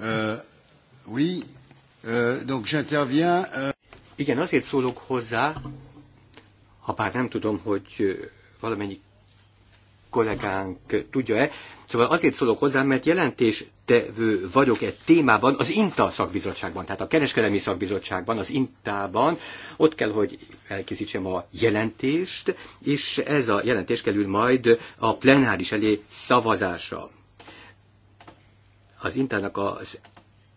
Uh, oui, uh, donc j'interviens. Uh... Igen, azért szólok hozzá, ha bár nem tudom, hogy valamennyi kollégánk tudja-e, szóval azért szólok hozzá, mert jelentés tevő vagyok egy témában, az INTA szakbizottságban, tehát a kereskedelmi szakbizottságban, az INTA-ban, ott kell, hogy elkészítsem a jelentést, és ez a jelentés kerül majd a plenáris elé szavazásra az Internak az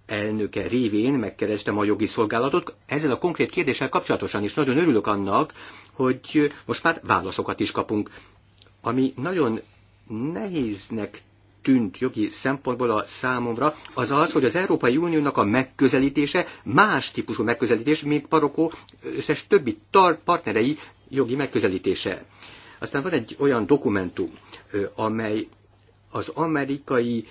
elnöke révén megkerestem a jogi szolgálatot. Ezzel a konkrét kérdéssel kapcsolatosan is nagyon örülök annak, hogy most már válaszokat is kapunk. Ami nagyon nehéznek tűnt jogi szempontból a számomra, az az, hogy az Európai Uniónak a megközelítése más típusú megközelítés, mint parokó, összes többi tar- partnerei jogi megközelítése. Aztán van egy olyan dokumentum, amely az amerikai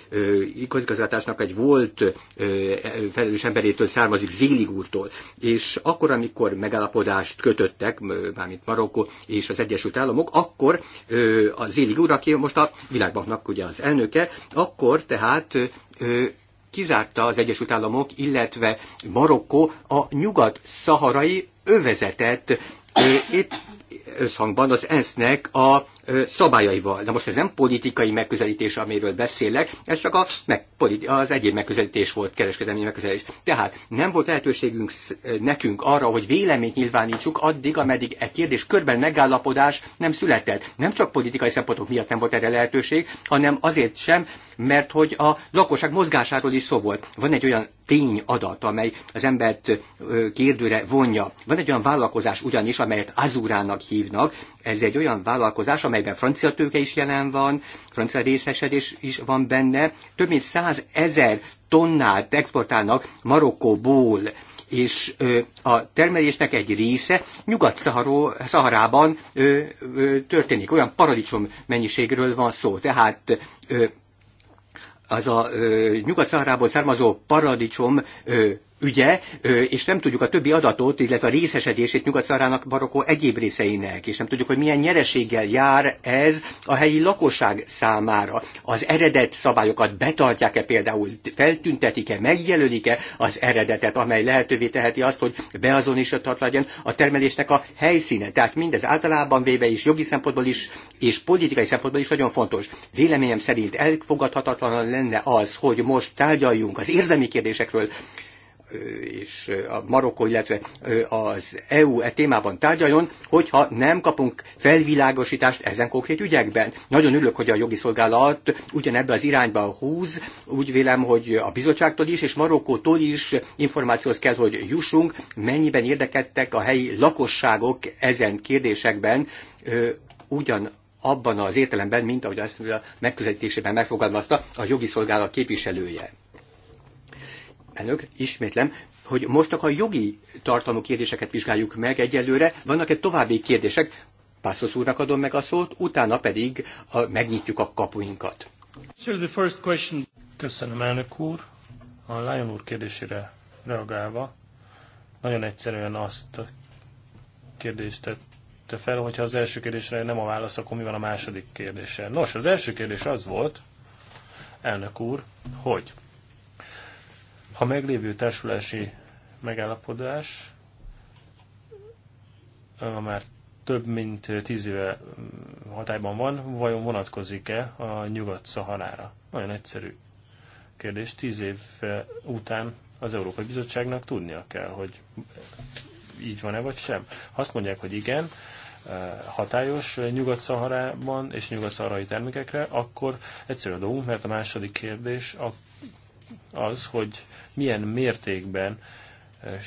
igazgatásnak egy volt ö, felelős emberétől származik, Zélig úrtól. És akkor, amikor megállapodást kötöttek, mármint Marokko és az Egyesült Államok, akkor ö, a Zélig úr, aki most a világbanknak ugye az elnöke, akkor tehát ö, kizárta az Egyesült Államok, illetve Marokko a nyugat-szaharai övezetet. Ö, itt összhangban az ENSZ-nek a szabályaival. Na most ez nem politikai megközelítés, amiről beszélek, ez csak a meg, az egyéb megközelítés volt, kereskedelmi megközelítés. Tehát nem volt lehetőségünk nekünk arra, hogy véleményt nyilvánítsuk addig, ameddig egy kérdés körben megállapodás nem született. Nem csak politikai szempontok miatt nem volt erre lehetőség, hanem azért sem, mert hogy a lakosság mozgásáról is szó volt. Van egy olyan tényadat, amely az embert kérdőre vonja. Van egy olyan vállalkozás ugyanis, amelyet Azurának hívnak. Ez egy olyan vállalkozás, amely amelyben francia tőke is jelen van, francia részesedés is van benne. Több mint 100 ezer tonnát exportálnak Marokkóból és a termelésnek egy része Nyugat-Szaharában történik. Olyan paradicsom mennyiségről van szó. Tehát az a nyugat szaharából származó paradicsom ügye, és nem tudjuk a többi adatot, illetve a részesedését Nyugat-Szarának barokó egyéb részeinek, és nem tudjuk, hogy milyen nyereséggel jár ez a helyi lakosság számára. Az eredet szabályokat betartják-e például, feltüntetik-e, megjelölik-e az eredetet, amely lehetővé teheti azt, hogy beazonosított legyen a termelésnek a helyszíne. Tehát mindez általában véve is jogi szempontból is, és politikai szempontból is nagyon fontos. Véleményem szerint elfogadhatatlan lenne az, hogy most tárgyaljunk az érdemi kérdésekről, és a Marokkó, illetve az EU e témában tárgyaljon, hogyha nem kapunk felvilágosítást ezen konkrét ügyekben. Nagyon örülök, hogy a jogi szolgálat ugyanebbe az irányba húz. Úgy vélem, hogy a bizottságtól is és Marokkótól is információhoz kell, hogy jussunk, mennyiben érdekedtek a helyi lakosságok ezen kérdésekben, ugyan abban az értelemben, mint ahogy azt a megközelítésében megfogalmazta a jogi szolgálat képviselője. Elnök, ismétlem, hogy most a jogi tartalmú kérdéseket vizsgáljuk meg egyelőre. Vannak-e további kérdések? Pászosz úrnak adom meg a szót, utána pedig a, megnyitjuk a kapuinkat. Köszönöm, elnök úr. A Lion úr kérdésére reagálva, nagyon egyszerűen azt a kérdést tette fel, hogyha az első kérdésre nem a válasz, akkor mi van a második kérdése? Nos, az első kérdés az volt, elnök úr, hogy ha meglévő társulási megállapodás már több mint tíz éve mm, hatályban van, vajon vonatkozik-e a Nyugat-Szaharára? Nagyon egyszerű kérdés. Tíz év után az Európai Bizottságnak tudnia kell, hogy így van-e vagy sem. Ha azt mondják, hogy igen, hatályos Nyugat-Szaharában és nyugat-szaharai termékekre, akkor egyszerű a dolgunk, mert a második kérdés az, hogy milyen mértékben eh, eh,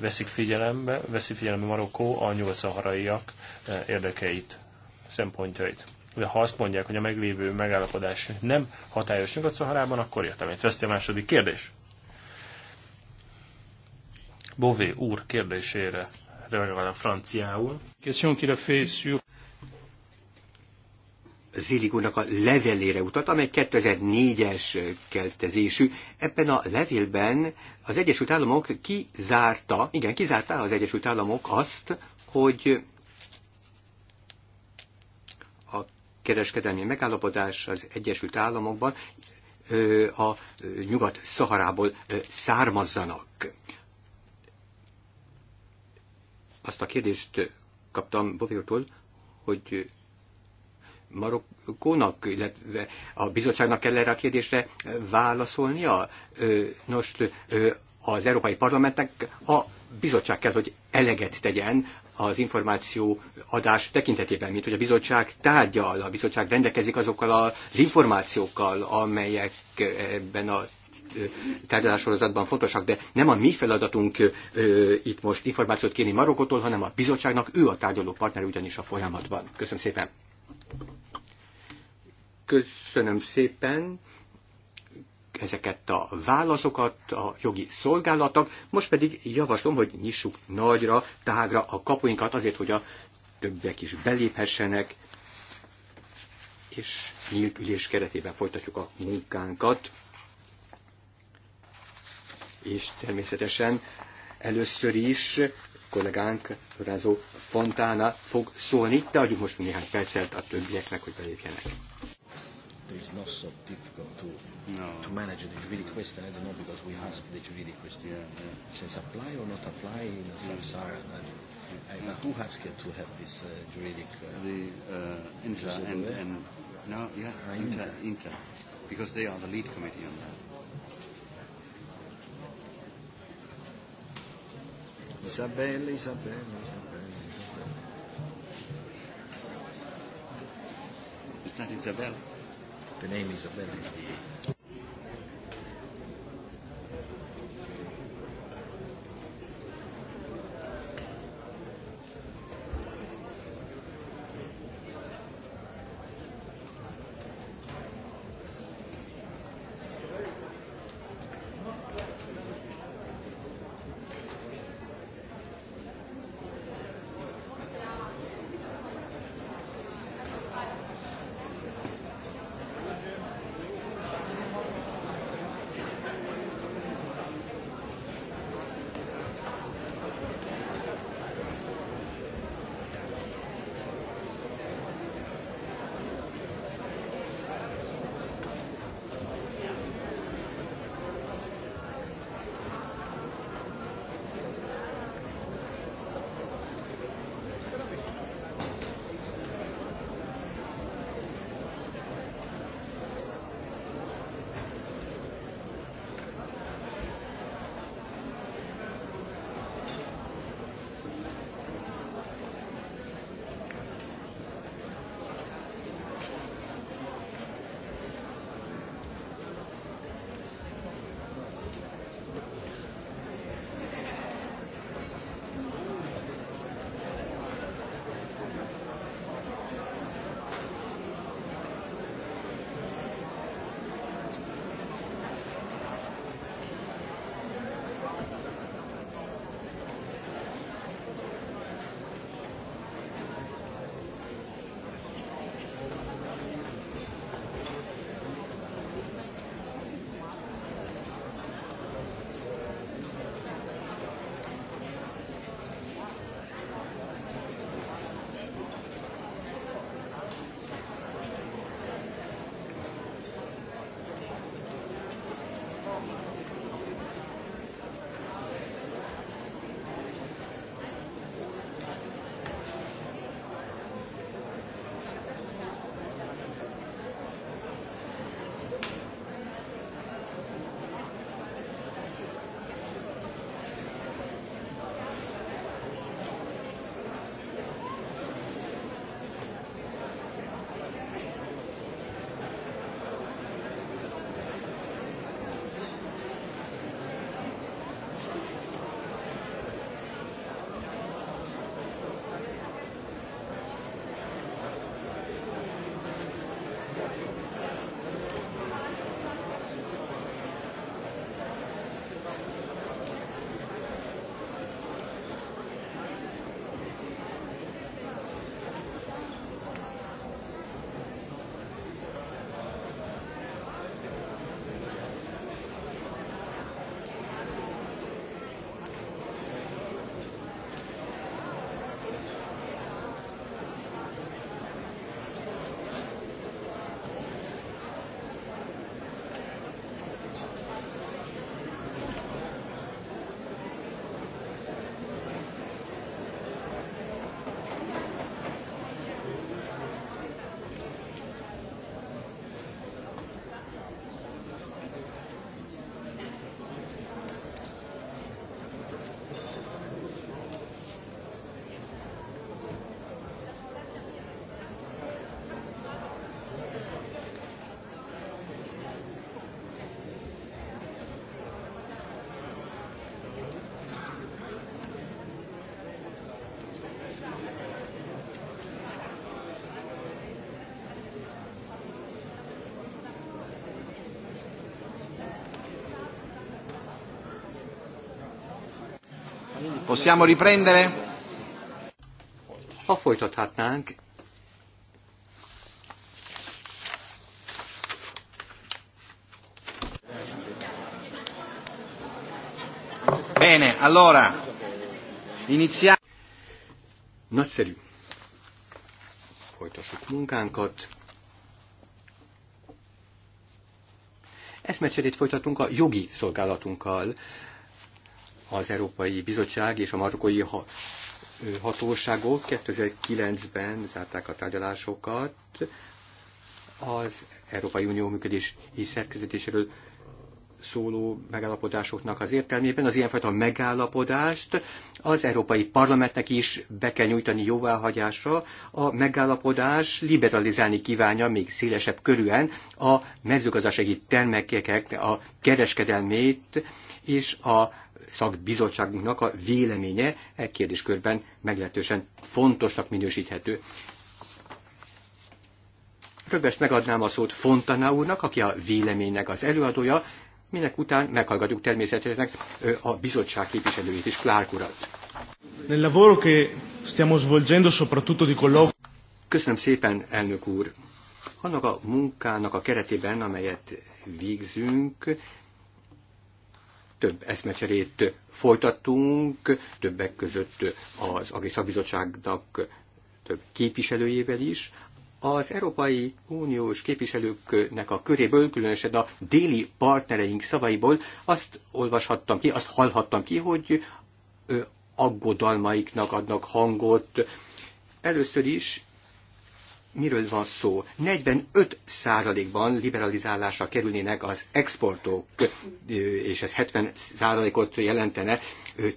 veszik figyelembe, veszi figyelembe Marokkó a nyolcaharaiak eh, érdekeit, szempontjait. De ha azt mondják, hogy a meglévő megállapodás nem hatályos Nyugat-Szaharában, akkor értelmét veszti a második kérdés. Bové úr kérdésére de a franciául. Zillig úrnak a levelére utalt, amely 2004-es keltezésű. Ebben a levélben az Egyesült Államok kizárta, igen, kizárta az Egyesült Államok azt, hogy a kereskedelmi megállapodás az Egyesült Államokban a Nyugat-Szaharából származzanak. Azt a kérdést kaptam Bovértól, hogy Marokkónak, illetve a bizottságnak kell erre a kérdésre válaszolnia. Nos, az Európai Parlamentnek a bizottság kell, hogy eleget tegyen az információ adás tekintetében, mint hogy a bizottság tárgyal, a bizottság rendelkezik azokkal az információkkal, amelyek ebben a tárgyalássorozatban fontosak, de nem a mi feladatunk ö, itt most információt kérni marokotól, hanem a bizottságnak ő a tárgyaló partner ugyanis a folyamatban. Köszönöm szépen! Köszönöm szépen ezeket a válaszokat a jogi szolgálatok. most pedig javaslom, hogy nyissuk nagyra, tágra a kapuinkat azért, hogy a többiek is beléphessenek, és nyílt ülés keretében folytatjuk a munkánkat. És természetesen először is kollégánk Rázó Fontána fog szólni, de adjuk most néhány percet a többieknek, hogy belépjenek is not so difficult to no. to manage the juridic question. I don't know because we ask the juridic question. Yeah, yeah. Says apply or not apply in yeah. samsara. And, uh, yeah. who asked you to have this uh, juridic? Uh, the uh, inter and, and no, yeah, uh, inter, inter, because they are the lead committee on that. Isabel, Isabella, Isabella. Isabella. Is that Isabella? The name is Isabella. Possiamo riprendere? Ha folytathatnánk. Bene, allora, iniziamo. Nagyszerű. Folytassuk munkánkat. Eszmecserét folytatunk a jogi szolgálatunkkal az Európai Bizottság és a marokkói hatóságok 2009-ben zárták a tárgyalásokat az Európai Unió működési szerkezetéséről szóló megállapodásoknak az értelmében az ilyenfajta megállapodást az Európai Parlamentnek is be kell nyújtani jóváhagyásra. A megállapodás liberalizálni kívánja még szélesebb körűen a mezőgazdasági termékeknek a kereskedelmét és a szakbizottságunknak a véleménye e kérdéskörben meglehetősen fontosnak minősíthető. Rögvest megadnám a szót Fontana úrnak, aki a véleménynek az előadója, minek után meghallgatjuk természetesen a bizottság képviselőjét is, Clark urat. Nel lavoro che stiamo svolgendo soprattutto di colloqui. Köszönöm szépen, elnök úr. Annak a munkának a keretében, amelyet végzünk, több eszmecserét folytattunk, többek között az Agri Szakbizottságnak több képviselőjével is, az Európai Uniós képviselőknek a köréből, különösen a déli partnereink szavaiból azt olvashattam ki, azt hallhattam ki, hogy aggodalmaiknak adnak hangot. Először is miről van szó? 45 százalékban liberalizálásra kerülnének az exportok, és ez 70 százalékot jelentene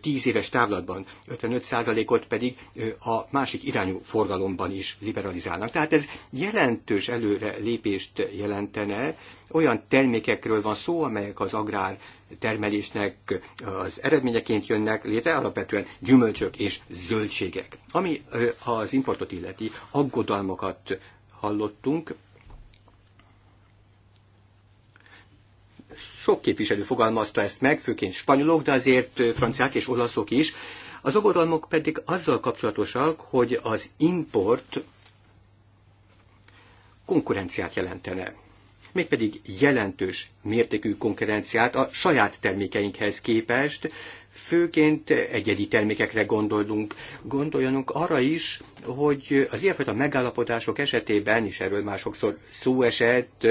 10 éves távlatban, 55 százalékot pedig a másik irányú forgalomban is liberalizálnak. Tehát ez jelentős előre lépést jelentene, olyan termékekről van szó, amelyek az agrár termelésnek az eredményeként jönnek létre alapvetően gyümölcsök és zöldségek. Ami az importot illeti, aggodalmakat hallottunk, sok képviselő fogalmazta ezt meg, főként spanyolok, de azért franciák és olaszok is. Az aggodalmak pedig azzal kapcsolatosak, hogy az import konkurenciát jelentene mégpedig jelentős mértékű konkurenciát a saját termékeinkhez képest, főként egyedi termékekre gondolunk. Gondoljanunk arra is, hogy az ilyenfajta megállapodások esetében, és erről már sokszor szó esett,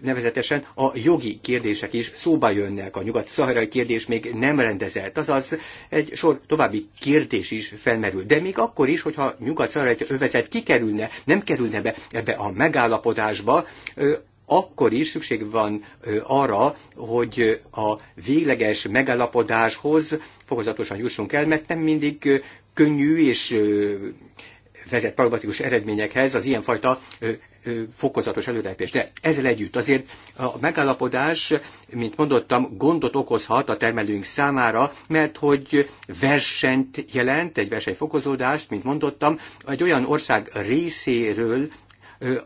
nevezetesen a jogi kérdések is szóba jönnek. A nyugat-szaharai kérdés még nem rendezett, azaz egy sor további kérdés is felmerül. De még akkor is, hogyha nyugat-szaharai övezet kikerülne, nem kerülne be ebbe a megállapodásba, akkor is szükség van arra, hogy a végleges megállapodáshoz fokozatosan jussunk el, mert nem mindig könnyű és vezet pragmatikus eredményekhez az ilyenfajta fokozatos előrelépés. De ezzel együtt azért a megállapodás, mint mondottam, gondot okozhat a termelőink számára, mert hogy versenyt jelent, egy versenyfokozódást, mint mondottam, egy olyan ország részéről,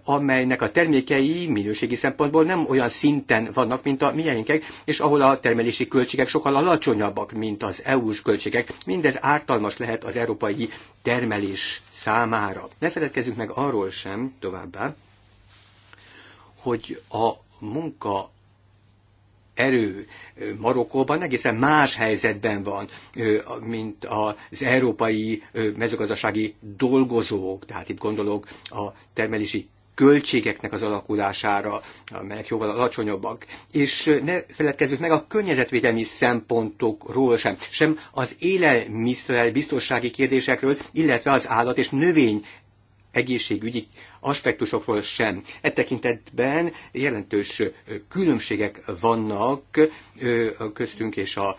amelynek a termékei minőségi szempontból nem olyan szinten vannak, mint a miénkek, és ahol a termelési költségek sokkal alacsonyabbak, mint az EU-s költségek. Mindez ártalmas lehet az európai termelés számára. Ne feledkezzünk meg arról sem továbbá, hogy a munka erő Marokkóban egészen más helyzetben van, mint az európai mezőgazdasági dolgozók, tehát itt gondolok a termelési költségeknek az alakulására, amelyek jóval alacsonyabbak. És ne feledkezzük meg a környezetvédelmi szempontokról sem, sem az élelmiszer biztonsági kérdésekről, illetve az állat és növény egészségügyi aspektusokról sem. E tekintetben jelentős különbségek vannak köztünk és a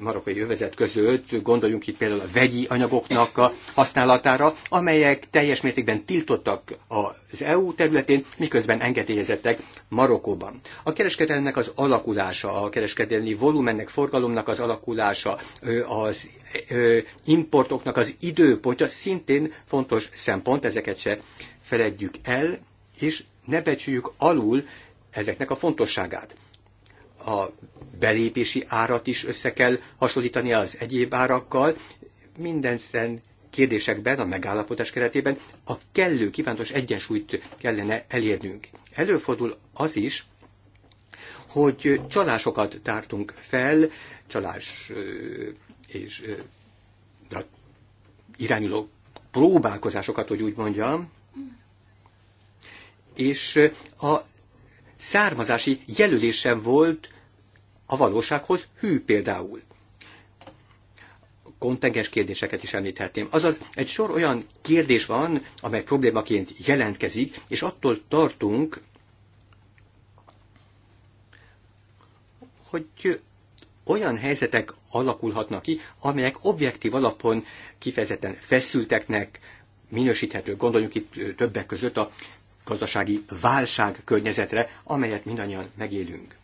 marokkai övezet között. Gondoljunk itt például a vegyi anyagoknak a használatára, amelyek teljes mértékben tiltottak az EU területén, miközben engedélyezettek Marokkóban. A kereskedelmek az alakulása, a kereskedelmi volumennek, forgalomnak az alakulása, az importoknak az időpontja szintén fontos szempont, ezeket se feledjük el, és ne becsüljük alul ezeknek a fontosságát. A belépési árat is össze kell hasonlítani az egyéb árakkal, minden szent kérdésekben, a megállapodás keretében a kellő kívántos egyensúlyt kellene elérnünk. Előfordul az is, hogy csalásokat tártunk fel, csalás és irányuló próbálkozásokat, hogy úgy mondjam, és a származási jelölés volt a valósághoz hű például. Kontengens kérdéseket is említhetném. Azaz egy sor olyan kérdés van, amely problémaként jelentkezik, és attól tartunk, hogy olyan helyzetek alakulhatnak ki, amelyek objektív alapon kifejezetten feszülteknek minősíthető. Gondoljunk itt többek között a gazdasági válság környezetre, amelyet mindannyian megélünk.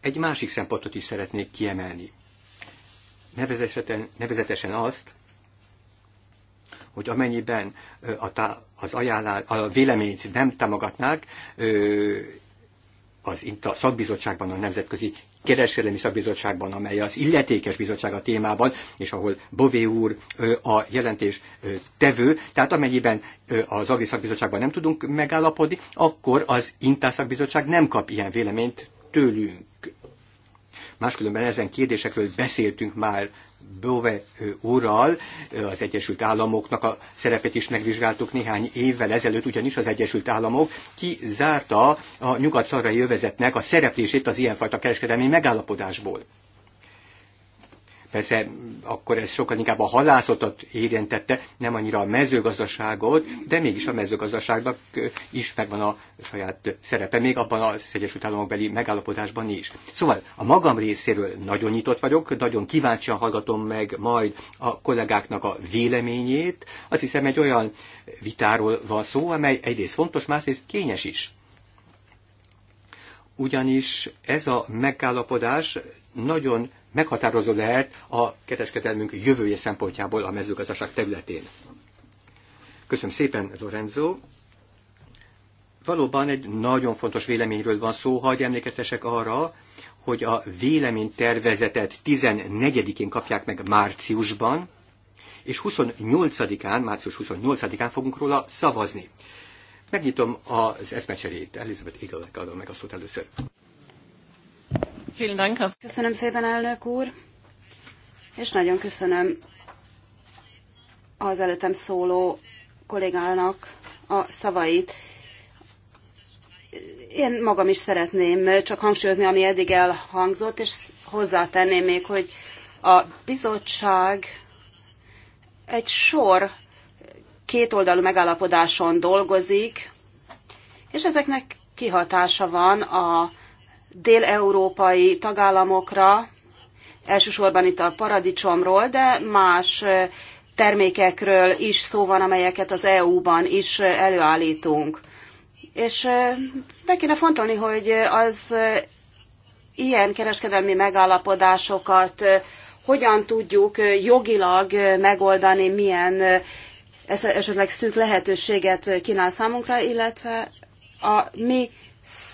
Egy másik szempontot is szeretnék kiemelni. Nevezetesen, nevezetesen azt, hogy amennyiben a, tá, az ajánlás, a véleményt nem támogatnák, az a szakbizottságban a nemzetközi kereskedelmi szakbizottságban, amely az illetékes bizottság a témában, és ahol Bové úr a jelentés tevő, tehát amennyiben az Agri szakbizottságban nem tudunk megállapodni, akkor az Intá szakbizottság nem kap ilyen véleményt tőlünk. Máskülönben ezen kérdésekről beszéltünk már Bove úrral az Egyesült Államoknak a szerepet is megvizsgáltuk néhány évvel ezelőtt, ugyanis az Egyesült Államok kizárta a nyugat szarrai övezetnek a szereplését az ilyenfajta kereskedelmi megállapodásból. Persze akkor ez sokkal inkább a halászatot érintette, nem annyira a mezőgazdaságot, de mégis a mezőgazdaságnak is megvan a saját szerepe, még abban az Egyesült Államokbeli megállapodásban is. Szóval a magam részéről nagyon nyitott vagyok, nagyon kíváncsian hallgatom meg majd a kollégáknak a véleményét. Azt hiszem egy olyan vitáról van szó, amely egyrészt fontos, másrészt kényes is ugyanis ez a megállapodás nagyon meghatározó lehet a kereskedelmünk jövője szempontjából a mezőgazdaság területén. Köszönöm szépen, Lorenzo. Valóban egy nagyon fontos véleményről van szó, hagyj emlékeztesek arra, hogy a véleménytervezetet 14-én kapják meg márciusban, és 28-án, március 28-án fogunk róla szavazni. Megnyitom az eszmecserét. Elizabeth Eagle-nek adom meg a szót először. Köszönöm szépen, elnök úr, és nagyon köszönöm az előttem szóló kollégának a szavait. Én magam is szeretném csak hangsúlyozni, ami eddig elhangzott, és hozzátenném még, hogy a bizottság egy sor kétoldalú megállapodáson dolgozik, és ezeknek kihatása van a dél-európai tagállamokra, elsősorban itt a paradicsomról, de más termékekről is szó van, amelyeket az EU-ban is előállítunk. És be kéne fontolni, hogy az ilyen kereskedelmi megállapodásokat hogyan tudjuk jogilag megoldani, milyen esetleg szűk lehetőséget kínál számunkra, illetve a mi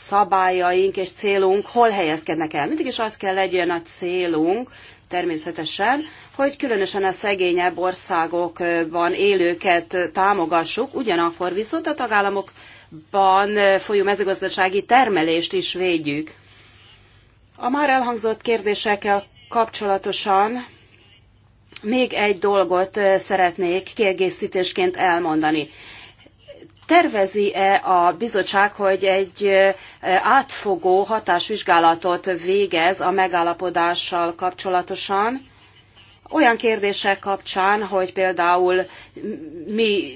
szabályaink és célunk hol helyezkednek el. Mindig is az kell legyen a célunk, természetesen, hogy különösen a szegényebb országokban élőket támogassuk, ugyanakkor viszont a tagállamokban folyó mezőgazdasági termelést is védjük. A már elhangzott kérdésekkel kapcsolatosan még egy dolgot szeretnék kiegészítésként elmondani. Tervezi-e a bizottság, hogy egy átfogó hatásvizsgálatot végez a megállapodással kapcsolatosan? Olyan kérdések kapcsán, hogy például mi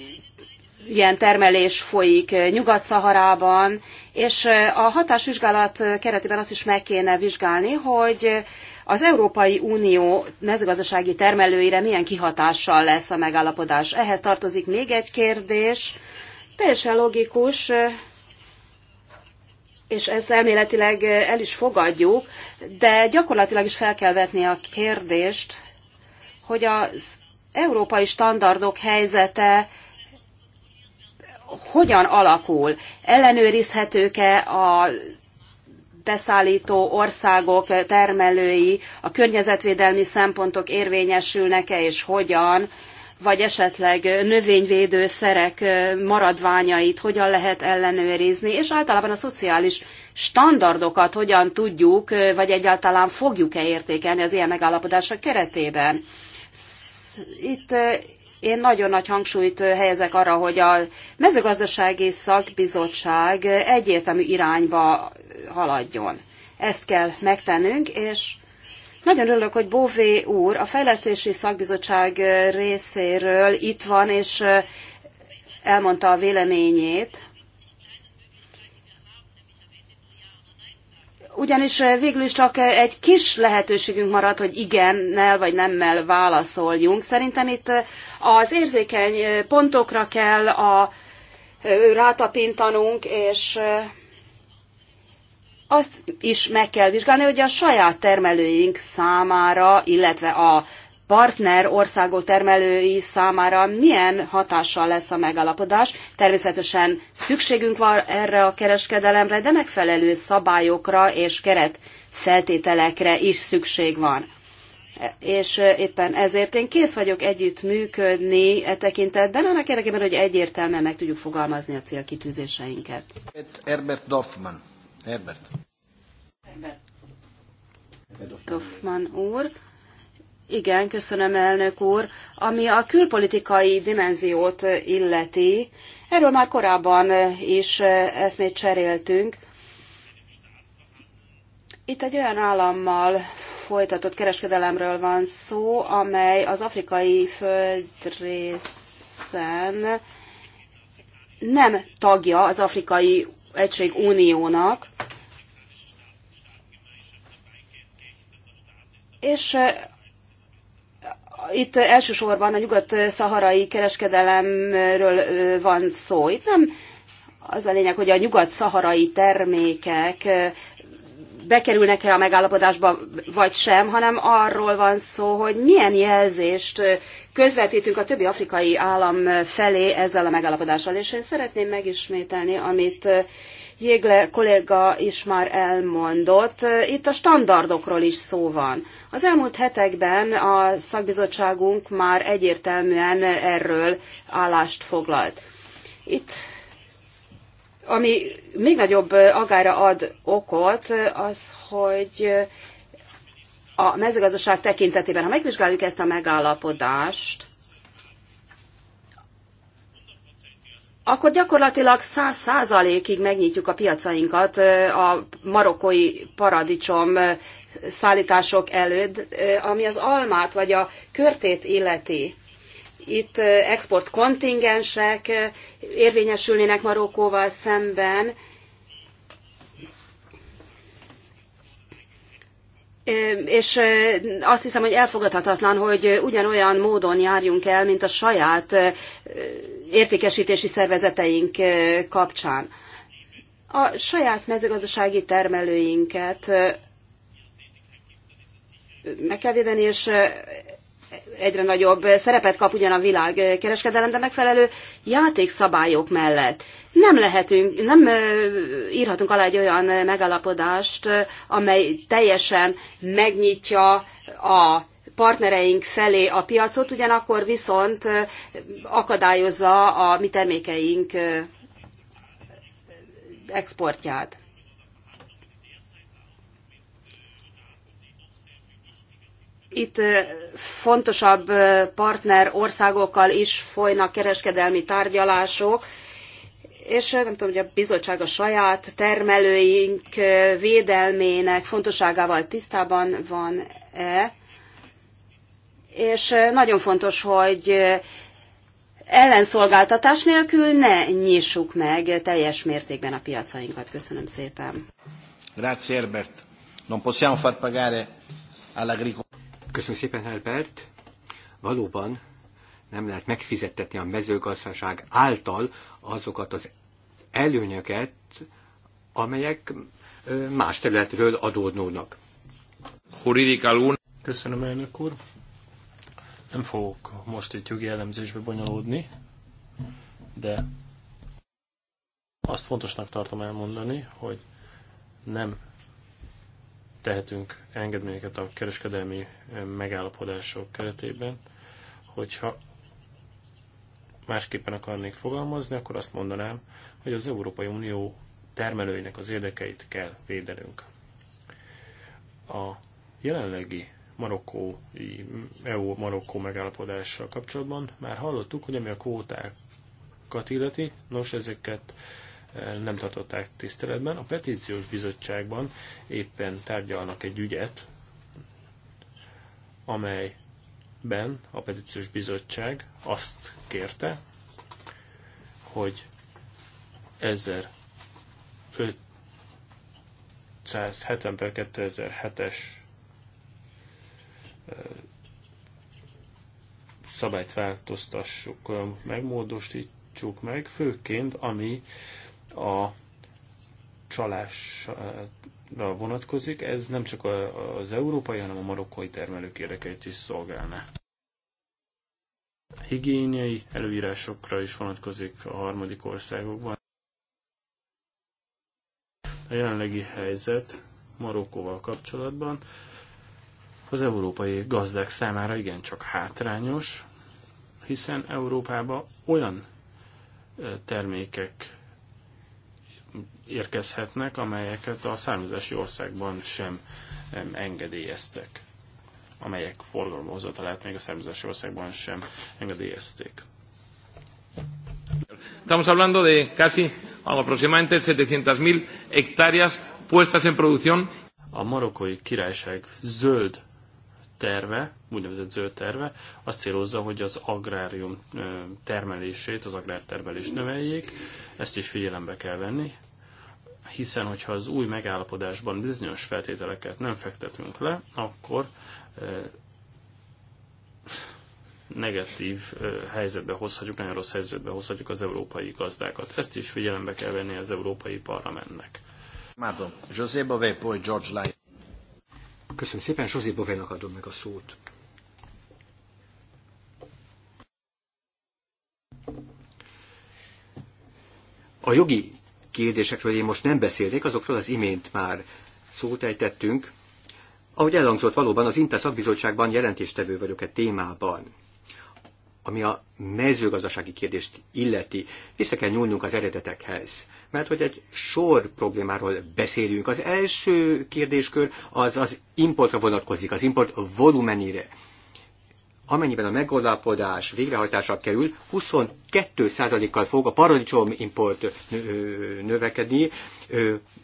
ilyen termelés folyik Nyugat-Szaharában, és a hatásvizsgálat keretében azt is meg kéne vizsgálni, hogy az Európai Unió mezőgazdasági termelőire milyen kihatással lesz a megállapodás. Ehhez tartozik még egy kérdés, Teljesen logikus, és ezt elméletileg el is fogadjuk, de gyakorlatilag is fel kell vetni a kérdést, hogy az európai standardok helyzete hogyan alakul? Ellenőrizhetők-e a beszállító országok termelői, a környezetvédelmi szempontok érvényesülnek-e és hogyan? vagy esetleg növényvédőszerek maradványait hogyan lehet ellenőrizni, és általában a szociális standardokat hogyan tudjuk, vagy egyáltalán fogjuk-e értékelni az ilyen megállapodások keretében. Itt eh, én nagyon nagy hangsúlyt helyezek arra, hogy a mezőgazdasági szakbizottság egyértelmű irányba haladjon. Ezt kell megtennünk, és nagyon örülök, hogy Bové úr a Fejlesztési Szakbizottság részéről itt van, és elmondta a véleményét. Ugyanis végül is csak egy kis lehetőségünk maradt, hogy igennel vagy nemmel válaszoljunk. Szerintem itt az érzékeny pontokra kell a rátapintanunk, és azt is meg kell vizsgálni, hogy a saját termelőink számára, illetve a partner országok termelői számára milyen hatással lesz a megállapodás. Természetesen szükségünk van erre a kereskedelemre, de megfelelő szabályokra és keret feltételekre is szükség van. És éppen ezért én kész vagyok együtt működni e tekintetben, annak érdekében, hogy egyértelműen meg tudjuk fogalmazni a célkitűzéseinket. Herbert Doffman, Herbert. Dofman úr. Igen, köszönöm, elnök úr. Ami a külpolitikai dimenziót illeti, erről már korábban is eh, eszmét cseréltünk. Itt egy olyan állammal folytatott kereskedelemről van szó, amely az afrikai földrészen nem tagja az Afrikai Egység Uniónak, És itt elsősorban a nyugat-szaharai kereskedelemről van szó. Itt nem az a lényeg, hogy a nyugat-szaharai termékek bekerülnek-e a megállapodásba, vagy sem, hanem arról van szó, hogy milyen jelzést közvetítünk a többi afrikai állam felé ezzel a megállapodással. És én szeretném megismételni, amit Jégle kolléga is már elmondott, itt a standardokról is szó van. Az elmúlt hetekben a szakbizottságunk már egyértelműen erről állást foglalt. Itt ami még nagyobb agára ad okot, az, hogy a mezőgazdaság tekintetében, ha megvizsgáljuk ezt a megállapodást, akkor gyakorlatilag száz százalékig megnyitjuk a piacainkat a marokkói paradicsom szállítások előtt, ami az almát vagy a körtét illeti. Itt export kontingensek érvényesülnének Marokkóval szemben, és azt hiszem, hogy elfogadhatatlan, hogy ugyanolyan módon járjunk el, mint a saját értékesítési szervezeteink kapcsán. A saját mezőgazdasági termelőinket meg kell védeni, és egyre nagyobb szerepet kap ugyan a világ kereskedelem, de megfelelő játékszabályok mellett. Nem lehetünk, nem írhatunk alá egy olyan megalapodást, amely teljesen megnyitja a partnereink felé a piacot, ugyanakkor viszont akadályozza a mi termékeink exportját. Itt fontosabb partner országokkal is folynak kereskedelmi tárgyalások, és nem tudom, hogy a bizottság a saját termelőink védelmének fontosságával tisztában van-e, és nagyon fontos, hogy ellenszolgáltatás nélkül ne nyissuk meg teljes mértékben a piacainkat. Köszönöm szépen. Grazie Herbert. Non possiamo far pagare Köszönöm szépen, Herbert. Valóban nem lehet megfizettetni a mezőgazdaság által azokat az előnyöket, amelyek más területről adódnónak. Köszönöm, elnök úr. Nem fogok most itt jogi elemzésbe bonyolódni, de azt fontosnak tartom elmondani, hogy nem tehetünk engedményeket a kereskedelmi eh, megállapodások keretében, hogyha másképpen akarnék fogalmazni, akkor azt mondanám, hogy az Európai Unió termelőinek az érdekeit kell védenünk. A jelenlegi e Marokkó, EU-Marokkó megállapodással kapcsolatban már hallottuk, hogy ami a kvótákat illeti, nos ezeket nem tartották tiszteletben. A petíciós bizottságban éppen tárgyalnak egy ügyet, amelyben a petíciós bizottság azt kérte, hogy 1570 per 2007-es szabályt változtassuk, megmódosítsuk meg, főként ami a csalásra vonatkozik. Ez nem csak az európai, hanem a marokkói termelők érdekeit is szolgálná. Higiéniai előírásokra is vonatkozik a harmadik országokban. A jelenlegi helyzet Marokkóval kapcsolatban az európai gazdák számára igencsak hátrányos, hiszen Európába olyan termékek érkezhetnek, amelyeket a származási országban sem engedélyeztek, amelyek forgalomba lehet, még a származási országban sem engedélyezték. Estamos hablando de casi aproximadamente 700.000 hectáreas puestas en producción. A marokkói királyság zöld terve, úgynevezett zöld terve, azt célozza, hogy az agrárium termelését, az agrártermelést növeljék, ezt is figyelembe kell venni, hiszen hogyha az új megállapodásban bizonyos feltételeket nem fektetünk le, akkor negatív helyzetbe hozhatjuk, nagyon rossz helyzetbe hozhatjuk az európai gazdákat. Ezt is figyelembe kell venni az Európai Parlamentnek. Madam José Bové, George Lyon. Köszönöm szépen, Zsuzsi Bovénak adom meg a szót. A jogi kérdésekről én most nem beszélnék, azokról az imént már szót ejtettünk. Ahogy elhangzott valóban, az Intesz szakbizottságban jelentéstevő vagyok e témában ami a mezőgazdasági kérdést illeti, vissza kell nyúlnunk az eredetekhez. Mert hogy egy sor problémáról beszélünk. Az első kérdéskör az az importra vonatkozik, az import volumenire amennyiben a megoldapodás végrehajtásra kerül, 22%-kal fog a paradicsom import növekedni,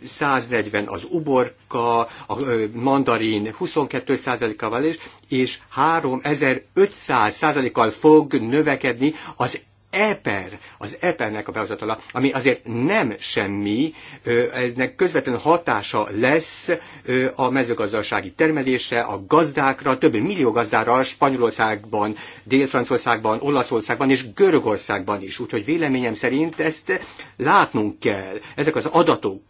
140 az uborka, a mandarin 22%-kal és 3500%-kal fog növekedni az EPER, az epernek a behozatala, ami azért nem semmi, ennek közvetlen hatása lesz a mezőgazdasági termelésre, a gazdákra, több millió gazdára Spanyolországban, Dél-Franciaországban, Olaszországban és Görögországban is. Úgyhogy véleményem szerint ezt látnunk kell. Ezek az adatok,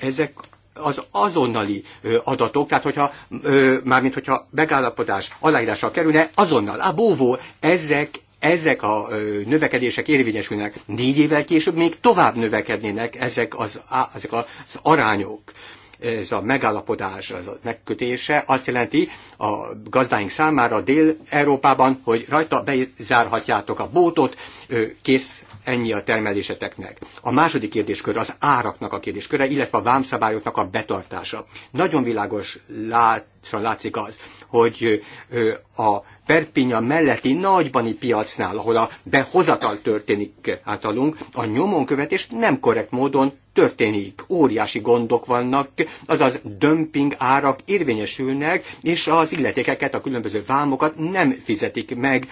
ezek az azonnali ö, adatok, tehát hogyha, ö, mármint hogyha megállapodás aláírással kerülne, azonnal, a bóvó, ezek ezek a növekedések érvényesülnek. Négy évvel később még tovább növekednének ezek az, ezek az arányok ez a megállapodás, az a megkötése azt jelenti a gazdáink számára Dél-Európában, hogy rajta bezárhatjátok a bótot, kész ennyi a termeléseteknek. A második kérdéskör az áraknak a kérdésköre, illetve a vámszabályoknak a betartása. Nagyon világos lát, látszik az, hogy a Perpinya melletti nagybani piacnál, ahol a behozatal történik általunk, a nyomonkövetés nem korrekt módon történik. Óriási gondok vannak, azaz dömping árak érvényesülnek, és az illetékeket, a különböző vámokat nem fizetik meg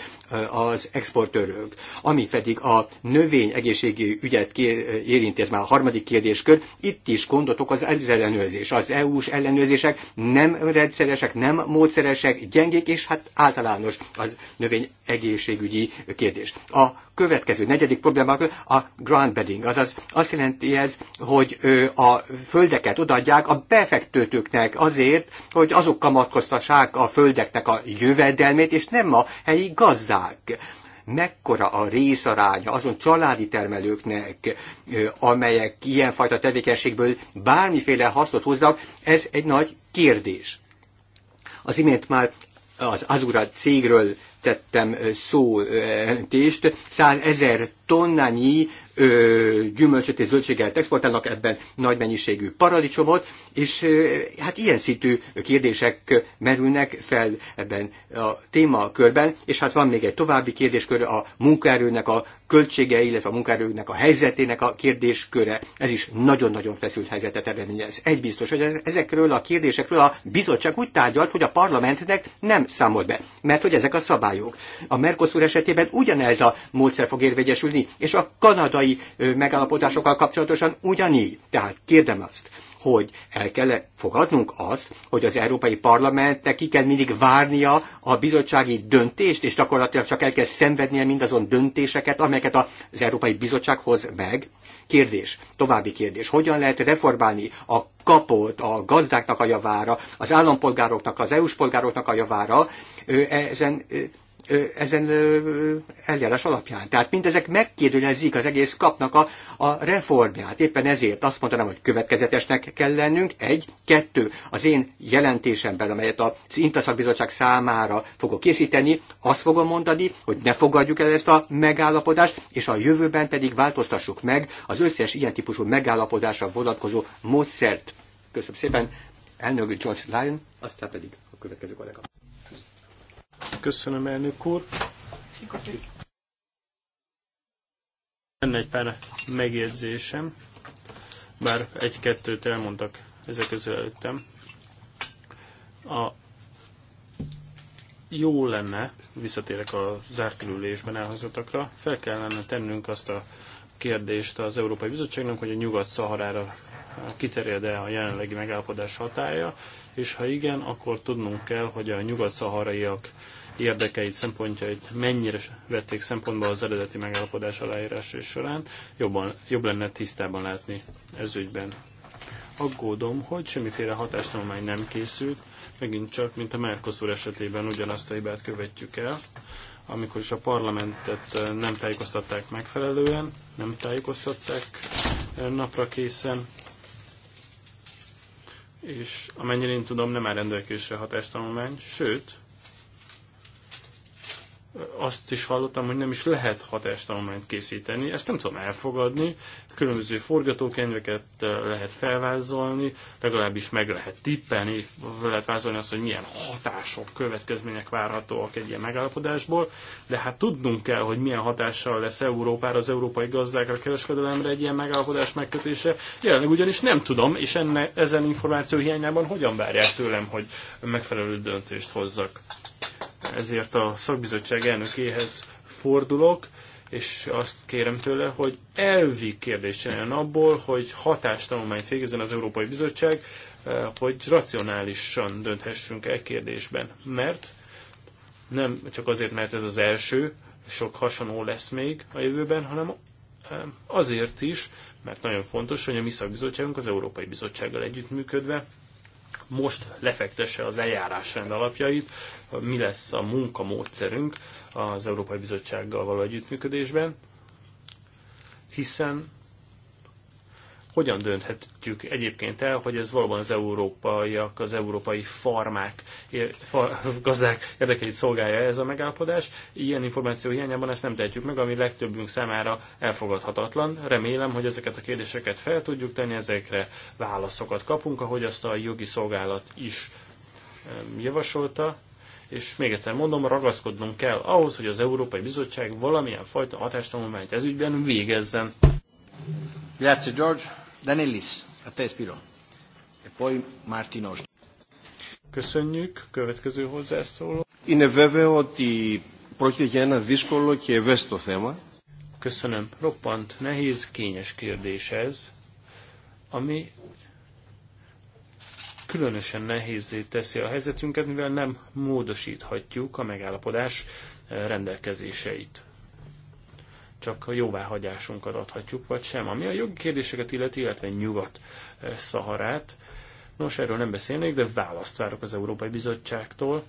az exportőrök. Ami pedig a növény egészségi ügyet érinti, ez már a harmadik kérdéskör, itt is gondot okoz az ellenőrzés. Az EU-s ellenőrzések nem rendszeresek, nem módszeresek, gyengék, és hát általában általános az növény egészségügyi kérdés. A következő negyedik probléma a bedding, azaz azt jelenti ez, hogy a földeket odaadják a befektetőknek azért, hogy azok kamatkoztassák a földeknek a jövedelmét, és nem a helyi gazdák mekkora a részaránya azon családi termelőknek, amelyek ilyenfajta tevékenységből bármiféle hasznot hoznak, ez egy nagy kérdés. Az imént már az Azura cégről tettem jelentést, 100 ezer tonnányi ö, gyümölcsöt és zöldséget exportálnak, ebben nagy mennyiségű paradicsomot, és ö, hát ilyen szintű kérdések merülnek fel ebben a témakörben, és hát van még egy további kérdéskör a munkaerőnek a költsége, illetve a munkaerőnek a helyzetének a kérdésköre. Ez is nagyon-nagyon feszült helyzetet eredményez. Egy biztos, hogy ezekről a kérdésekről a bizottság úgy tárgyalt, hogy a parlamentnek nem számolt be, mert hogy ezek a szabályok. A Mercosur esetében ugyanez a módszer fog érvényesülni, és a kanadai megállapodásokkal kapcsolatosan ugyanígy. Tehát kérdem azt, hogy el kell fogadnunk az, hogy az Európai Parlamentnek ki kell mindig várnia a bizottsági döntést, és gyakorlatilag csak el kell szenvednie mindazon döntéseket, amelyeket az Európai Bizottság hoz meg. Kérdés, további kérdés, hogyan lehet reformálni a kapott a gazdáknak a javára, az állampolgároknak, az EU-s polgároknak a javára ezen ezen eljárás alapján. Tehát mindezek megkérdőjelezik az egész kapnak a, a reformját. Éppen ezért azt mondanám, hogy következetesnek kell lennünk. Egy, kettő, az én jelentésemben, amelyet az Intaszakbizottság számára fogok készíteni, azt fogom mondani, hogy ne fogadjuk el ezt a megállapodást, és a jövőben pedig változtassuk meg az összes ilyen típusú megállapodásra vonatkozó módszert. Köszönöm szépen, elnök George Lyon, aztán pedig a következő kollega. Köszönöm, elnök úr. Lenne egy pár megjegyzésem, bár egy-kettőt elmondtak ezek közül előttem. A jó lenne, visszatérek a zárt ülésben elhangzottakra, fel kellene tennünk azt a kérdést az Európai Bizottságnak, hogy a Nyugat-Szaharára kiterjed-e a jelenlegi megállapodás hatája, és ha igen, akkor tudnunk kell, hogy a nyugat-szaharaiak érdekeit, szempontjait mennyire vették szempontba az eredeti megállapodás aláírása során, jobban, jobb lenne tisztában látni ez ügyben. Aggódom, hogy semmiféle hatástanulmány nem készült, megint csak, mint a Mercosur esetében ugyanazt a hibát követjük el, amikor is a parlamentet nem tájékoztatták megfelelően, nem tájékoztatták napra készen, és amennyire én tudom, nem áll rendelkezésre hatástanulmány, sőt, azt is hallottam, hogy nem is lehet hatástanulmányt készíteni. Ezt nem tudom elfogadni. Különböző forgatókönyveket lehet felvázolni, legalábbis meg lehet tippelni, lehet vázolni azt, hogy milyen hatások, következmények várhatóak egy ilyen megállapodásból, de hát tudnunk kell, hogy milyen hatással lesz Európára, az európai gazdákra, kereskedelemre egy ilyen megállapodás megkötése. Jelenleg ugyanis nem tudom, és enne, ezen információ hiányában hogyan várják tőlem, hogy megfelelő döntést hozzak ezért a szakbizottság elnökéhez fordulok, és azt kérem tőle, hogy elvi kérdés csináljon abból, hogy hatástanulmányt végezzen az Európai Bizottság, eh, hogy racionálisan dönthessünk el kérdésben. Mert nem csak azért, mert ez az első, sok hasonló lesz még a jövőben, hanem eh, azért is, mert nagyon fontos, hogy a mi szakbizottságunk az Európai Bizottsággal együttműködve most lefektesse az eljárásrend alapjait, mi lesz a munkamódszerünk az Európai Bizottsággal való együttműködésben, hiszen hogyan dönthetjük egyébként el, hogy ez valóban az európaiak, az európai farmák, far, gazdák érdekeit szolgálja ez a megállapodás. Ilyen információ hiányában ezt nem tehetjük meg, ami legtöbbünk számára elfogadhatatlan. Remélem, hogy ezeket a kérdéseket fel tudjuk tenni, ezekre válaszokat kapunk, ahogy azt a jogi szolgálat is javasolta és még egyszer mondom, ragaszkodnunk kell ahhoz, hogy az Európai Bizottság valamilyen fajta hatástanulmányt ezügyben végezzen. Grazie George. Danellis, a te Spiro. E poi Martino. Köszönjük. Következő hozzászóló. Είναι βέβαιο ότι πρόκειται για ένα δύσκολο και ευαίσθητο θέμα. Köszönöm. Roppant nehéz, kényes kérdés ez, ami különösen nehézé teszi a helyzetünket, mivel nem módosíthatjuk a megállapodás eh, rendelkezéseit. Csak a jóváhagyásunkat adhatjuk, vagy sem. Ami a jogi kérdéseket illeti, illetve Nyugat-Szaharát, eh, nos, erről nem beszélnék, de választ várok az Európai Bizottságtól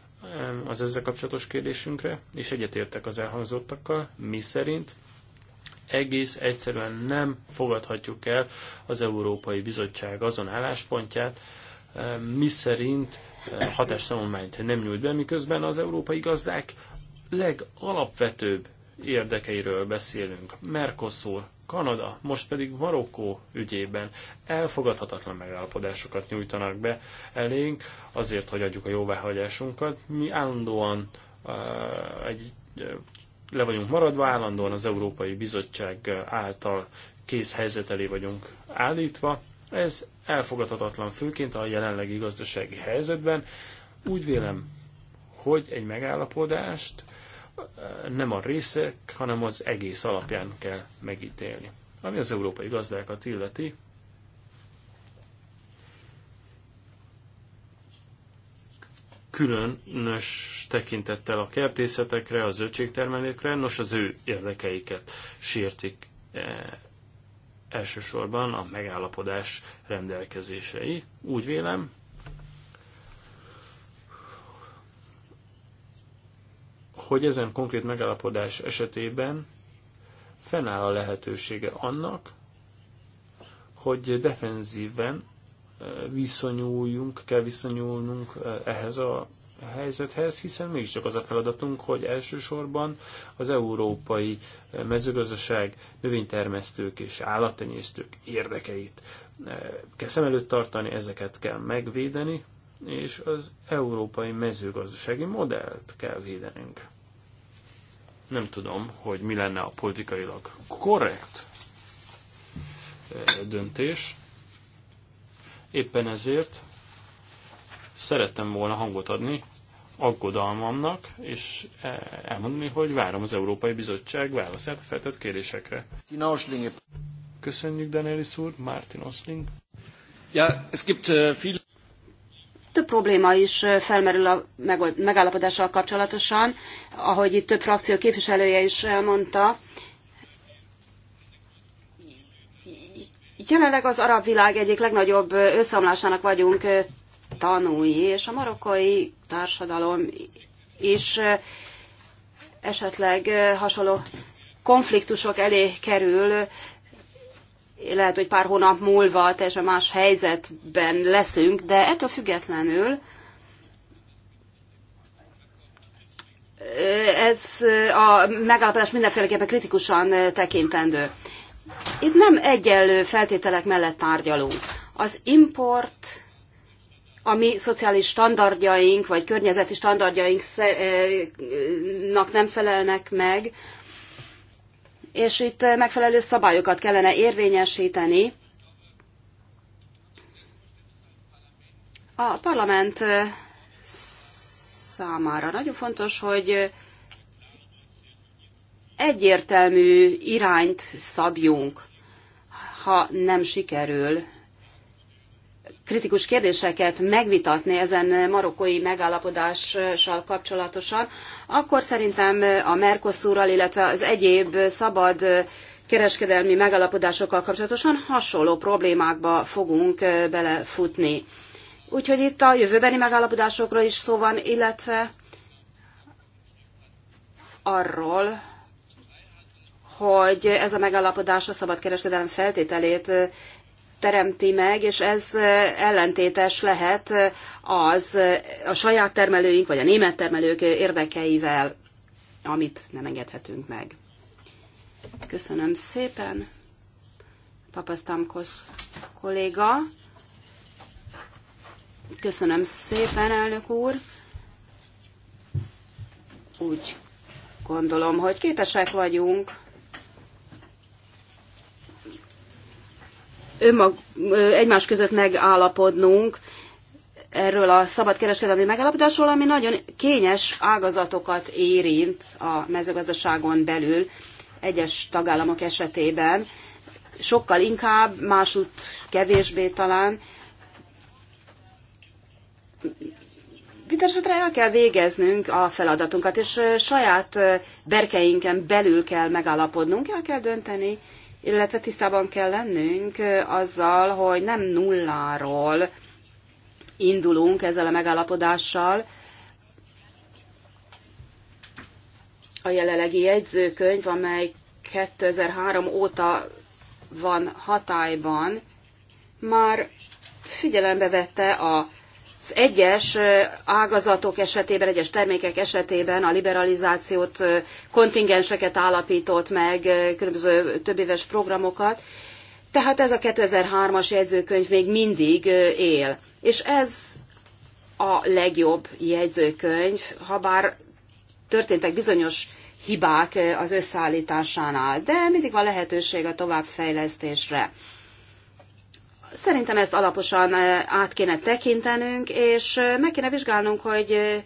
az ezzel kapcsolatos kérdésünkre, és egyetértek az elhangzottakkal, mi szerint egész egyszerűen nem fogadhatjuk el az Európai Bizottság azon álláspontját, mi szerint hatástanulmányt nem nyújt be, miközben az európai gazdák legalapvetőbb érdekeiről beszélünk. Mercosur, Kanada, most pedig Marokkó ügyében elfogadhatatlan megállapodásokat nyújtanak be elénk, azért, hogy adjuk a jóváhagyásunkat. Mi állandóan uh, egy, uh, le vagyunk maradva, állandóan az Európai Bizottság által kész helyzet elé vagyunk állítva. Ez elfogadhatatlan főként a jelenlegi gazdasági helyzetben. Úgy vélem, hogy egy megállapodást eh, nem a részek, hanem az egész alapján kell megítélni. Ami az európai gazdákat illeti, különös tekintettel a kertészetekre, a zöldségtermelőkre, nos az ő érdekeiket sértik eh, elsősorban a megállapodás rendelkezései. Úgy vélem, hogy ezen konkrét megállapodás esetében fennáll a lehetősége annak, hogy defenzíven viszonyuljunk, kell viszonyulnunk ehhez a helyzethez, hiszen mégiscsak az a feladatunk, hogy elsősorban az európai mezőgazdaság, növénytermesztők és állattenyésztők érdekeit kell szem előtt tartani, ezeket kell megvédeni, és az európai mezőgazdasági modellt kell védenünk. Nem tudom, hogy mi lenne a politikailag korrekt döntés, Éppen ezért szerettem volna hangot adni aggodalmamnak, és e- elmondani, hogy várom az Európai Bizottság válaszát a feltett kérdésekre. Köszönjük, Danielis úr, Martin Osling. Ja, es gibt äh, viel... Több probléma is felmerül a megállapodással kapcsolatosan, ahogy itt több frakció képviselője is elmondta. Jelenleg az arab világ egyik legnagyobb összeomlásának vagyunk tanúi, és a marokkai társadalom is esetleg hasonló konfliktusok elé kerül, lehet, hogy pár hónap múlva teljesen más helyzetben leszünk, de ettől függetlenül ez a megállapodás mindenféleképpen kritikusan tekintendő. Itt nem egyenlő feltételek mellett tárgyalunk. Az import a mi szociális standardjaink, vagy környezeti standardjainknak eh, nem felelnek meg, és itt megfelelő szabályokat kellene érvényesíteni. A parlament eh, számára nagyon fontos, hogy egyértelmű irányt szabjunk, ha nem sikerül kritikus kérdéseket megvitatni ezen marokkói megállapodással kapcsolatosan, akkor szerintem a Mercosurral, illetve az egyéb szabad kereskedelmi megállapodásokkal kapcsolatosan hasonló problémákba fogunk belefutni. Úgyhogy itt a jövőbeni megállapodásokról is szó van, illetve arról, hogy ez a megállapodás a szabadkereskedelem feltételét teremti meg, és ez ellentétes lehet az a saját termelőink, vagy a német termelők érdekeivel, amit nem engedhetünk meg. Köszönöm szépen, Papasztamkos kolléga. Köszönöm szépen, elnök úr. Úgy gondolom, hogy képesek vagyunk önmag, egymás között megállapodnunk erről a szabadkereskedelmi megállapodásról, ami nagyon kényes ágazatokat érint a mezőgazdaságon belül egyes tagállamok esetében, sokkal inkább, másút kevésbé talán. Mindenesetre el kell végeznünk a feladatunkat, és saját berkeinken belül kell megállapodnunk, el kell dönteni, illetve tisztában kell lennünk azzal, hogy nem nulláról indulunk ezzel a megállapodással. A jelenlegi jegyzőkönyv, amely 2003 óta van hatályban, már figyelembe vette a egyes ágazatok esetében, egyes termékek esetében a liberalizációt, kontingenseket állapított meg, különböző többéves programokat. Tehát ez a 2003-as jegyzőkönyv még mindig él. És ez a legjobb jegyzőkönyv, ha bár történtek bizonyos hibák az összeállításánál, de mindig van lehetőség a továbbfejlesztésre. Szerintem ezt alaposan eh, át kéne tekintenünk, és eh, meg kéne vizsgálnunk, hogy eh,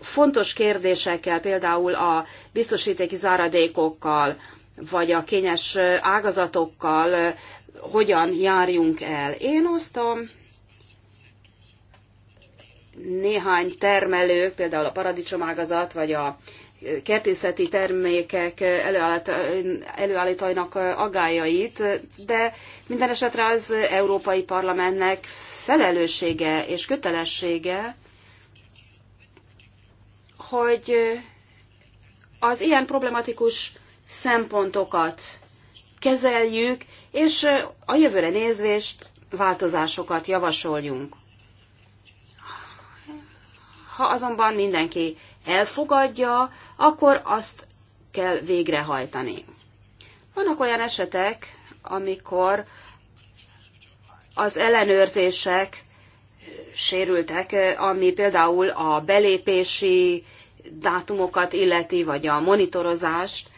fontos kérdésekkel, például a biztosítéki záradékokkal, vagy a kényes ágazatokkal hogyan járjunk el. Én osztom néhány termelő, például a paradicsomágazat, vagy a kertészeti termékek előállítóinak agájait, de minden esetre az Európai Parlamentnek felelőssége és kötelessége, hogy az ilyen problematikus szempontokat kezeljük, és a jövőre nézvést változásokat javasoljunk. Ha azonban mindenki elfogadja, akkor azt kell végrehajtani. Vannak olyan esetek, amikor az ellenőrzések sérültek, ami például a belépési dátumokat illeti, vagy a monitorozást.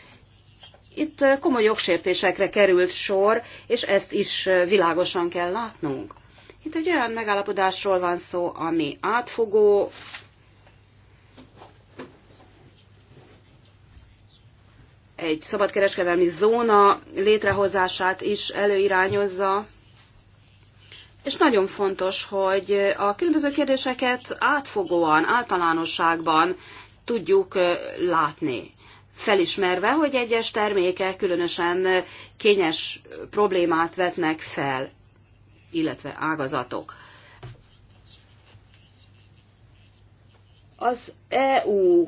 Itt komoly jogsértésekre került sor, és ezt is világosan kell látnunk. Itt egy olyan megállapodásról van szó, ami átfogó, egy szabadkereskedelmi zóna létrehozását is előirányozza, és nagyon fontos, hogy a különböző kérdéseket átfogóan, általánosságban tudjuk látni. Felismerve, hogy egyes termékek különösen kényes problémát vetnek fel, illetve ágazatok. Az EU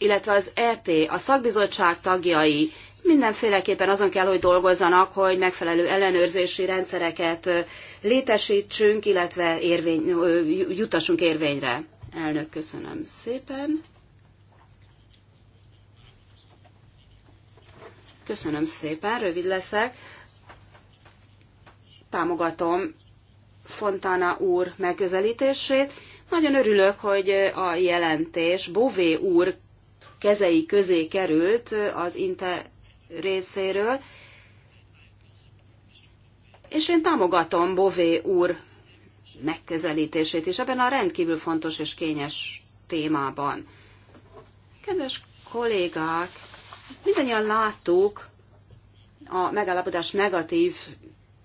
illetve az EP, a szakbizottság tagjai mindenféleképpen azon kell, hogy dolgozzanak, hogy megfelelő ellenőrzési rendszereket létesítsünk, illetve érvény, jutassunk érvényre. Elnök, köszönöm szépen. Köszönöm szépen, rövid leszek. Támogatom Fontana úr megközelítését. Nagyon örülök, hogy a jelentés Bové úr kezei közé került az Inte részéről, és én támogatom Bové úr megközelítését is ebben a rendkívül fontos és kényes témában. Kedves kollégák, mindannyian láttuk a megállapodás negatív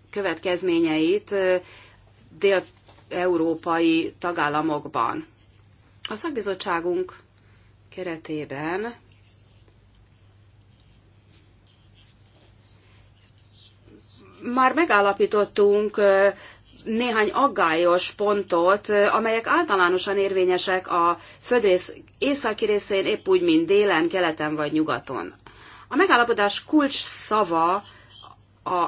következményeit dél-európai tagállamokban. A szakbizottságunk keretében már megállapítottunk néhány aggályos pontot, amelyek általánosan érvényesek a földrész északi részén, épp úgy, mint délen, keleten vagy nyugaton. A megállapodás kulcs szava a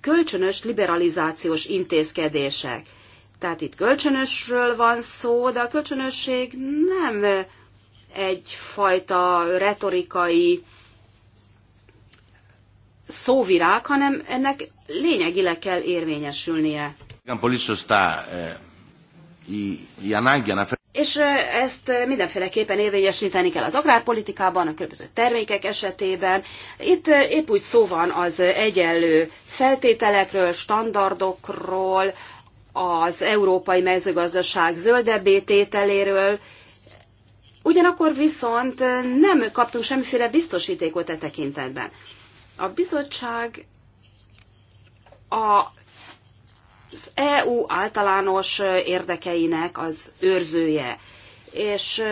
kölcsönös liberalizációs intézkedések. Tehát itt kölcsönösről van szó, de a kölcsönösség nem egyfajta retorikai szóvirág, hanem ennek lényegileg kell érvényesülnie. Eh, És eh, ezt eh, mindenféleképpen érvényesíteni kell az agrárpolitikában, a különböző termékek esetében. Itt épp úgy szó van az egyenlő feltételekről, standardokról, az európai mezőgazdaság zöldebbé tételéről, Ugyanakkor viszont nem kaptunk semmiféle biztosítékot e tekintetben. A bizottság a az EU általános érdekeinek az őrzője, és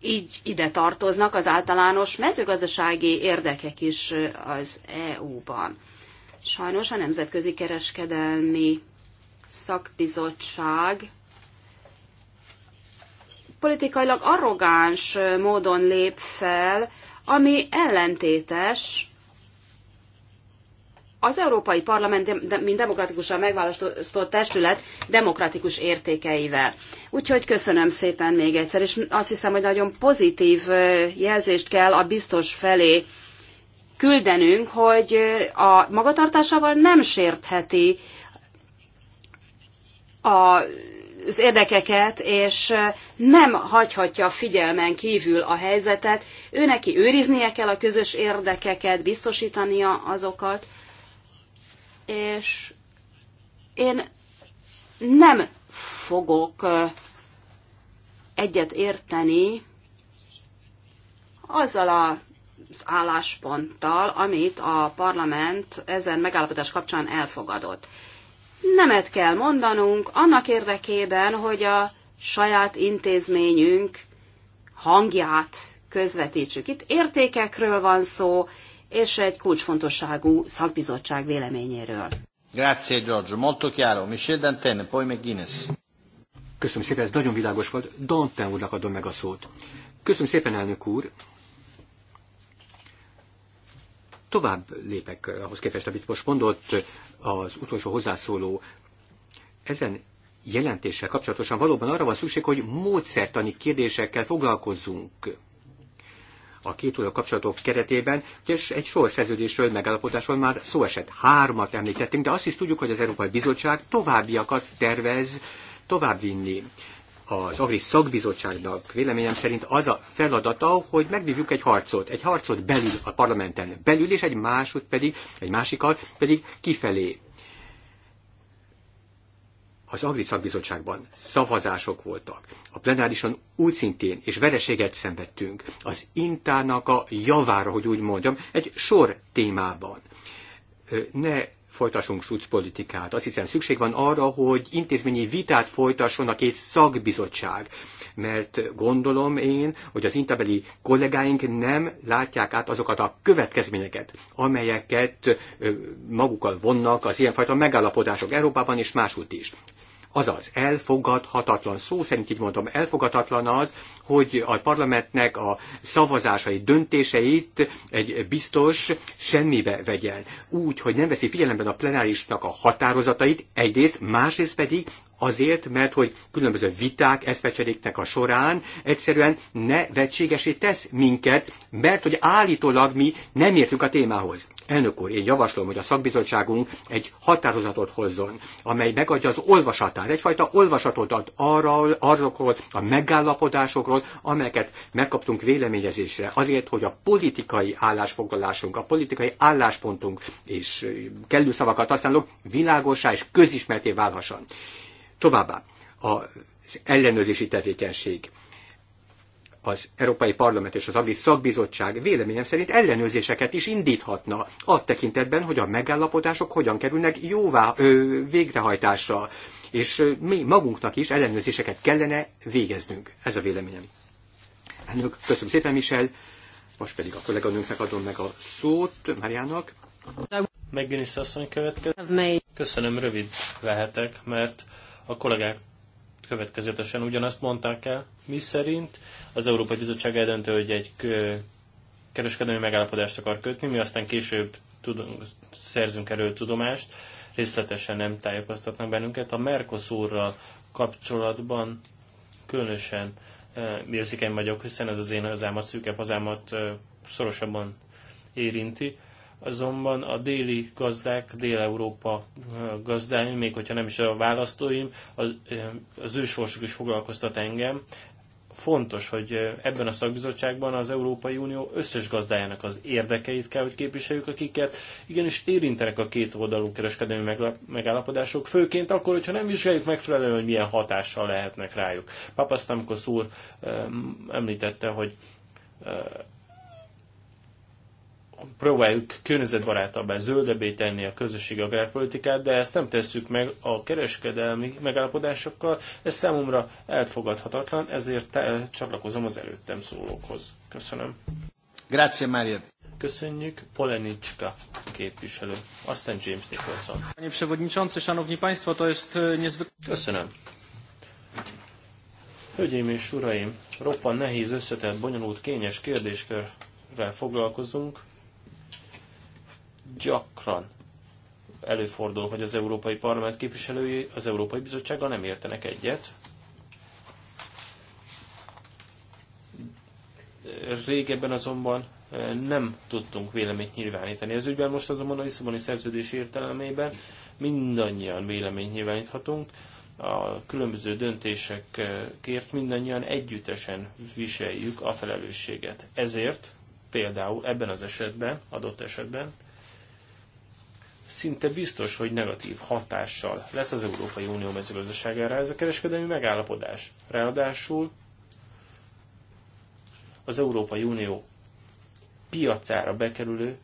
így ide tartoznak az általános mezőgazdasági érdekek is az EU-ban. Sajnos a Nemzetközi Kereskedelmi Szakbizottság politikailag arrogáns módon lép fel, ami ellentétes az Európai Parlament, mint demokratikusan megválasztott testület demokratikus értékeivel. Úgyhogy köszönöm szépen még egyszer, és azt hiszem, hogy nagyon pozitív jelzést kell a biztos felé küldenünk, hogy a magatartásával nem sértheti a az érdekeket, és nem hagyhatja figyelmen kívül a helyzetet. Ő neki őriznie kell a közös érdekeket, biztosítania azokat, és én nem fogok egyet érteni azzal az állásponttal, amit a parlament ezen megállapodás kapcsán elfogadott nemet kell mondanunk annak érdekében, hogy a saját intézményünk hangját közvetítsük. Itt értékekről van szó, és egy kulcsfontosságú szakbizottság véleményéről. Grazie Giorgio, molto chiaro. Michel Dantene, poi McGuinness. Köszönöm szépen, ez nagyon világos volt. Dante úrnak adom meg a szót. Köszönöm szépen, elnök úr. Tovább lépek ahhoz képest, amit most mondott az utolsó hozzászóló. Ezen jelentéssel kapcsolatosan valóban arra van szükség, hogy módszertani kérdésekkel foglalkozzunk a két óra kapcsolatok keretében, és egy sor szerződésről, megállapodásról már szó esett. Hármat említettünk, de azt is tudjuk, hogy az Európai Bizottság továbbiakat tervez továbbvinni az Agri Szakbizottságnak véleményem szerint az a feladata, hogy megvívjuk egy harcot. Egy harcot belül a parlamenten belül, és egy másod pedig, egy másikat pedig kifelé. Az Agri Szakbizottságban szavazások voltak. A plenárison úgy szintén, és vereséget szenvedtünk, az intának a javára, hogy úgy mondjam, egy sor témában. Ne folytassunk politikát. Azt hiszem szükség van arra, hogy intézményi vitát folytasson a két szakbizottság, mert gondolom én, hogy az intabeli kollégáink nem látják át azokat a következményeket, amelyeket magukkal vonnak az ilyenfajta megállapodások Európában és máshogy is. Azaz, elfogadhatatlan, szó szerint így mondom, elfogadhatatlan az, hogy a parlamentnek a szavazásai, döntéseit egy biztos semmibe vegyen. Úgy, hogy nem veszi figyelemben a plenárisnak a határozatait, egyrészt, másrészt pedig azért, mert hogy különböző viták, eszvecseréknek a során egyszerűen ne vetségesé tesz minket, mert hogy állítólag mi nem értünk a témához. Elnök úr, én javaslom, hogy a szakbizottságunk egy határozatot hozzon, amely megadja az olvasatát, egyfajta olvasatot ad arról, arról a megállapodásokról, amelyeket megkaptunk véleményezésre, azért, hogy a politikai állásfoglalásunk, a politikai álláspontunk és kellő szavakat használunk világosá és közismerté válhasson. Továbbá az ellenőrzési tevékenység az Európai Parlament és az Agri Szakbizottság véleményem szerint ellenőrzéseket is indíthatna a tekintetben, hogy a megállapodások hogyan kerülnek jóvá ö, végrehajtásra, és mi magunknak is ellenőrzéseket kellene végeznünk. Ez a véleményem. Elnök, köszönöm szépen, Michel. Most pedig a kolléganőnknek adom meg a szót, Mariának. Megint is asszony következő. Köszönöm, rövid lehetek, mert a kollégák következetesen ugyanazt mondták el, mi szerint az Európai Bizottság eldöntő, hogy egy kereskedelmi megállapodást akar kötni, mi aztán később tudunk, szerzünk erről tudomást, részletesen nem tájékoztatnak bennünket. A Mercosurral kapcsolatban különösen e, érzékeny vagyok, hiszen ez az én hazámat, szűkebb hazámat e, szorosabban érinti azonban a déli gazdák, Dél-Európa gazdáim, még hogyha nem is a választóim, az, az ő sorsuk is foglalkoztat engem. Fontos, hogy ebben a szakbizottságban az Európai Unió összes gazdájának az érdekeit kell, hogy képviseljük, akiket igenis érintenek a két oldalú kereskedelmi megállapodások, főként akkor, hogyha nem vizsgáljuk megfelelően, hogy milyen hatással lehetnek rájuk. Papasztamkosz úr említette, hogy próbáljuk környezetbarátabbá, zöldebbé tenni a közösségi agrárpolitikát, de ezt nem tesszük meg a kereskedelmi megállapodásokkal. Ez számomra elfogadhatatlan, ezért csatlakozom az előttem szólókhoz. Köszönöm. Grazie, Mária. Köszönjük. Polenicska képviselő, aztán James Nicholson. Panie Przewodniczący, Szanowni Państwo, to jest e, niezwykle... Köszönöm. Hölgyeim és uraim, roppan nehéz, összetett, bonyolult, kényes kérdéskörrel foglalkozunk, gyakran előfordul, hogy az Európai Parlament képviselői az Európai Bizottsággal nem értenek egyet. Régebben azonban eh, nem tudtunk véleményt nyilvánítani. Ez ügyben most azonban a Lisszaboni szerződés értelmében mindannyian véleményt nyilváníthatunk, a különböző döntésekért mindannyian együttesen viseljük a felelősséget. Ezért például ebben az esetben, adott esetben szinte biztos, hogy negatív hatással lesz az Európai Unió mezőgazdaságára ez a kereskedelmi megállapodás. Ráadásul az Európai Unió piacára bekerülő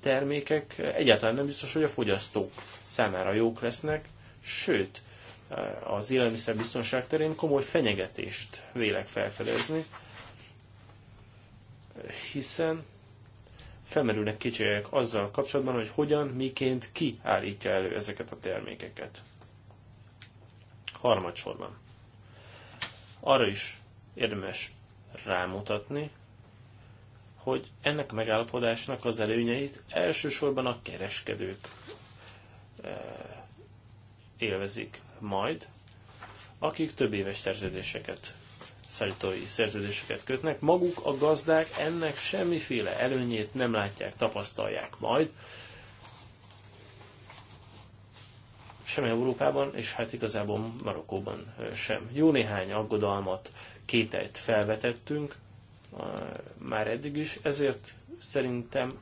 termékek egyáltalán nem biztos, hogy a fogyasztók számára jók lesznek, sőt, az élelmiszerbiztonság terén komoly fenyegetést vélek felfedezni, hiszen felmerülnek kétségek azzal kapcsolatban, hogy hogyan, miként, ki állítja elő ezeket a termékeket. Harmadsorban. Arra is érdemes rámutatni, hogy ennek a megállapodásnak az előnyeit elsősorban a kereskedők eh, élvezik majd, akik több éves szerződéseket szállítói szerződéseket kötnek, maguk a gazdák ennek semmiféle előnyét nem látják, tapasztalják majd, sem Európában, és hát igazából Marokkóban sem. Jó néhány aggodalmat, kételyt felvetettünk már eddig is, ezért szerintem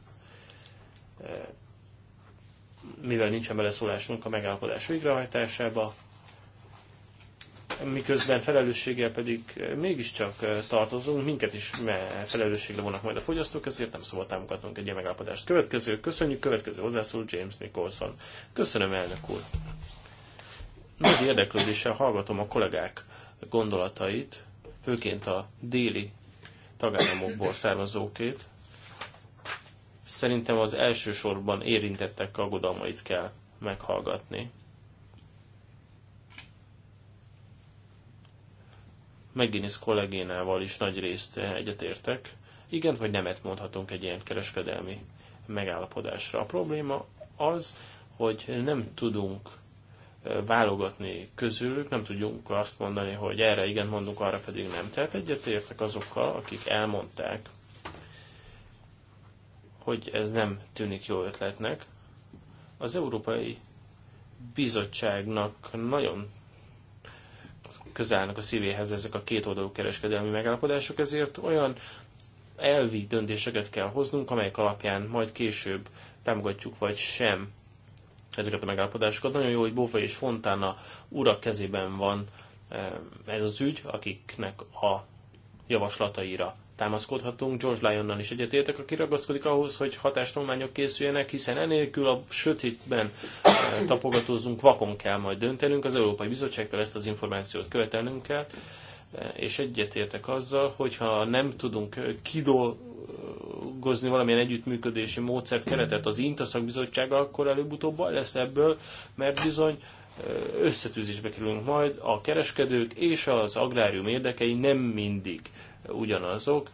mivel nincsen beleszólásunk a megállapodás végrehajtásába, miközben felelősséggel pedig eh, mégiscsak eh, tartozunk, minket is felelősségre vonnak majd a fogyasztók, ezért nem szabad támogatnunk egy ilyen megállapodást. Következő, köszönjük, következő hozzászól James Nicholson. Köszönöm, elnök úr. Nagy érdeklődéssel hallgatom a kollégák gondolatait, főként a déli tagállamokból származókét. Szerintem az elsősorban érintettek aggodalmait kell meghallgatni McGinnis kollégénával is nagy részt eh, egyetértek. Igen vagy nemet mondhatunk egy ilyen kereskedelmi megállapodásra. A probléma az, hogy nem tudunk eh, válogatni közülük, nem tudjuk azt mondani, hogy erre igen mondunk, arra pedig nem. Tehát egyetértek azokkal, akik elmondták, hogy ez nem tűnik jó ötletnek. Az Európai Bizottságnak nagyon közel állnak a szívéhez ezek a két oldalú kereskedelmi megállapodások, ezért olyan elvi döntéseket kell hoznunk, amelyek alapján majd később támogatjuk vagy sem ezeket a megállapodásokat. Nagyon jó, hogy Bófa és Fontana urak kezében van eh, ez az ügy, akiknek a javaslataira támaszkodhatunk. George Lyonnal is egyetértek, aki ragaszkodik ahhoz, hogy hatástolmányok készüljenek, hiszen enélkül a sötétben eh, tapogatózunk, vakon kell majd döntenünk, az Európai Bizottságtól ezt az információt követelnünk kell, eh, és egyetértek azzal, hogyha nem tudunk eh, kidolgozni valamilyen együttműködési módszert, keretet az INTA bizottsága akkor előbb-utóbb baj lesz ebből, mert bizony összetűzésbe kerülünk majd, a kereskedők és az agrárium érdekei nem mindig ugyanazok,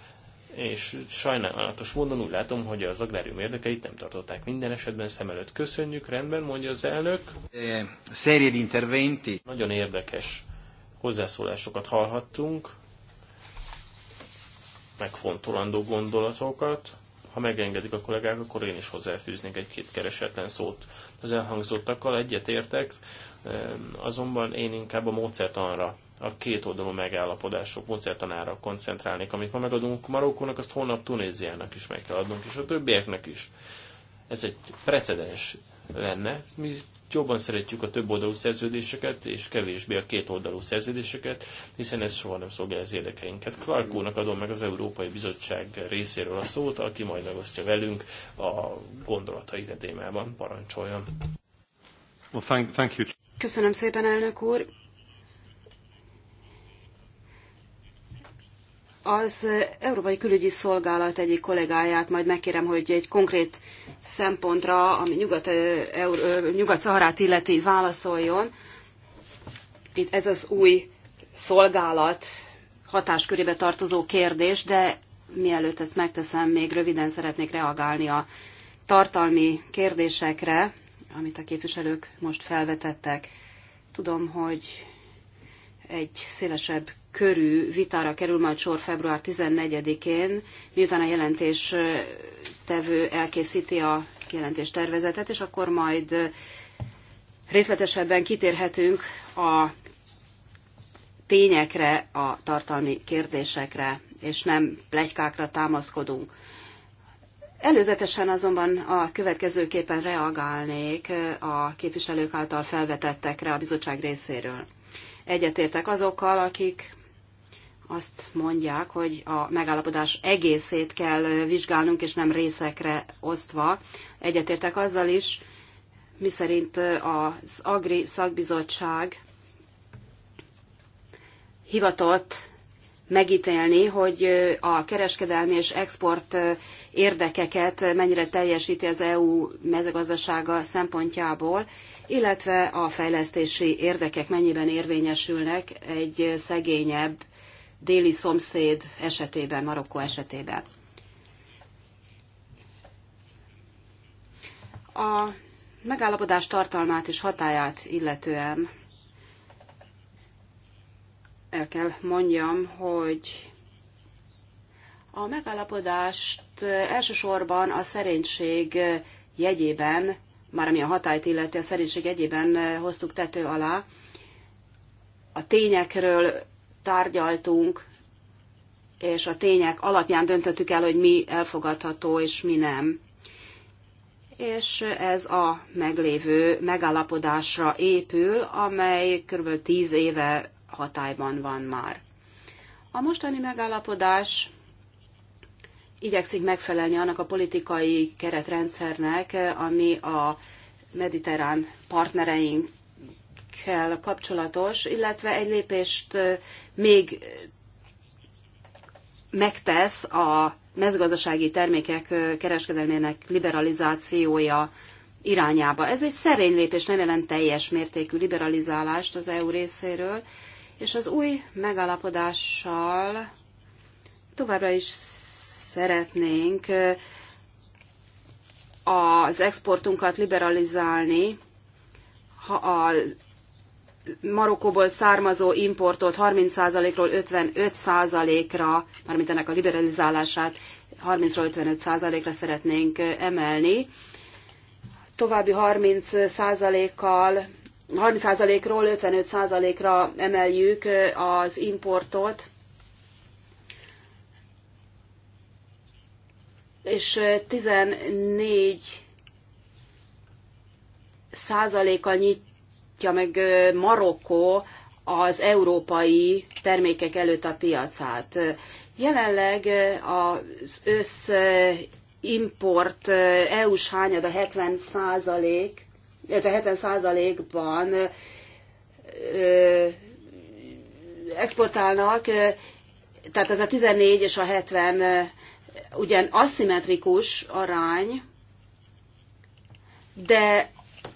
és sajnálatos módon úgy látom, hogy az agrárium érdekeit nem tartották minden esetben szem előtt. Köszönjük, rendben, mondja az elnök. E, serie interventi. Nagyon érdekes hozzászólásokat hallhattunk, megfontolandó gondolatokat. Ha megengedik a kollégák, akkor én is hozzáfűznék egy-két keresetlen szót az elhangzottakkal, egyetértek, e, azonban én inkább a módszertanra a két oldalú megállapodások mozertanára koncentrálnék, amit ma megadunk Marokkónak, azt holnap Tunéziának is meg kell adnunk, és a többieknek is. Ez egy precedens lenne. Mi jobban szeretjük a több oldalú szerződéseket, és kevésbé a két oldalú szerződéseket, hiszen ez soha nem szolgálja az érdekeinket. Clarkónak adom meg az Európai Bizottság részéről a szót, aki majd megosztja velünk a gondolatait a témában. Parancsoljon! Well, thank, thank you. Köszönöm szépen, elnök úr! Az Európai Külügyi Szolgálat egyik kollégáját majd megkérem, hogy egy konkrét szempontra, ami Nyugat-Szaharát Nyugat illeti, válaszoljon. Itt ez az új szolgálat hatáskörébe tartozó kérdés, de mielőtt ezt megteszem, még röviden szeretnék reagálni a tartalmi kérdésekre, amit a képviselők most felvetettek. Tudom, hogy egy szélesebb körű vitára kerül majd sor február 14-én, miután a jelentés tevő elkészíti a jelentés tervezetet, és akkor majd részletesebben kitérhetünk a tényekre, a tartalmi kérdésekre, és nem plegykákra támaszkodunk. Előzetesen azonban a következőképpen reagálnék a képviselők által felvetettekre a bizottság részéről egyetértek azokkal, akik azt mondják, hogy a megállapodás egészét kell vizsgálnunk, és nem részekre osztva. Egyetértek azzal is, miszerint az Agri szakbizottság hivatott megítélni, hogy a kereskedelmi és export érdekeket mennyire teljesíti az EU mezőgazdasága szempontjából, illetve a fejlesztési érdekek mennyiben érvényesülnek egy szegényebb déli szomszéd esetében, Marokkó esetében. A megállapodás tartalmát és hatáját illetően el kell mondjam, hogy a megállapodást elsősorban a szerénység jegyében már ami a hatályt illeti, a szerénység egyében eh, hoztuk tető alá. A tényekről tárgyaltunk, és a tények alapján döntöttük el, hogy mi elfogadható és mi nem. És ez a meglévő megállapodásra épül, amely kb. 10 éve hatályban van már. A mostani megállapodás igyekszik megfelelni annak a politikai keretrendszernek, ami a mediterrán partnereinkkel kapcsolatos, illetve egy lépést még megtesz a mezőgazdasági termékek kereskedelmének liberalizációja irányába. Ez egy szerény lépés, nem jelent teljes mértékű liberalizálást az EU részéről, és az új megállapodással továbbra is szeretnénk az exportunkat liberalizálni, ha a Marokkóból származó importot 30%-ról 55%-ra, mármint ennek a liberalizálását 30-ról 55%-ra szeretnénk emelni. További 30%-kal 30%-ról 55%-ra emeljük az importot, és 14 százaléka nyitja meg Marokkó az európai termékek előtt a piacát. Jelenleg az össz import EU-s a 70 százalék, 70 százalékban exportálnak, tehát ez a 14 és a 70 ugyan aszimmetrikus arány, de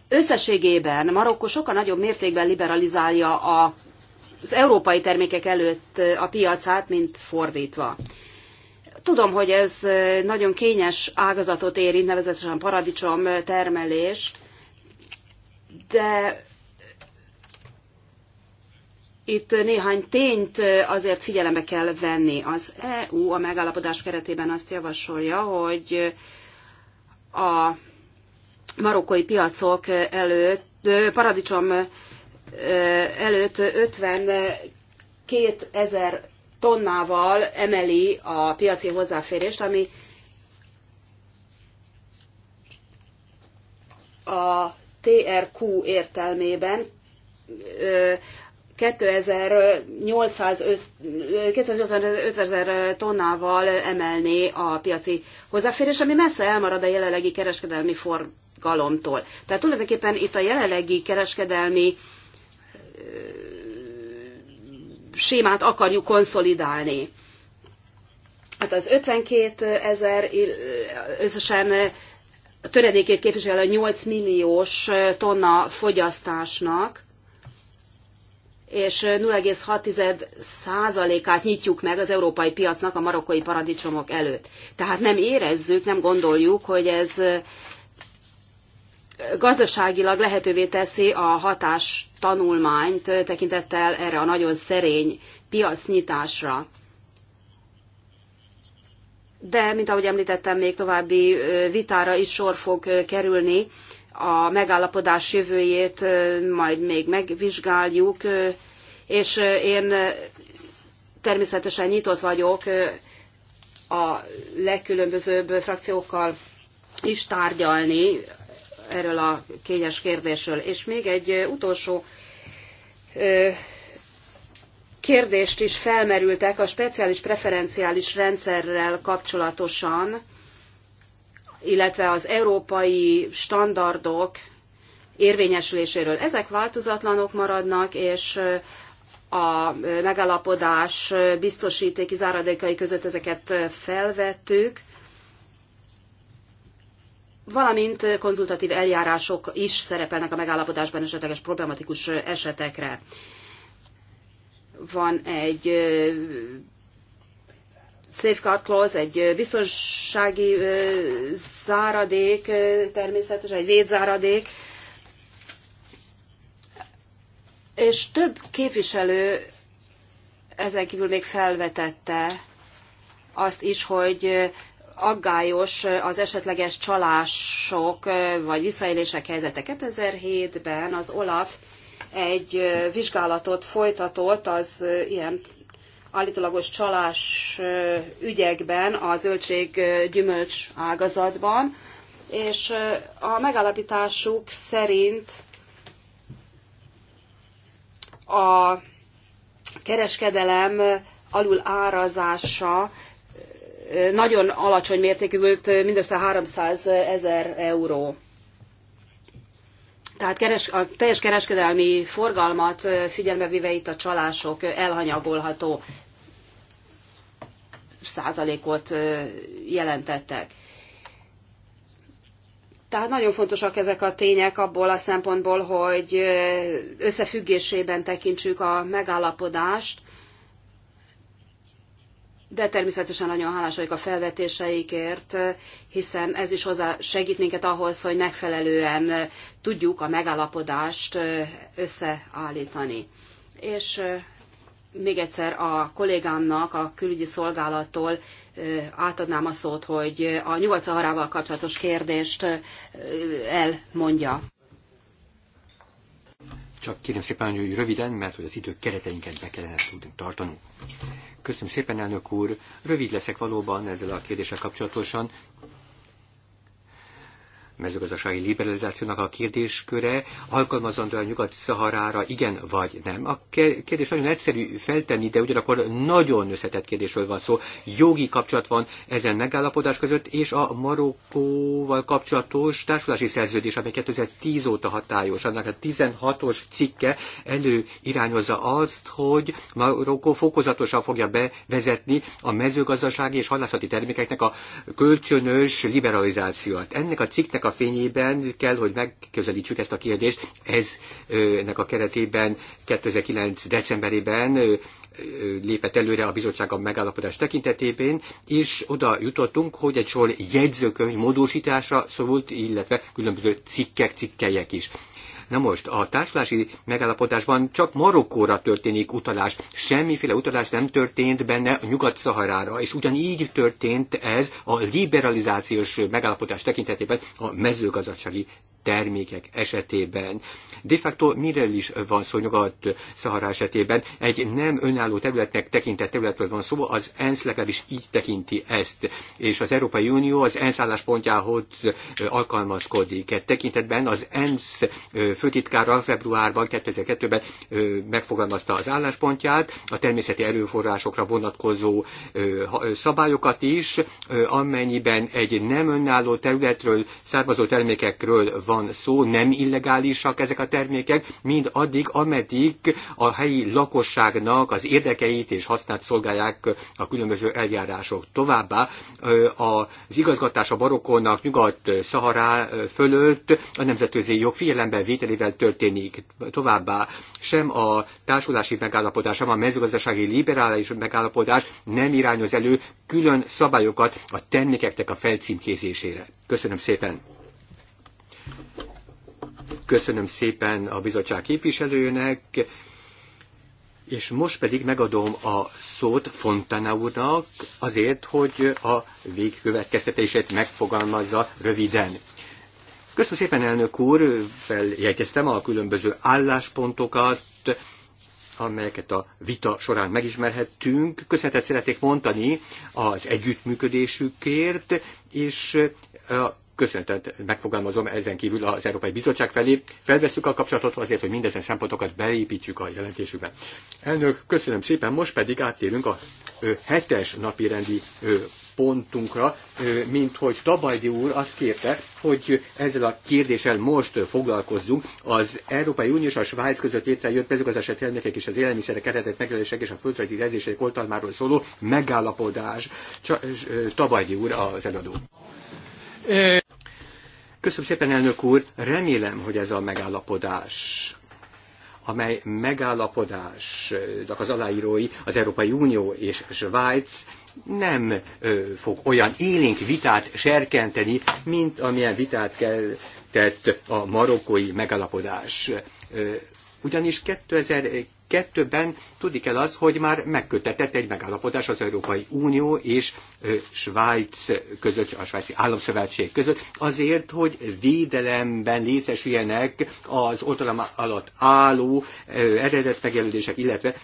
összességében Marokkó sokkal nagyobb mértékben liberalizálja a, az európai termékek előtt a piacát, mint fordítva. Tudom, hogy ez nagyon kényes ágazatot érint, nevezetesen paradicsom termelés, de itt néhány tényt azért figyelembe kell venni. Az EU a megállapodás keretében azt javasolja, hogy a marokkói piacok előtt, paradicsom előtt 52 ezer tonnával emeli a piaci hozzáférést, ami a TRQ értelmében 250 ezer tonnával emelné a piaci hozzáférés, ami messze elmarad a jelenlegi kereskedelmi forgalomtól. Tehát tulajdonképpen itt a jelenlegi kereskedelmi sémát akarjuk konszolidálni. Hát az 52 ezer összesen töredékét képviselő a 8 milliós tonna fogyasztásnak, és 0,6%-át nyitjuk meg az európai piacnak a marokkói paradicsomok előtt. Tehát nem érezzük, nem gondoljuk, hogy ez gazdaságilag lehetővé teszi a hatás tanulmányt tekintettel erre a nagyon szerény piacnyitásra. De, mint ahogy említettem, még további vitára is sor fog kerülni a megállapodás jövőjét majd még megvizsgáljuk, és én természetesen nyitott vagyok a legkülönbözőbb frakciókkal is tárgyalni erről a kényes kérdésről. És még egy utolsó kérdést is felmerültek a speciális preferenciális rendszerrel kapcsolatosan illetve az európai standardok érvényesüléséről. Ezek változatlanok maradnak, és a megállapodás biztosítéki záradékai között ezeket felvettük, valamint konzultatív eljárások is szerepelnek a megállapodásban esetleges problematikus esetekre. Van egy safeguard clause, egy biztonsági záradék, természetesen egy védzáradék, és több képviselő ezen kívül még felvetette azt is, hogy aggályos az esetleges csalások vagy visszaélések helyzete. 2007-ben az OLAF egy vizsgálatot folytatott az ilyen állítólagos csalás ügyekben a zöldség-gyümölcs ágazatban, és a megállapításuk szerint a kereskedelem alul árazása nagyon alacsony mértékű volt, mindössze 300 ezer euró. Tehát keres, a teljes kereskedelmi forgalmat figyelme véve itt a csalások elhanyagolható százalékot jelentettek. Tehát nagyon fontosak ezek a tények abból a szempontból, hogy összefüggésében tekintsük a megállapodást, de természetesen nagyon hálás vagyok a felvetéseikért, hiszen ez is hozzá segít minket ahhoz, hogy megfelelően tudjuk a megállapodást összeállítani. És még egyszer a kollégámnak a külügyi szolgálattól átadnám a szót, hogy a Nyugat-Szaharával kapcsolatos kérdést elmondja. Csak kérem szépen, hogy röviden, mert hogy az idő kereteinket be kellene tudni tartanunk. Köszönöm szépen, elnök úr. Rövid leszek valóban ezzel a kérdéssel kapcsolatosan mezőgazdasági liberalizációnak a kérdésköre alkalmazandó a Nyugat-Szaharára, igen vagy nem. A kérdés nagyon egyszerű feltenni, de ugyanakkor nagyon összetett kérdésről van szó. Jogi kapcsolat van ezen megállapodás között, és a Marokkóval kapcsolatos társulási szerződés, amely 2010 óta hatályos, annak a 16-os cikke előirányozza azt, hogy Marokkó fokozatosan fogja bevezetni a mezőgazdasági és halászati termékeknek a kölcsönös liberalizációt. Ennek a cikknek a fényében kell, hogy megközelítsük ezt a kérdést. Ez ennek a keretében 2009. decemberében lépett előre a bizottság a megállapodás tekintetében, és oda jutottunk, hogy egy sor jegyzőkönyv módosításra szólt, illetve különböző cikkek, cikkelyek is. Na most, a társulási megállapodásban csak Marokkóra történik utalás. Semmiféle utalás nem történt benne a Nyugat-Szaharára, és ugyanígy történt ez a liberalizációs megállapodás tekintetében a mezőgazdasági termékek esetében. De facto miről is van szó nyugat szahara esetében? Egy nem önálló területnek tekintett területről van szó, az ENSZ legalábbis így tekinti ezt, és az Európai Unió az ENSZ álláspontjához alkalmazkodik. E tekintetben az ENSZ főtitkára februárban, 2002-ben megfogalmazta az álláspontját, a természeti erőforrásokra vonatkozó szabályokat is, amennyiben egy nem önálló területről származó termékekről van szó, nem illegálisak ezek a termékek, mind addig, ameddig a helyi lakosságnak az érdekeit és hasznát szolgálják a különböző eljárások. Továbbá az igazgatás a barokkónak nyugat-szahará fölött a nemzetközi jog figyelembe vételével történik. Továbbá sem a társulási megállapodás, sem a mezőgazdasági liberális megállapodás nem irányoz elő külön szabályokat a termékeknek a felcímkézésére. Köszönöm szépen! Köszönöm szépen a bizottság képviselőjének, és most pedig megadom a szót Fontana úrnak azért, hogy a végkövetkeztetését megfogalmazza röviden. Köszönöm szépen, elnök úr, feljegyeztem a különböző álláspontokat, amelyeket a vita során megismerhettünk. Köszönetet szeretnék mondani az együttműködésükért, és a köszöntet megfogalmazom ezen kívül az Európai Bizottság felé. Felveszük a kapcsolatot azért, hogy mindezen szempontokat beépítsük a jelentésükbe. Elnök, köszönöm szépen, most pedig áttérünk a ö, hetes napi rendi ö, pontunkra, mint hogy Tabajdi úr azt kérte, hogy ezzel a kérdéssel most foglalkozzunk. Az Európai Unió és a Svájc között létrejött mezőgazdasági termékek és az élelmiszerek eredet megjelenések és a földrajzi rezések oltalmáról szóló megállapodás. Tabajdi úr az előadó. Köszönöm szépen, elnök úr. Remélem, hogy ez a megállapodás amely megállapodásnak az aláírói az Európai Unió és Svájc nem ö, fog olyan élénk vitát serkenteni, mint amilyen vitát keltett a marokkói megállapodás, Ö, ugyanis 2000 2002-ben tudni kell az, hogy már megkötetett egy megállapodás az Európai Unió és Svájc között, a Svájci Államszövetség között, azért, hogy védelemben részesüljenek az oltalom alatt álló eredet megjelölések, illetve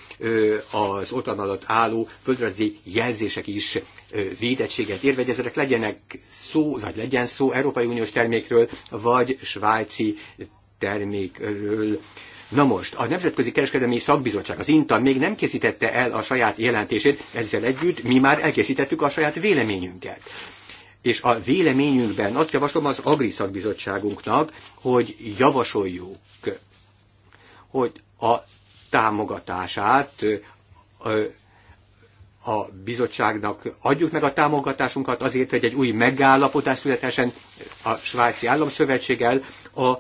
az oltalom alatt álló földrajzi jelzések is védettséget érve, ezek legyenek szó, vagy legyen szó Európai Uniós termékről, vagy svájci termékről. Na most, a Nemzetközi Kereskedelmi Szakbizottság, az INTA még nem készítette el a saját jelentését, ezzel együtt mi már elkészítettük a saját véleményünket és a véleményünkben azt javaslom az Agri Szakbizottságunknak, hogy javasoljuk, hogy a támogatását a bizottságnak adjuk meg a támogatásunkat azért, hogy egy új megállapodás születesen a Svájci Államszövetséggel a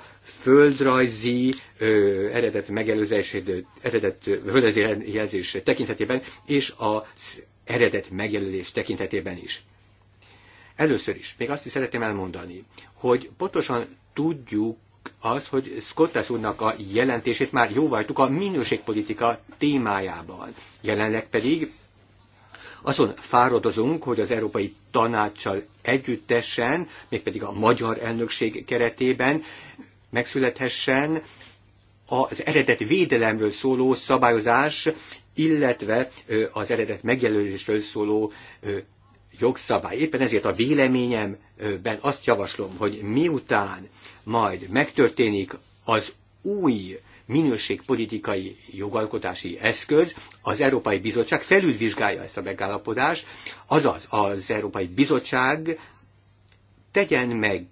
földrajzi ö, eredet megelőzését, eredet földrajzi tekintetében, és az eredet megjelölés tekintetében is. Először is, még azt is szeretném elmondani, hogy pontosan tudjuk az, hogy Scottas úrnak a jelentését már jóváltuk a minőségpolitika témájában. Jelenleg pedig azon fáradozunk, hogy az Európai Tanácssal együttesen, mégpedig a magyar elnökség keretében megszülethessen az eredet védelemről szóló szabályozás, illetve az eredet megjelölésről szóló jogszabály. Éppen ezért a véleményemben azt javaslom, hogy miután majd megtörténik az új minőségpolitikai jogalkotási eszköz, az Európai Bizottság felülvizsgálja ezt a megállapodást, azaz az Európai Bizottság tegyen meg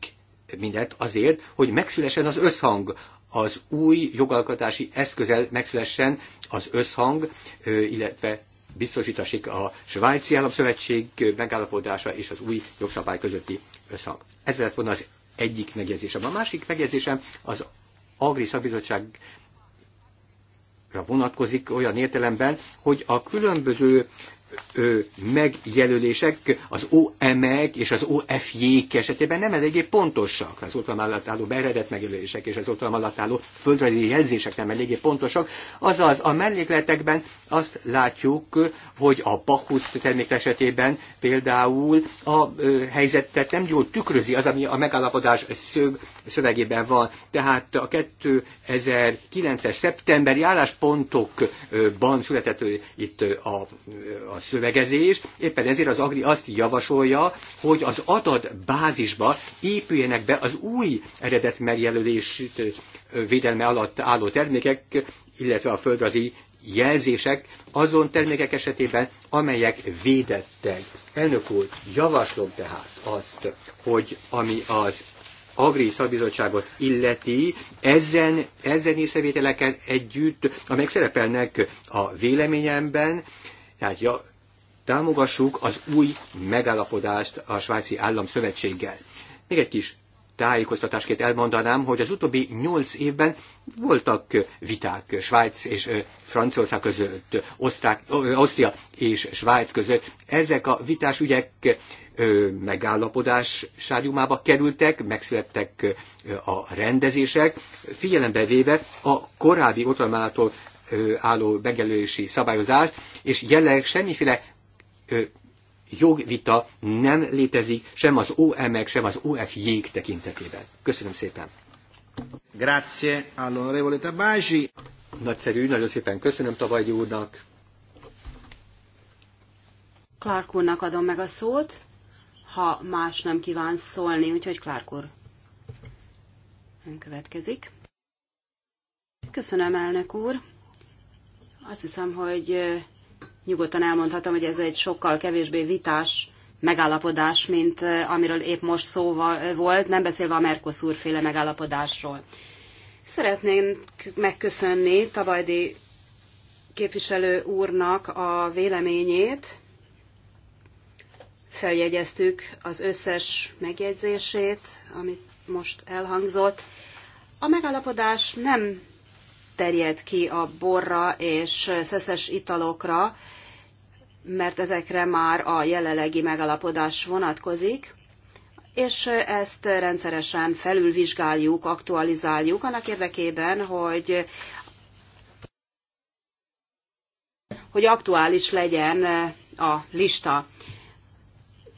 mindent azért, hogy megszülessen az összhang, az új jogalkotási eszközel megszülessen az összhang, illetve biztosítassék a Svájci Államszövetség megállapodása és az új jogszabály közötti összhang. Ez lett volna az egyik megjegyzésem. A másik megjegyzésem az Agri Szakbizottságra vonatkozik olyan értelemben, hogy a különböző megjelölések az OM-ek és az OFJ-k esetében nem eléggé pontosak. Az oltalom alatt álló beredett megjelölések és az oltalom alatt álló földrajzi jelzések nem eléggé pontosak. Azaz a mellékletekben azt látjuk, hogy a Bachusz termék esetében például a helyzetet nem jól tükrözi az, ami a megállapodás szög szövegében van. Tehát a 2009-es szeptemberi álláspontokban született itt a, a szövegezés, éppen ezért az Agri azt javasolja, hogy az adatbázisba épüljenek be az új eredet megjelölést védelme alatt álló termékek, illetve a földrajzi jelzések azon termékek esetében, amelyek védettek. Elnök úr, javaslom tehát azt, hogy ami az Agri Szakbizottságot illeti, ezen, ezen észrevételeken együtt, amelyek szerepelnek a véleményemben, tehát ja, támogassuk az új megállapodást a svájci államszövetséggel. Még egy kis tájékoztatásként elmondanám, hogy az utóbbi nyolc évben voltak viták Svájc és Franciaország között, Osztrák, Osztria és Svájc között. Ezek a vitás ügyek megállapodás sárjumába kerültek, megszülettek a rendezések, figyelembe véve a korábbi otthonomától álló megjelölési szabályozást, és jelenleg semmiféle jogvita nem létezik sem az OM-ek, sem az OF jég tekintetében. Köszönöm szépen. Grazie all'onorevole Tabaji. Nagyszerű, nagyon szépen köszönöm Tabaji úrnak. Clark úrnak adom meg a szót, ha más nem kíván szólni, úgyhogy Clark úr. Ön következik. Köszönöm, elnök úr. Azt hiszem, hogy nyugodtan elmondhatom, hogy ez egy sokkal kevésbé vitás megállapodás, mint eh, amiről épp most szó szóval, eh, volt, nem beszélve a Mercosur féle megállapodásról. Szeretnénk megköszönni Tabajdi képviselő úrnak a véleményét. Feljegyeztük az összes megjegyzését, amit most elhangzott. A megállapodás nem terjed ki a borra és szeszes italokra, mert ezekre már a jelenlegi megalapodás vonatkozik, és ezt rendszeresen felülvizsgáljuk, aktualizáljuk annak érdekében, hogy hogy aktuális legyen a lista.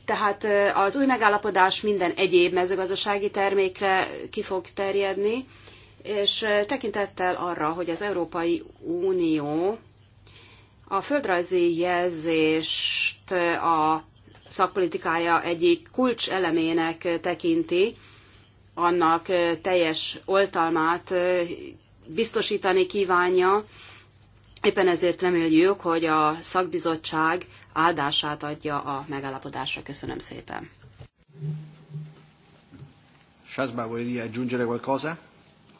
Tehát az új megállapodás minden egyéb mezőgazdasági termékre ki fog terjedni, és tekintettel arra, hogy az Európai Unió a földrajzi jelzést a szakpolitikája egyik kulcselemének tekinti, annak teljes oltalmát biztosítani kívánja. Éppen ezért reméljük, hogy a szakbizottság áldását adja a megállapodásra. Köszönöm szépen. Sászbá, vuoi aggiungere qualcosa?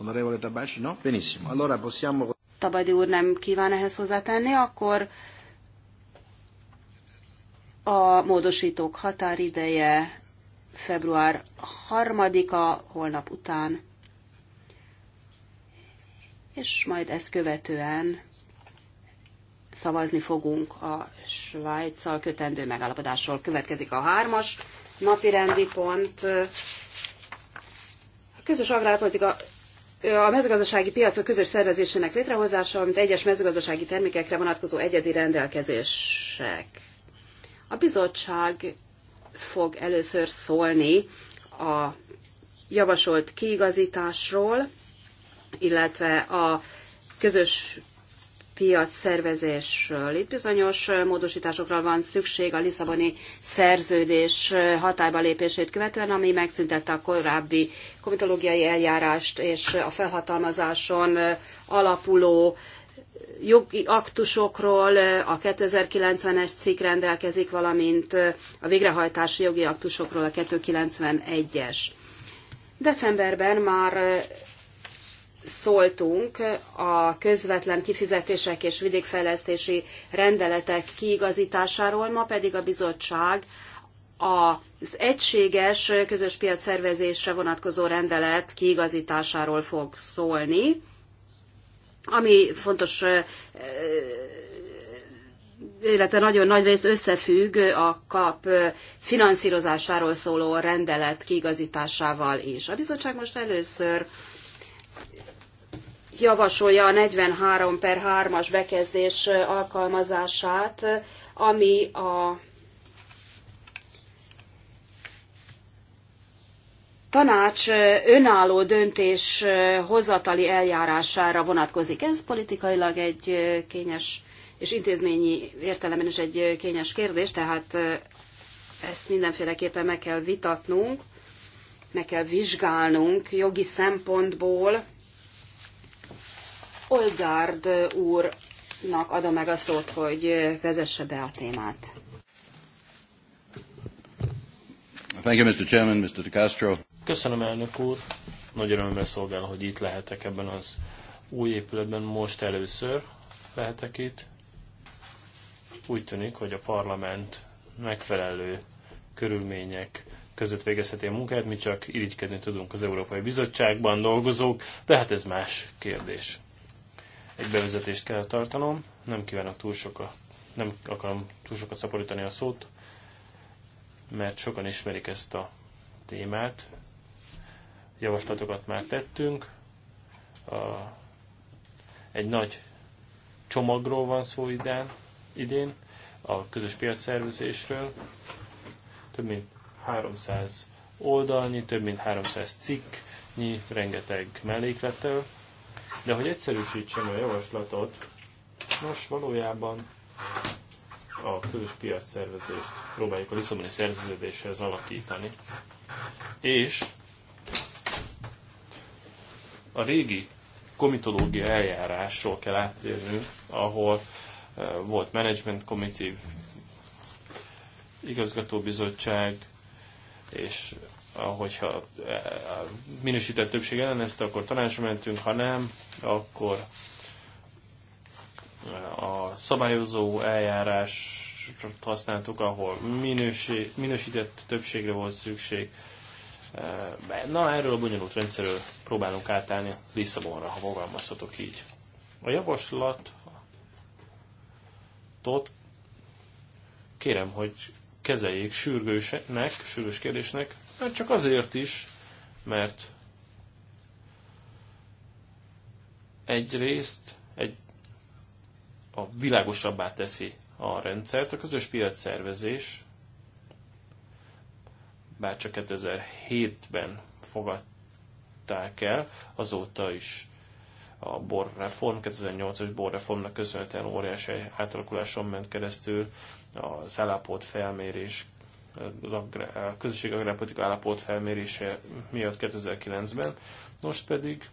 Onorevole no? Benissimo. Allora possiamo... Tabadi úr nem kíván ehhez hozzátenni, akkor a módosítók határideje február 3-a, holnap után, és majd ezt követően szavazni fogunk a Svájccal kötendő megállapodásról. Következik a hármas napi rendi pont. A közös agrárpolitika a mezőgazdasági piacok közös szervezésének létrehozása, mint egyes mezőgazdasági termékekre vonatkozó egyedi rendelkezések. A bizottság fog először szólni a javasolt kiigazításról, illetve a közös piac szervezésről. Itt bizonyos módosításokra van szükség a Lisszaboni szerződés hatályba lépését követően, ami megszüntette a korábbi komitológiai eljárást és a felhatalmazáson alapuló jogi aktusokról a 2090-es cikk rendelkezik, valamint a végrehajtási jogi aktusokról a 291-es. Decemberben már szóltunk a közvetlen kifizetések és vidékfejlesztési rendeletek kiigazításáról, ma pedig a bizottság az egységes közös piac szervezésre vonatkozó rendelet kiigazításáról fog szólni, ami fontos, illetve nagyon nagy részt összefügg a kap finanszírozásáról szóló rendelet kiigazításával is. A bizottság most először javasolja a 43 per 3-as bekezdés alkalmazását, ami a tanács önálló döntés hozatali eljárására vonatkozik. Ez politikailag egy kényes és intézményi értelemben is egy kényes kérdés, tehát ezt mindenféleképpen meg kell vitatnunk, meg kell vizsgálnunk jogi szempontból. Olgárd úrnak adom meg a szót, hogy vezesse be a témát. Thank you, Mr. Chairman, Mr. De Castro. Köszönöm, elnök úr. Nagy örömmel szolgál, hogy itt lehetek ebben az új épületben. Most először lehetek itt. Úgy tűnik, hogy a parlament megfelelő körülmények között végezheti a munkáját, mi csak irigykedni tudunk az Európai Bizottságban dolgozók, de hát ez más kérdés. Egy bevezetést kell tartanom, nem kívánok túl sokat, nem akarom túl sokat szaporítani a szót, mert sokan ismerik ezt a témát, javaslatokat már tettünk. A, egy nagy csomagról van szó idén, idén a közös piacszervezésről. Több mint 300 oldalnyi, több mint 300 cikknyi, rengeteg melléklettel. De hogy egyszerűsítsem a javaslatot, nos valójában a közös piacszervezést próbáljuk a Lisszaboni szerződéshez alakítani. És a régi komitológia eljárásról kell áttérnünk, ahol eh, volt management committee, igazgatóbizottság, és ahogyha eh, minősített többség ellenezte, akkor tanácsra mentünk, ha nem, akkor eh, a szabályozó eljárást használtuk, ahol minőség, minősített többségre volt szükség, Na, erről a bonyolult rendszerről próbálunk átállni Lisszabonra, ha fogalmazhatok így. A javaslatot kérem, hogy kezeljék sürgősnek, sürgős kérdésnek, mert hát csak azért is, mert egyrészt egy, a világosabbá teszi a rendszert, a közös szervezés, bár csak 2007-ben fogadták el, azóta is a borreform, 2008-as borreformnak köszönhetően óriási átalakuláson ment keresztül, az állapot felmérés, a közösség agrárpolitika állapot felmérése miatt 2009-ben, most pedig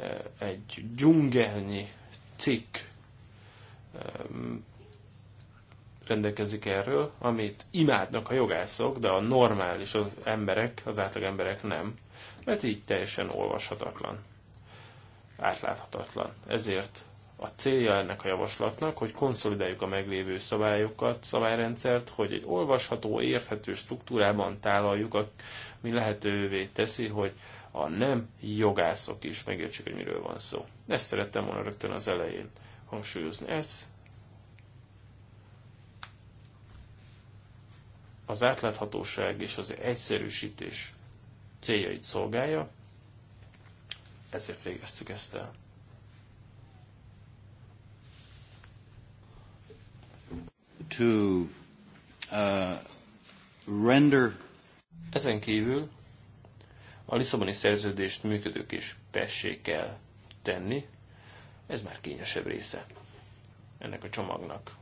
eh, egy dzsungelnyi cikk rendelkezik erről, amit imádnak a jogászok, de a normális az emberek, az átlag emberek nem, mert így teljesen olvashatatlan, átláthatatlan. Ezért a célja ennek a javaslatnak, hogy konszolidáljuk a meglévő szabályokat, szabályrendszert, hogy egy olvasható, érthető struktúrában tálaljuk, ami lehetővé teszi, hogy a nem jogászok is megértsék, hogy miről van szó. Ezt szerettem volna rögtön az elején hangsúlyozni. Ez az átláthatóság és az egyszerűsítés céljait szolgálja, ezért végeztük ezt el. To uh, render. Ezen kívül a Lisszaboni szerződést működők is pessé kell tenni, ez már kényesebb része ennek a csomagnak.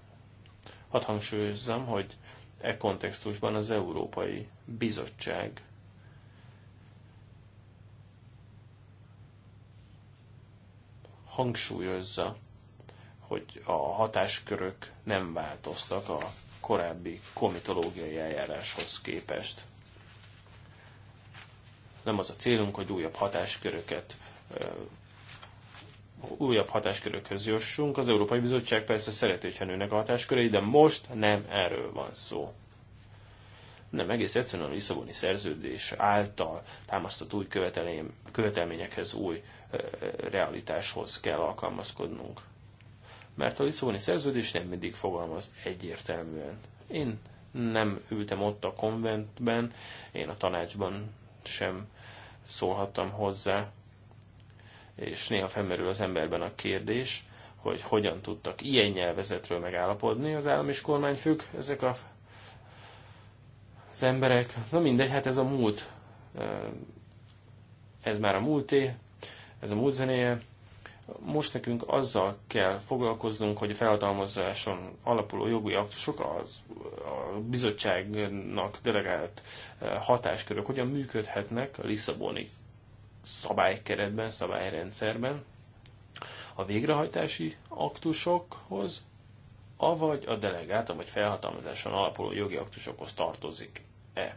Hadd hangsúlyozzam, hogy E kontextusban az Európai Bizottság hangsúlyozza, hogy a hatáskörök nem változtak a korábbi komitológiai eljáráshoz képest. Nem az a célunk, hogy újabb hatásköröket újabb hatáskörökhöz jussunk. Az Európai Bizottság persze szereti, hogyha nőnek a hatáskörei, de most nem erről van szó. Nem, egész egyszerűen a Lisszaboni szerződés által támasztott új követelményekhez, új realitáshoz kell alkalmazkodnunk. Mert a Lisszaboni szerződés nem mindig fogalmaz egyértelműen. Én nem ültem ott a konventben, én a tanácsban sem szólhattam hozzá és néha felmerül az emberben a kérdés, hogy hogyan tudtak ilyen nyelvezetről megállapodni az állam és kormányfők, ezek a, az emberek. Na mindegy, hát ez a múlt, ez már a múlté, ez a múlt zenéje. Most nekünk azzal kell foglalkoznunk, hogy a felhatalmazáson alapuló jogi aktusok, az, a bizottságnak delegált hatáskörök hogyan működhetnek a Lisszaboni szabálykeretben, szabályrendszerben, a végrehajtási aktusokhoz, avagy a delegáltam vagy felhatalmazáson alapuló jogi aktusokhoz tartozik-e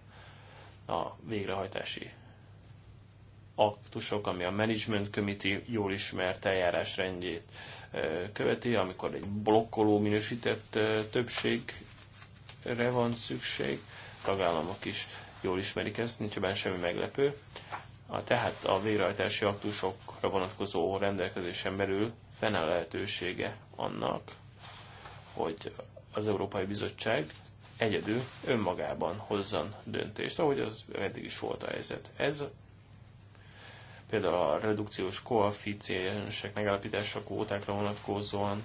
a végrehajtási aktusok, ami a Management Committee jól ismert eljárásrendjét követi, amikor egy blokkoló minősített többségre van szükség, tagállamok is jól ismerik ezt, nincs ebben semmi meglepő. A, tehát a végrehajtási aktusokra vonatkozó rendelkezésen belül fene lehetősége annak, hogy az Európai Bizottság egyedül önmagában hozzon döntést, ahogy az eddig is volt a helyzet. Ez például a redukciós koeficiensek megállapítása kvótákra vonatkozóan,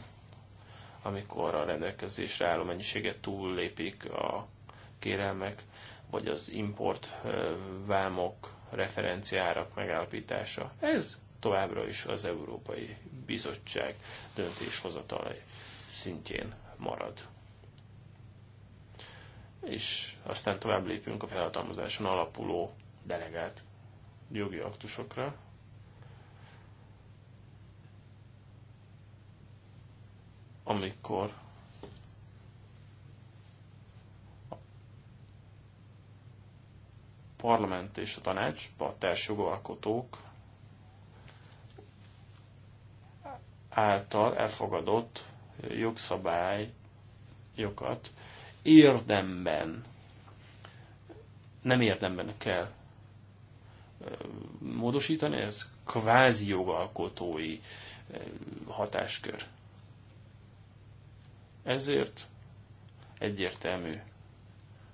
amikor a rendelkezésre álló mennyiséget túllépik a kérelmek, vagy az import vámok referenciárak megállapítása. Ez továbbra is az Európai Bizottság döntéshozatalai szintjén marad. És aztán tovább lépünk a felhatalmazáson alapuló delegált jogi aktusokra. Amikor parlament és a tanács, a jogalkotók által elfogadott jogszabályokat érdemben, nem érdemben kell módosítani, ez kvázi jogalkotói hatáskör. Ezért egyértelmű,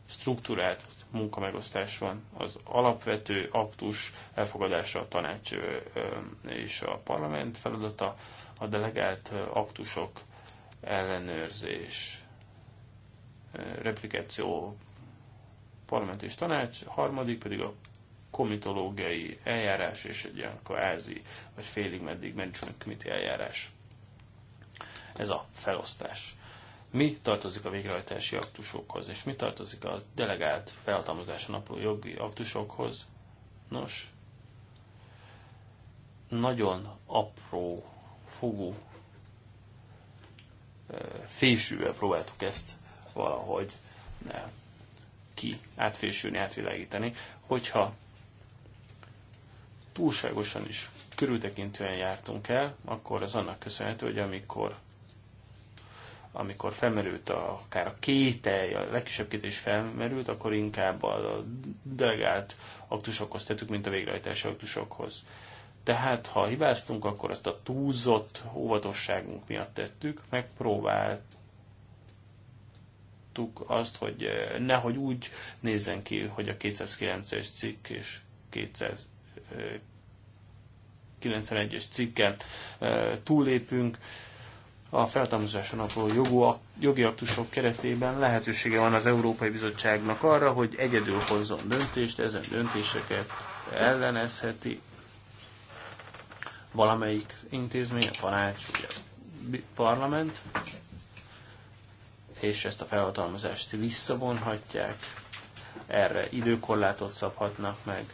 struktúrát munkamegosztás van. Az alapvető aktus elfogadása a tanács és a parlament feladata, a delegált aktusok ellenőrzés, replikáció, parlament és tanács, a harmadik pedig a komitológiai eljárás és egy ilyen kvázi, vagy félig meddig management committee eljárás. Ez a felosztás mi tartozik a végrehajtási aktusokhoz, és mi tartozik a delegált felhatalmazása napló jogi aktusokhoz. Nos, nagyon apró, fogú, fésűvel próbáltuk ezt valahogy ki, átfésülni, átvilágítani, hogyha túlságosan is körültekintően jártunk el, akkor az annak köszönhető, hogy amikor amikor felmerült a, akár a kételj, a legkisebb kételj is felmerült, akkor inkább a delegált aktusokhoz tettük, mint a végrehajtási aktusokhoz. Tehát, ha hibáztunk, akkor ezt a túlzott óvatosságunk miatt tettük, megpróbáltuk azt, hogy eh, nehogy úgy nézzen ki, hogy a 209-es cikk és 200 91-es eh, cikken eh, túllépünk, a feltámozáson alapuló jogi aktusok keretében lehetősége van az Európai Bizottságnak arra, hogy egyedül hozzon döntést, ezen döntéseket ellenezheti valamelyik intézmény, a tanács, vagy a parlament, és ezt a felhatalmazást visszavonhatják, erre időkorlátot szabhatnak meg,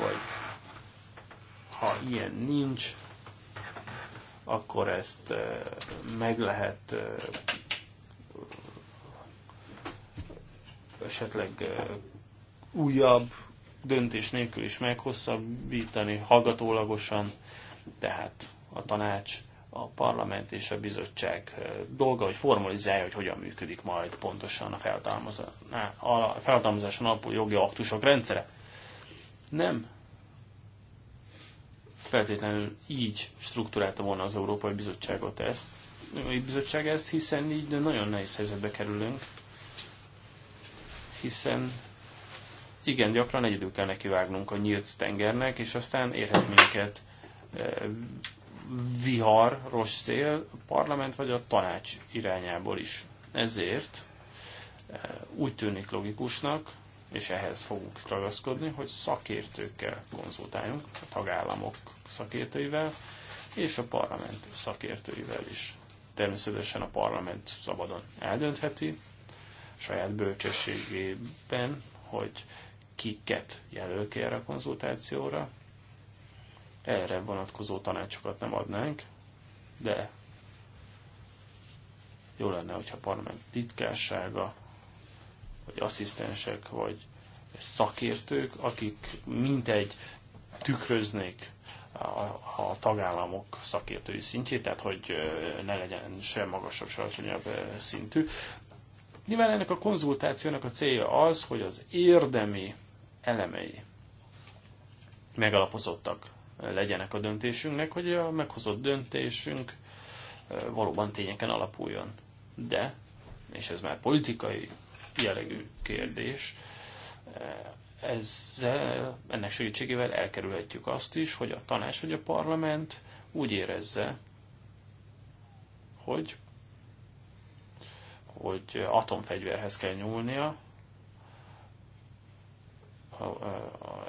vagy ha ilyen nincs, akkor ezt eh, meg lehet eh, esetleg eh, újabb döntés nélkül is meghosszabbítani, hallgatólagosan, tehát a tanács, a parlament és a bizottság dolga, hogy formalizálja, hogy hogyan működik majd pontosan a feltalmazáson alapuló jogi aktusok rendszere. Nem feltétlenül így struktúrálta volna az Európai Bizottságot ezt, Európai Bizottság ezt, hiszen így nagyon nehéz helyzetbe kerülünk, hiszen igen, gyakran egyedül kell nekivágnunk a nyílt tengernek, és aztán érhet minket e, vihar, rossz szél, a parlament vagy a tanács irányából is. Ezért e, úgy tűnik logikusnak, és ehhez fogunk ragaszkodni, hogy szakértőkkel konzultáljunk, a tagállamok szakértőivel, és a parlament szakértőivel is. Természetesen a parlament szabadon eldöntheti saját bölcsességében, hogy kiket jelöl ki erre a konzultációra. Erre vonatkozó tanácsokat nem adnánk, de jó lenne, hogyha a parlament titkársága, vagy asszisztensek, vagy szakértők, akik mintegy tükröznék a, a tagállamok szakértői szintjét, tehát hogy ne legyen sem magasabb, se alacsonyabb szintű. Nyilván ennek a konzultációnak a célja az, hogy az érdemi elemei megalapozottak legyenek a döntésünknek, hogy a meghozott döntésünk valóban tényeken alapuljon. De, és ez már politikai jellegű kérdés, ezzel, ennek segítségével elkerülhetjük azt is, hogy a tanács vagy a parlament úgy érezze, hogy, hogy atomfegyverhez kell nyúlnia,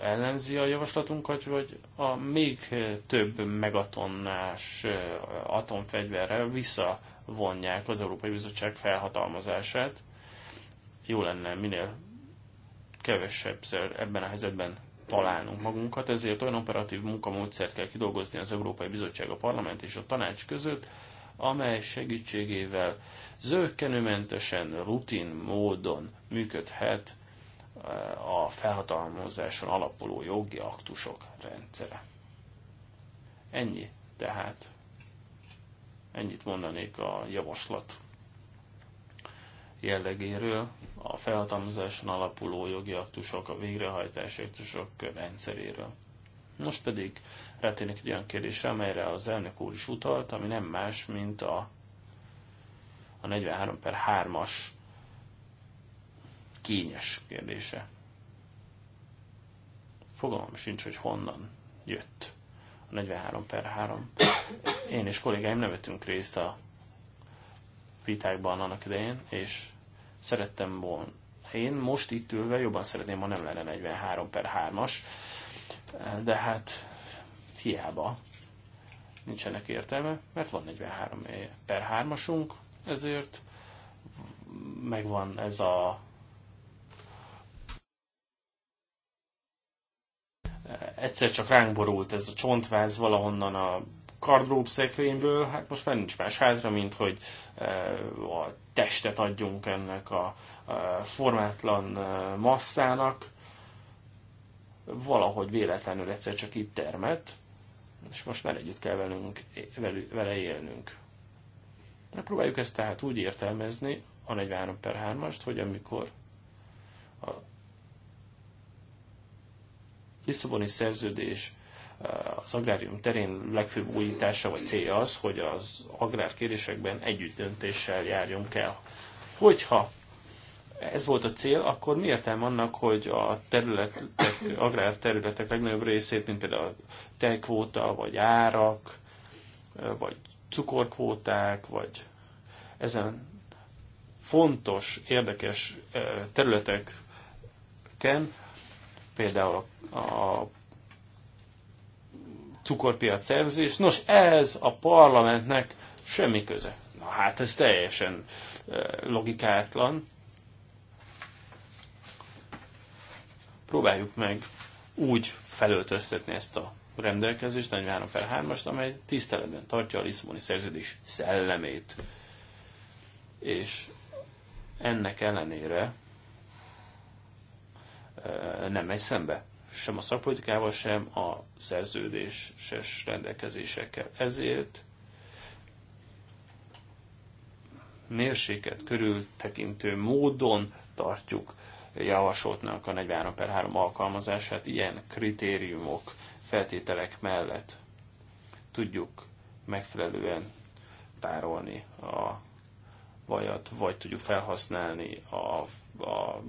ellenzi a javaslatunkat, vagy a még több megatonnás atomfegyverrel visszavonják az Európai Bizottság felhatalmazását. Jó lenne minél szer ebben a helyzetben találnunk magunkat, ezért olyan operatív munkamódszert kell kidolgozni az Európai Bizottság, a Parlament és a Tanács között, amely segítségével zöggenőmentesen, rutin módon működhet eh, a felhatalmazáson alapuló jogi aktusok rendszere. Ennyi tehát. Ennyit mondanék a javaslat jellegéről, a felhatalmazáson alapuló jogi aktusok, a végrehajtási aktusok rendszeréről. Most pedig rátérnek egy olyan kérdésre, amelyre az elnök úr is utalt, ami nem más, mint a, a 43 per 3-as kényes kérdése. Fogalmam sincs, hogy honnan jött a 43 per 3. Én és kollégáim nevetünk részt a vitákban annak idején, és Szerettem volna. Én most itt ülve jobban szeretném, ha nem lenne 43 per 3-as, de hát hiába nincsenek értelme, mert van 43 per 3-asunk, ezért megvan ez a egyszer csak ránk borult ez a csontváz valahonnan a kardrób szekrényből, hát most már nincs más hátra, mint hogy eh, a testet adjunk ennek a eh, formátlan eh, masszának. Valahogy véletlenül egyszer csak itt termet, és most már együtt kell velünk, vele élnünk. Próbáljuk ezt tehát úgy értelmezni, a 43 per 3-ast, hogy amikor a Lisszaboni szerződés az agrárium terén legfőbb újítása vagy célja az, hogy az agrárkérdésekben döntéssel járjunk el. Hogyha ez volt a cél, akkor mi értelme annak, hogy a területek, agrár területek legnagyobb részét, mint például a tejkvóta, vagy árak, vagy cukorkvóták, vagy ezen fontos, érdekes területeken, például a cukorpiac szervezés. Nos, ez a parlamentnek semmi köze. Na hát ez teljesen logikátlan. Próbáljuk meg úgy felöltöztetni ezt a rendelkezést, 43 per 3-ast, amely tiszteletben tartja a Lisszaboni szerződés szellemét. És ennek ellenére nem megy szembe sem a szakpolitikával, sem a szerződéses rendelkezésekkel. Ezért mérséket körültekintő módon tartjuk javasoltnak a 43 per 3 alkalmazását ilyen kritériumok, feltételek mellett tudjuk megfelelően tárolni a vajat, vagy tudjuk felhasználni a, a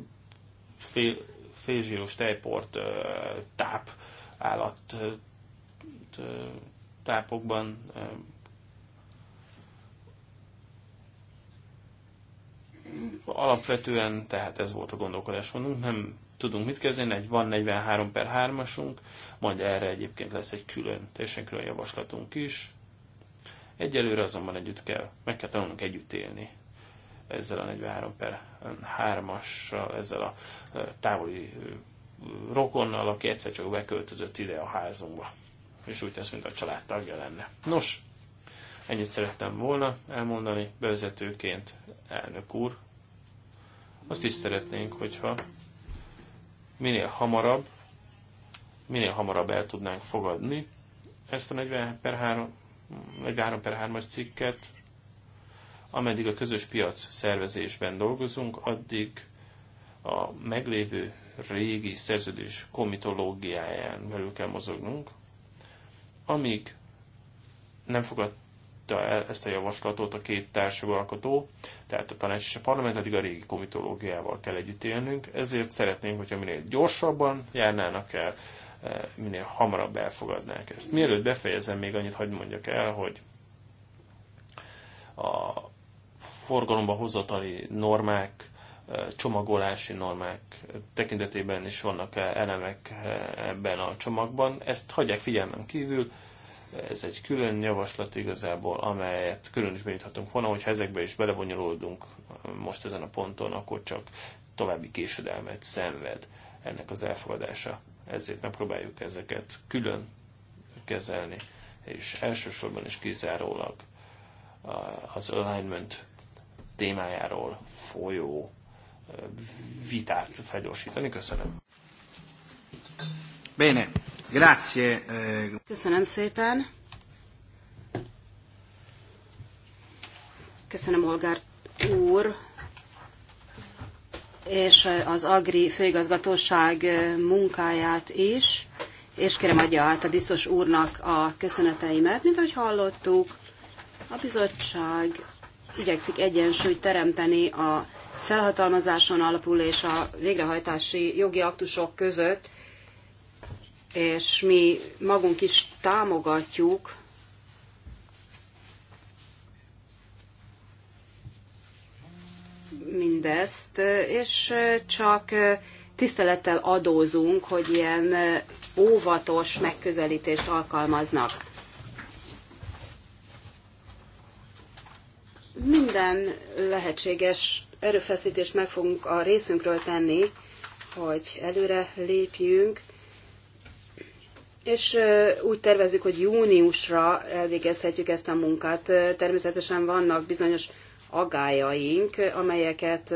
fél, félzsíros tejport táp állat tápokban alapvetően, tehát ez volt a gondolkodás, mondunk, nem tudunk mit kezdeni, egy van 43 per 3-asunk, majd erre egyébként lesz egy külön, teljesen külön javaslatunk is. Egyelőre azonban együtt kell, meg kell tanulnunk együtt élni ezzel a 43 per 3 as ezzel a távoli rokonnal, aki egyszer csak beköltözött ide a házunkba, és úgy tesz, mint a családtagja lenne. Nos, ennyit szerettem volna elmondani bevezetőként, elnök úr. Azt is szeretnénk, hogyha minél hamarabb, minél hamarabb el tudnánk fogadni ezt a 40 per 3, 43 per 3-as cikket, Ameddig a közös piac szervezésben dolgozunk, addig a meglévő régi szerződés komitológiáján belül kell mozognunk. Amíg nem fogadta el ezt a javaslatot a két társadalkotó, tehát a tanács és a parlament, addig a régi komitológiával kell együtt élnünk, ezért szeretnénk, hogyha minél gyorsabban járnának el, eh, minél hamarabb elfogadnák ezt. Mielőtt befejezem, még annyit hagyd mondjak el, hogy a forgalomba hozatali normák, csomagolási normák tekintetében is vannak elemek ebben a csomagban. Ezt hagyják figyelmen kívül, ez egy külön javaslat igazából, amelyet külön is benyithatunk volna, hogyha ezekbe is belebonyolódunk most ezen a ponton, akkor csak további késedelmet szenved ennek az elfogadása. Ezért megpróbáljuk ezeket külön kezelni, és elsősorban is kizárólag az alignment témájáról folyó vitát felgyorsítani. Köszönöm. Bene, grazie. Eh. Köszönöm szépen. Köszönöm, Olgár úr, és eh, az Agri főigazgatóság eh, munkáját is, és kérem adja át a biztos úrnak a köszöneteimet. Mint ahogy hallottuk, a bizottság igyekszik egyensúlyt teremteni a felhatalmazáson alapul és a végrehajtási jogi aktusok között, és mi magunk is támogatjuk mindezt, és csak tisztelettel adózunk, hogy ilyen óvatos megközelítést alkalmaznak. Minden lehetséges erőfeszítést meg fogunk a részünkről tenni, hogy előre lépjünk, és úgy tervezzük, hogy júniusra elvégezhetjük ezt a munkát. Természetesen vannak bizonyos agályaink, amelyeket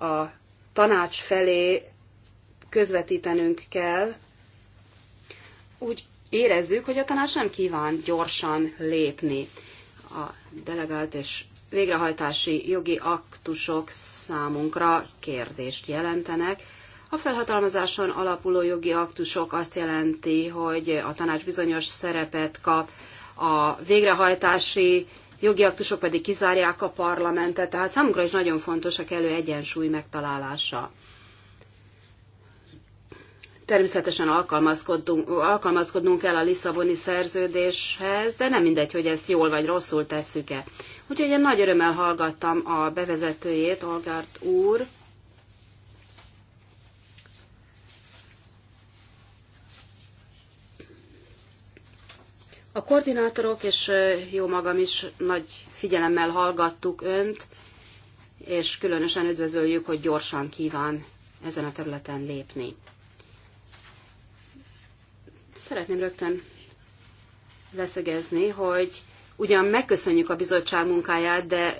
a tanács felé közvetítenünk kell. Úgy érezzük, hogy a tanács nem kíván gyorsan lépni a delegált és végrehajtási jogi aktusok számunkra kérdést jelentenek. A felhatalmazáson alapuló jogi aktusok azt jelenti, hogy a tanács bizonyos szerepet kap, a végrehajtási jogi aktusok pedig kizárják a parlamentet, tehát számunkra is nagyon fontos a kellő egyensúly megtalálása. Természetesen alkalmazkodnunk, alkalmazkodnunk kell a Lisszaboni szerződéshez, de nem mindegy, hogy ezt jól vagy rosszul tesszük-e. Úgyhogy én nagy örömmel hallgattam a bevezetőjét, Algárt úr. A koordinátorok és jó magam is nagy figyelemmel hallgattuk önt, és különösen üdvözöljük, hogy gyorsan kíván ezen a területen lépni. Szeretném rögtön leszögezni, hogy ugyan megköszönjük a bizottság munkáját, de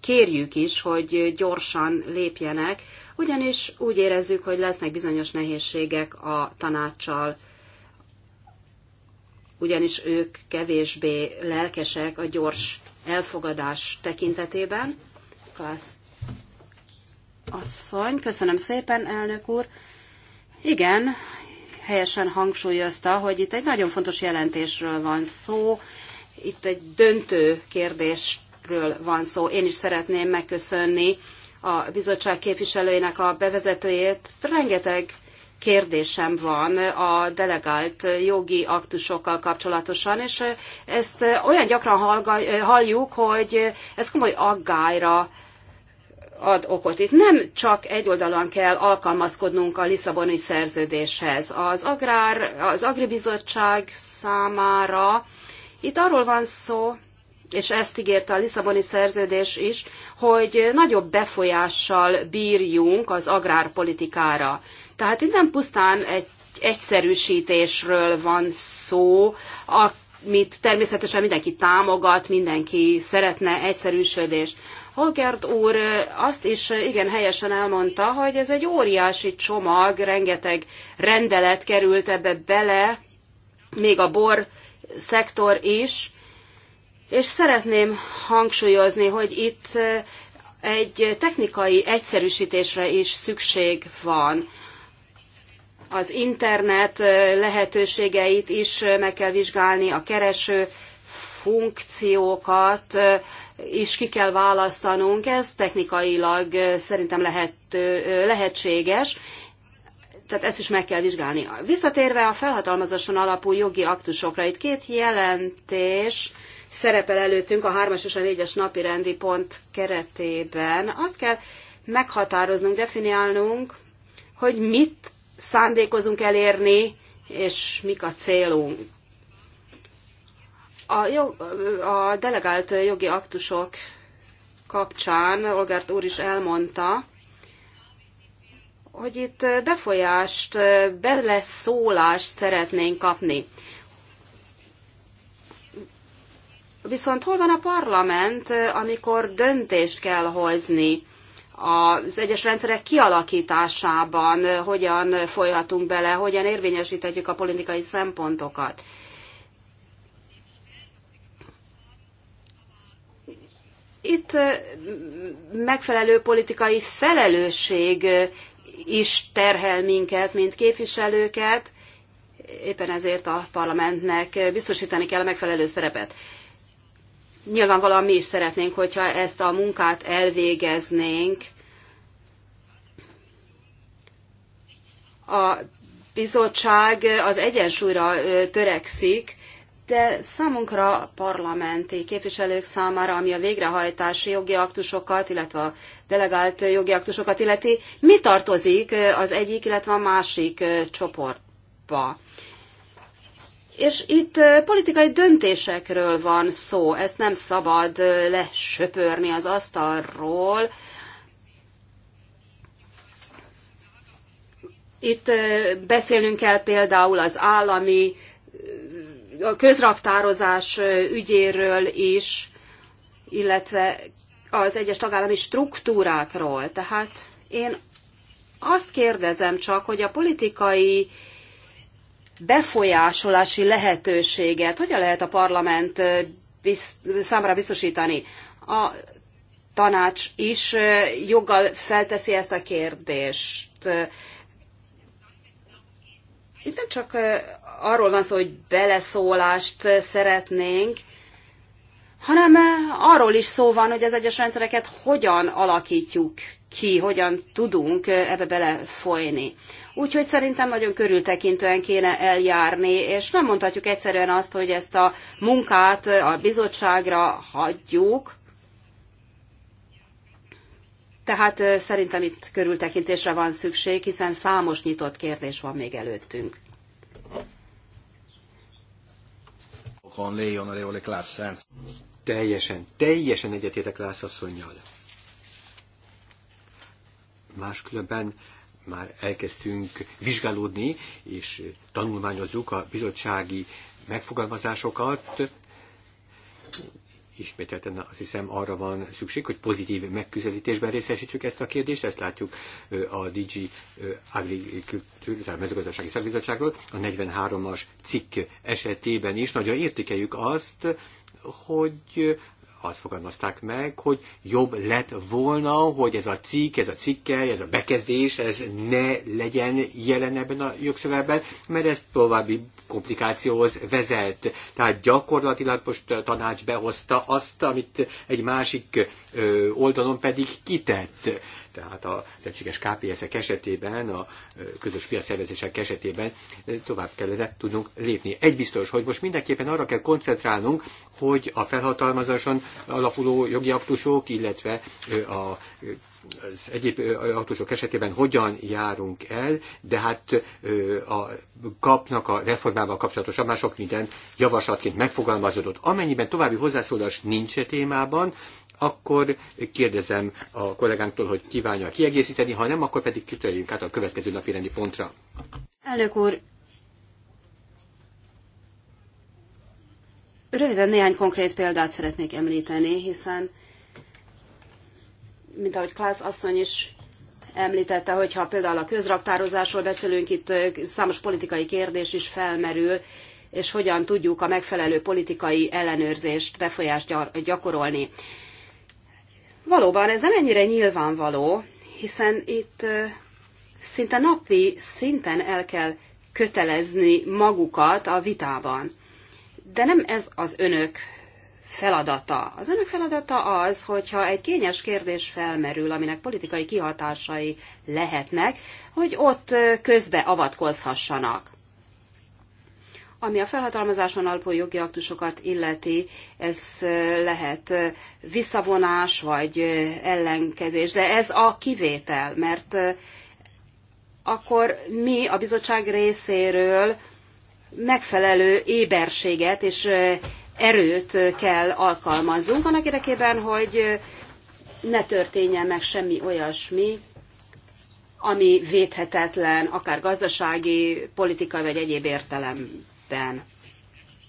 kérjük is, hogy gyorsan lépjenek, ugyanis úgy érezzük, hogy lesznek bizonyos nehézségek a tanácssal, ugyanis ők kevésbé lelkesek a gyors elfogadás tekintetében. Klassz asszony, köszönöm szépen, elnök úr. Igen, helyesen hangsúlyozta, hogy itt egy nagyon fontos jelentésről van szó, itt egy döntő kérdésről van szó. Én is szeretném megköszönni a bizottság képviselőinek a bevezetőjét. Rengeteg kérdésem van a delegált jogi aktusokkal kapcsolatosan, és ezt olyan gyakran halljuk, hogy ez komoly aggályra ad okot. Itt nem csak egy oldalon kell alkalmazkodnunk a Lisszaboni szerződéshez. Az Agrár, az Agribizottság számára itt arról van szó, és ezt ígérte a Lisszaboni szerződés is, hogy nagyobb befolyással bírjunk az agrárpolitikára. Tehát itt nem pusztán egy egyszerűsítésről van szó, amit természetesen mindenki támogat, mindenki szeretne egyszerűsödést. Holgert úr azt is igen helyesen elmondta, hogy ez egy óriási csomag, rengeteg rendelet került ebbe bele, még a bor szektor is, és szeretném hangsúlyozni, hogy itt egy technikai egyszerűsítésre is szükség van. Az internet lehetőségeit is meg kell vizsgálni, a kereső funkciókat is ki kell választanunk, ez technikailag szerintem lehet lehetséges, tehát ezt is meg kell vizsgálni. Visszatérve a felhatalmazáson alapú jogi aktusokra, itt két jelentés szerepel előttünk a 3 és a 4-es napi rendi pont keretében. Azt kell meghatároznunk, definiálnunk, hogy mit szándékozunk elérni, és mik a célunk. A, jog, a delegált jogi aktusok kapcsán Olgárt úr is elmondta, hogy itt befolyást, beleszólást szeretnénk kapni. Viszont hol van a parlament, amikor döntést kell hozni az egyes rendszerek kialakításában, hogyan folyhatunk bele, hogyan érvényesíthetjük a politikai szempontokat? Itt megfelelő politikai felelősség is terhel minket, mint képviselőket, éppen ezért a parlamentnek biztosítani kell a megfelelő szerepet. Nyilvánvalóan mi is szeretnénk, hogyha ezt a munkát elvégeznénk. A bizottság az egyensúlyra törekszik, de számunkra parlamenti képviselők számára, ami a végrehajtási jogi aktusokat, illetve a delegált jogi aktusokat illeti, mi tartozik eh, az egyik, illetve a másik eh, csoportba. És itt eh, politikai döntésekről van szó, ezt nem szabad lesöpörni az asztalról. Itt beszélnünk kell például az állami a közraktározás ügyéről is, illetve az egyes tagállami struktúrákról. Tehát én azt kérdezem csak, hogy a politikai befolyásolási lehetőséget hogyan lehet a parlament bizt, számára biztosítani? A tanács is joggal felteszi ezt a kérdést. Itt nem csak arról van szó, hogy beleszólást szeretnénk, hanem arról is szó van, hogy az egyes rendszereket hogyan alakítjuk ki, hogyan tudunk ebbe belefolyni. Úgyhogy szerintem nagyon körültekintően kéne eljárni, és nem mondhatjuk egyszerűen azt, hogy ezt a munkát a bizottságra hagyjuk, tehát szerintem itt körültekintésre van szükség, hiszen számos nyitott kérdés van még előttünk. Teljesen, teljesen egyetértek Lász asszonynal. Máskülönben már elkezdtünk vizsgálódni, és tanulmányozzuk a bizottsági megfogalmazásokat, ismételten azt hiszem arra van szükség, hogy pozitív megközelítésben részesítsük ezt a kérdést, ezt látjuk a DG mezőgazdasági szakbizottságról, a 43-as cikk esetében is nagyon értékeljük azt, hogy azt fogalmazták meg, hogy jobb lett volna, hogy ez a cikk, ez a cikkel, ez a bekezdés, ez ne legyen jelen ebben a jogszövegben, mert ez további komplikációhoz vezet. Tehát gyakorlatilag most tanács behozta azt, amit egy másik oldalon pedig kitett tehát a tetséges KPS-ek esetében, a közös piacszervezések esetében tovább kellene tudnunk lépni. Egy biztos, hogy most mindenképpen arra kell koncentrálnunk, hogy a felhatalmazáson alapuló jogi aktusok, illetve a az egyéb autósok esetében hogyan járunk el, de hát a kapnak a reformával kapcsolatosan már sok minden javaslatként megfogalmazódott. Amennyiben további hozzászólás nincs a e témában, akkor kérdezem a kollégánktól, hogy kívánja kiegészíteni, ha nem, akkor pedig kitörjünk át a következő napi rendi pontra. Elnök úr, röviden néhány konkrét példát szeretnék említeni, hiszen, mint ahogy Klász asszony is említette, hogy ha például a közraktározásról beszélünk, itt számos politikai kérdés is felmerül, és hogyan tudjuk a megfelelő politikai ellenőrzést, befolyást gyakorolni. Valóban ez nem ennyire nyilvánvaló, hiszen itt szinte napi szinten el kell kötelezni magukat a vitában. De nem ez az önök feladata. Az önök feladata az, hogyha egy kényes kérdés felmerül, aminek politikai kihatásai lehetnek, hogy ott közbe avatkozhassanak. Ami a felhatalmazáson alapuló jogi aktusokat illeti, ez lehet visszavonás vagy ellenkezés, de ez a kivétel, mert akkor mi a bizottság részéről megfelelő éberséget és erőt kell alkalmazzunk annak érdekében, hogy ne történjen meg semmi olyasmi, ami védhetetlen, akár gazdasági, politikai vagy egyéb értelemben ebben.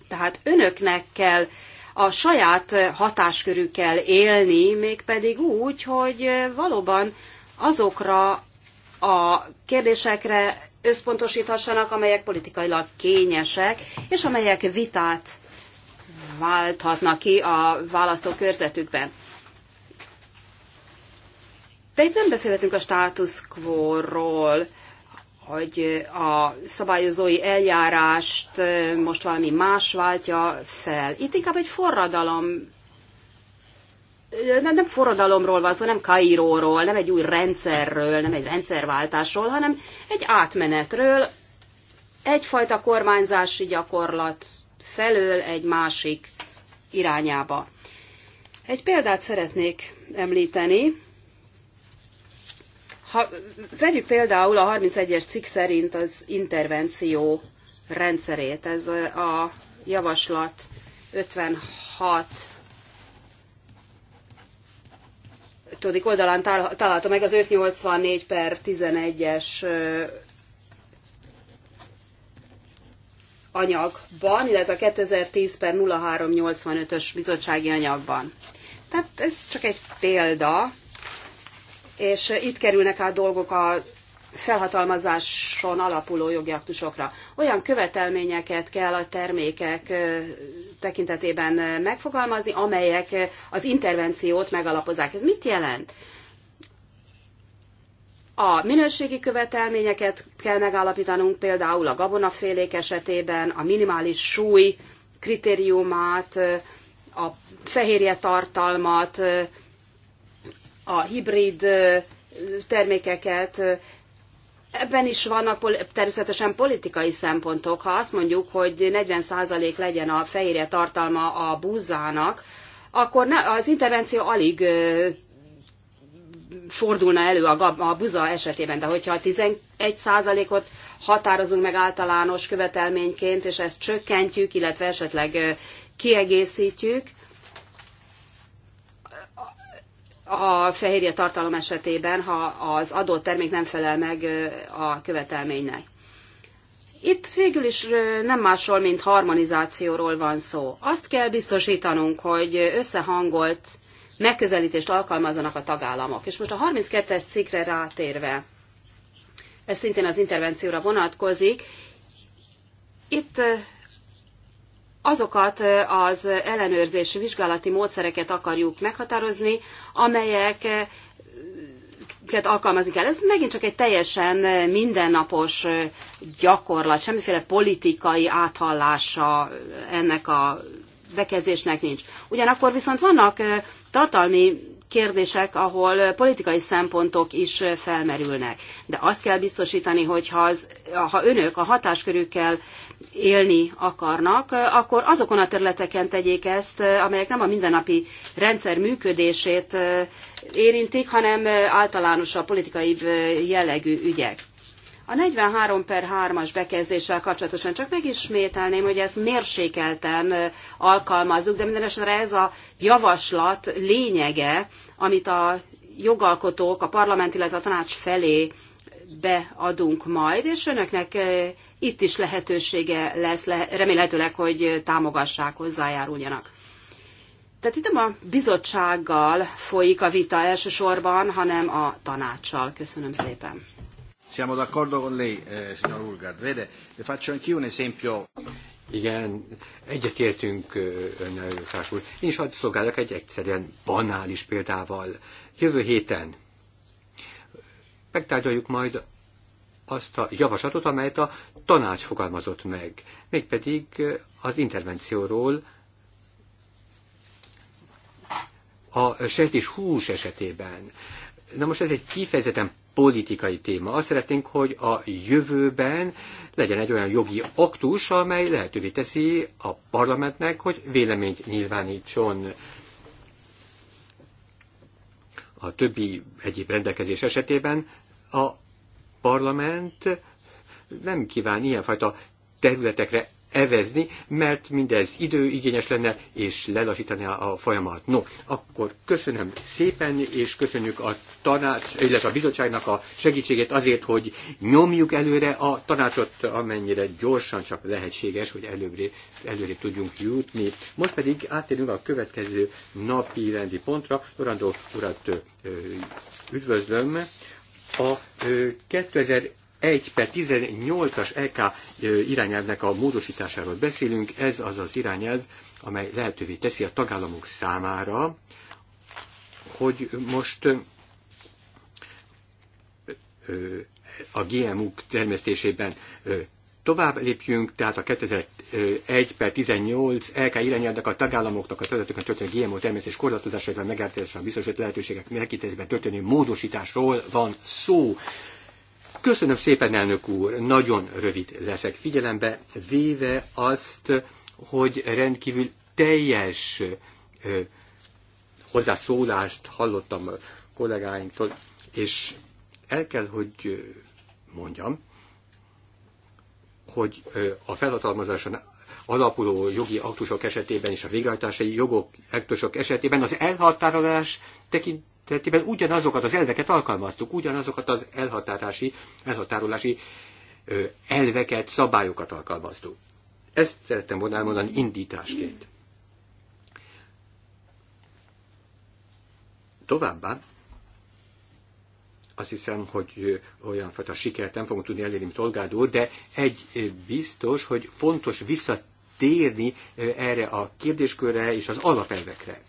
Tehát önöknek kell a saját hatáskörükkel élni, mégpedig úgy, hogy valóban azokra a kérdésekre összpontosíthassanak, amelyek politikailag kényesek, és amelyek vitát válthatnak ki a választókörzetükben. De itt nem beszélhetünk a status quo-ról hogy a szabályozói eljárást most valami más váltja fel. Itt inkább egy forradalom, nem, nem forradalomról van szó, nem Kairóról, nem egy új rendszerről, nem egy rendszerváltásról, hanem egy átmenetről, egyfajta kormányzási gyakorlat felől egy másik irányába. Egy példát szeretnék említeni. Ha vegyük például a 31-es cikk szerint az intervenció rendszerét, ez a javaslat 56 tudik oldalán található meg az 584 per 11-es anyagban, illetve a 2010 per 0385-ös bizottsági anyagban. Tehát ez csak egy példa, és itt kerülnek át dolgok a felhatalmazáson alapuló jogi aktusokra. Olyan követelményeket kell a termékek tekintetében megfogalmazni, amelyek az intervenciót megalapozák. Ez mit jelent? A minőségi követelményeket kell megállapítanunk például a gabonafélék esetében, a minimális súly kritériumát, a fehérje tartalmat, a hibrid termékeket, Ebben is vannak természetesen politikai szempontok. Ha azt mondjuk, hogy 40% legyen a fehérje tartalma a búzának, akkor ne, az intervenció alig fordulna elő a, a buza esetében, de hogyha 11%-ot határozunk meg általános követelményként, és ezt csökkentjük, illetve esetleg kiegészítjük, a fehérje tartalom esetében, ha az adott termék nem felel meg a követelménynek. Itt végül is nem másról, mint harmonizációról van szó. Azt kell biztosítanunk, hogy összehangolt megközelítést alkalmazzanak a tagállamok. És most a 32-es cikkre rátérve, ez szintén az intervencióra vonatkozik, itt azokat az ellenőrzési vizsgálati módszereket akarjuk meghatározni, amelyek amiket alkalmazni kell. Ez megint csak egy teljesen mindennapos gyakorlat, semmiféle politikai áthallása ennek a bekezdésnek nincs. Ugyanakkor viszont vannak tartalmi kérdések, ahol politikai szempontok is felmerülnek. De azt kell biztosítani, hogy ha, az, ha önök a hatáskörükkel élni akarnak, akkor azokon a területeken tegyék ezt, amelyek nem a mindennapi rendszer működését érintik, hanem általánosabb politikai jellegű ügyek. A 43 per 3-as bekezdéssel kapcsolatosan csak megismételném, hogy ezt mérsékelten alkalmazzuk, de minden esetre ez a javaslat lényege, amit a jogalkotók, a parlament, illetve a tanács felé beadunk majd, és önöknek itt is lehetősége lesz, remélhetőleg, hogy támogassák, hozzájáruljanak. Tehát itt nem a bizottsággal folyik a vita elsősorban, hanem a tanácssal. Köszönöm szépen. Siamo d'accordo con lei, eh, signor Ulgard. Vede, le faccio anch'io un esempio. Igen, egyetértünk eh, önnel, Szák úr. Én is hadd szolgálok egy egyszerűen banális példával. Jövő héten megtárgyaljuk majd azt a javaslatot, amelyet a tanács fogalmazott meg, mégpedig eh, az intervencióról a sertés hús esetében. Na most ez egy kifejezetten politikai téma. Azt szeretnénk, hogy a jövőben legyen egy olyan jogi aktus, amely lehetővé teszi a parlamentnek, hogy véleményt nyilvánítson a többi egyéb rendelkezés esetében a parlament nem kíván ilyenfajta területekre evezni, mert mindez időigényes lenne, és lelassítani a folyamat. No, akkor köszönöm szépen, és köszönjük a tanács, illetve a bizottságnak a segítségét azért, hogy nyomjuk előre a tanácsot, amennyire gyorsan csak lehetséges, hogy előbbre, előre tudjunk jutni. Most pedig átérünk a következő napi rendi pontra. Orandó urat üdvözlöm. A 2000 1 per 18-as EK irányelvnek a módosításáról beszélünk. Ez az az irányelv, amely lehetővé teszi a tagállamok számára, hogy most a gmu termesztésében tovább lépjünk, tehát a 2001 per 18 LK e irányelvnek a tagállamoknak a területeken történő GMO termesztés korlátozása, a megállítása a biztosított lehetőségek megítésben történő módosításról van szó. Köszönöm szépen, elnök úr, nagyon rövid leszek. Figyelembe véve azt, hogy rendkívül teljes ö, hozzászólást hallottam a kollégáinktól, és el kell, hogy mondjam, hogy a felhatalmazáson alapuló jogi aktusok esetében és a végrehajtási jogok aktusok esetében az elhatárolás tekint tekintetében ugyanazokat az elveket alkalmaztuk, ugyanazokat az elhatárási, elhatárolási elveket, szabályokat alkalmaztuk. Ezt szerettem volna elmondani indításként. Továbbá azt hiszem, hogy olyan fajta sikert nem fogunk tudni elérni, mint Olgád úr, de egy biztos, hogy fontos visszatérni erre a kérdéskörre és az alapelvekre.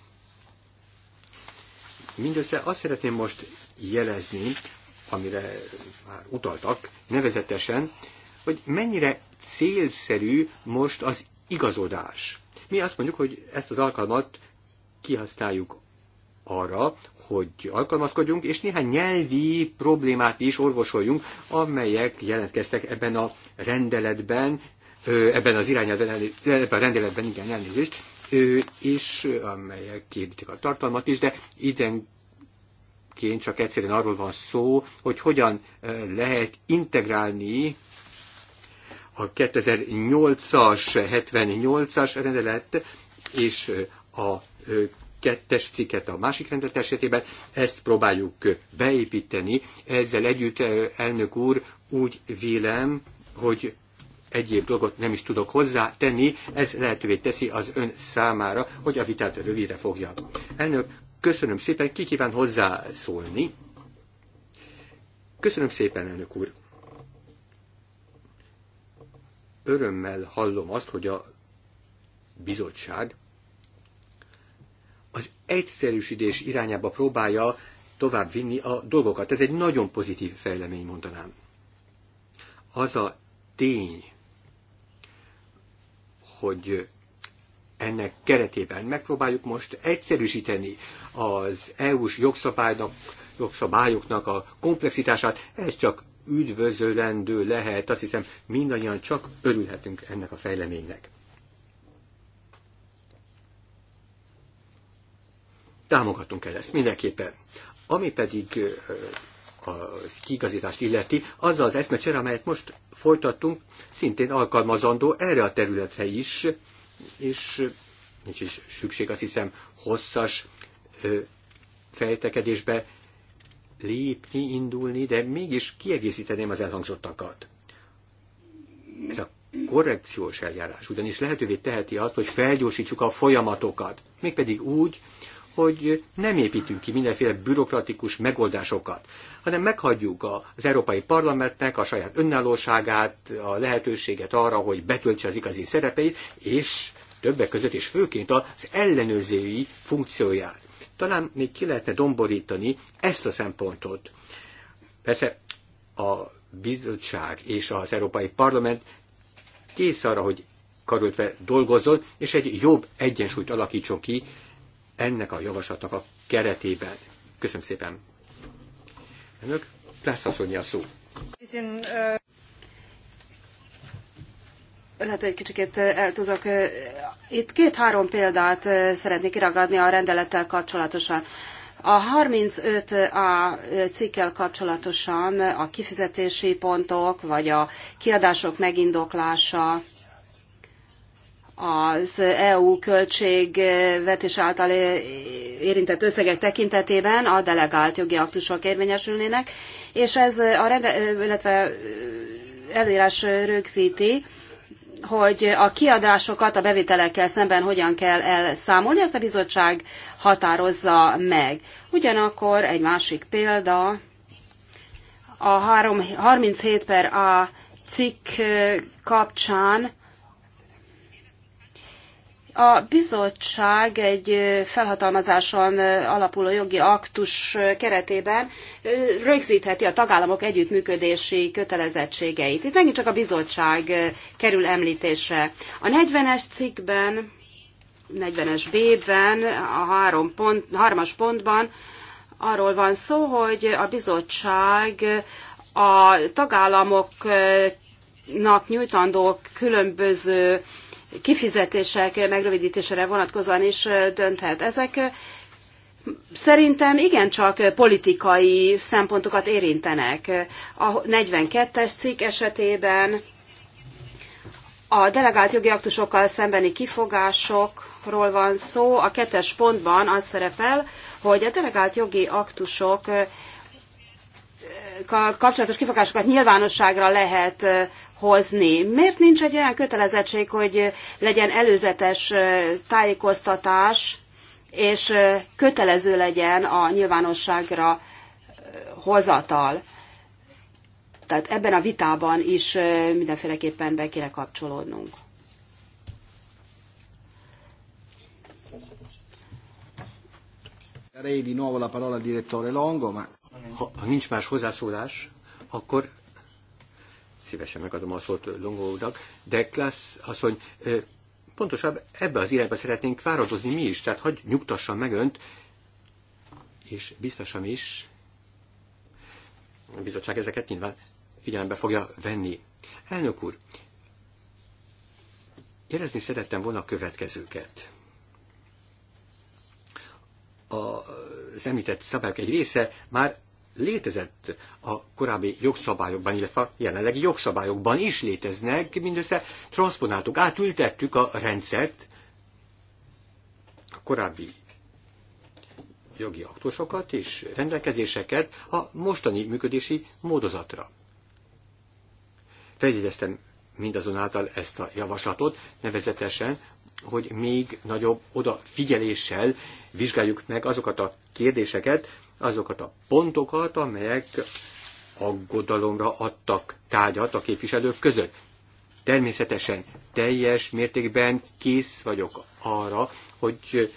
Mindössze azt szeretném most jelezni, amire már utaltak, nevezetesen, hogy mennyire célszerű most az igazodás. Mi azt mondjuk, hogy ezt az alkalmat kihasználjuk arra, hogy alkalmazkodjunk, és néhány nyelvi problémát is orvosoljunk, amelyek jelentkeztek ebben a rendeletben, ebben az irányában, ebben a rendeletben, igen, elnézést, és amelyek kérdítik a tartalmat is, de idén csak egyszerűen arról van szó, hogy hogyan lehet integrálni a 2008-as, 78-as rendelet és a kettes cikket a másik rendelet esetében, ezt próbáljuk beépíteni. Ezzel együtt, elnök úr, úgy vélem, hogy egyéb dolgot nem is tudok hozzátenni, ez lehetővé teszi az ön számára, hogy a vitát rövidre fogja. Elnök, köszönöm szépen, ki kíván hozzászólni? Köszönöm szépen, elnök úr. Örömmel hallom azt, hogy a bizottság az egyszerűsítés irányába próbálja tovább vinni a dolgokat. Ez egy nagyon pozitív fejlemény, mondanám. Az a tény, hogy ennek keretében megpróbáljuk most egyszerűsíteni az EU-s jogszabálynak, jogszabályoknak a komplexitását. Ez csak üdvözölendő lehet, azt hiszem mindannyian csak örülhetünk ennek a fejleménynek. Támogatunk el ezt mindenképpen. Ami pedig a kiigazítást illeti, azzal az eszmecsere, amelyet most folytattunk, szintén alkalmazandó erre a területre is, és nincs is szükség, azt hiszem, hosszas ö, fejtekedésbe lépni, indulni, de mégis kiegészíteném az elhangzottakat. Ez a korrekciós eljárás ugyanis lehetővé teheti azt, hogy felgyorsítsuk a folyamatokat, mégpedig úgy, hogy nem építünk ki mindenféle bürokratikus megoldásokat, hanem meghagyjuk az Európai Parlamentnek a saját önállóságát, a lehetőséget arra, hogy betöltse az igazi szerepeit, és többek között is főként az ellenőrzői funkcióját. Talán még ki lehetne domborítani ezt a szempontot. Persze a bizottság és az Európai Parlament kész arra, hogy karöltve dolgozzon, és egy jobb egyensúlyt alakítson ki ennek a javaslatnak a keretében. Köszönöm szépen. Önök, lesz asszonyi a szó. Lehet, hogy kicsikét eh, eltúzok. Eh, itt két-három példát eh, szeretnék kiragadni a rendelettel kapcsolatosan. A 35A cikkel kapcsolatosan a kifizetési pontok, vagy a kiadások megindoklása, az EU költségvetés által érintett összegek tekintetében a delegált jogi aktusok érvényesülnének, és ez a rende, illetve előírás rögzíti, hogy a kiadásokat a bevételekkel szemben hogyan kell elszámolni, ezt a bizottság határozza meg. Ugyanakkor egy másik példa, a 3, 37 per A cikk kapcsán a bizottság egy felhatalmazáson alapuló jogi aktus keretében rögzítheti a tagállamok együttműködési kötelezettségeit. Itt megint csak a bizottság kerül említésre. A 40-es cikkben, 40-es B-ben, a három pont, hármas pontban arról van szó, hogy a bizottság a tagállamoknak nyújtandó különböző kifizetések megrövidítésére vonatkozóan is dönthet. Ezek szerintem igencsak politikai szempontokat érintenek. A 42-es cikk esetében a delegált jogi aktusokkal szembeni kifogásokról van szó. A kettes pontban az szerepel, hogy a delegált jogi aktusok kapcsolatos kifogásokat nyilvánosságra lehet hozni. Miért nincs egy olyan kötelezettség, hogy legyen előzetes tájékoztatás, és kötelező legyen a nyilvánosságra hozatal? Tehát ebben a vitában is mindenféleképpen be kéne kapcsolódnunk. Darei di nuovo la parola al direttore Longo, ma... Ha, ha nincs más hozzászólás, akkor szívesen megadom a szót Longo úrnak, de Klassz asszony, pontosabb ebbe az irányba szeretnénk várodozni mi is, tehát hogy nyugtassam meg önt, és biztosan is a bizottság ezeket nyilván figyelembe fogja venni. Elnök úr, jelezni szerettem volna a következőket. Az említett szabályok egy része már létezett a korábbi jogszabályokban, illetve a jelenlegi jogszabályokban is léteznek, mindössze transponáltuk, átültettük a rendszert, a korábbi jogi aktusokat és rendelkezéseket a mostani működési módozatra. Feljegyeztem mindazonáltal ezt a javaslatot, nevezetesen, hogy még nagyobb odafigyeléssel vizsgáljuk meg azokat a kérdéseket, azokat a pontokat, amelyek aggodalomra adtak tárgyat a képviselők között. Természetesen teljes mértékben kész vagyok arra, hogy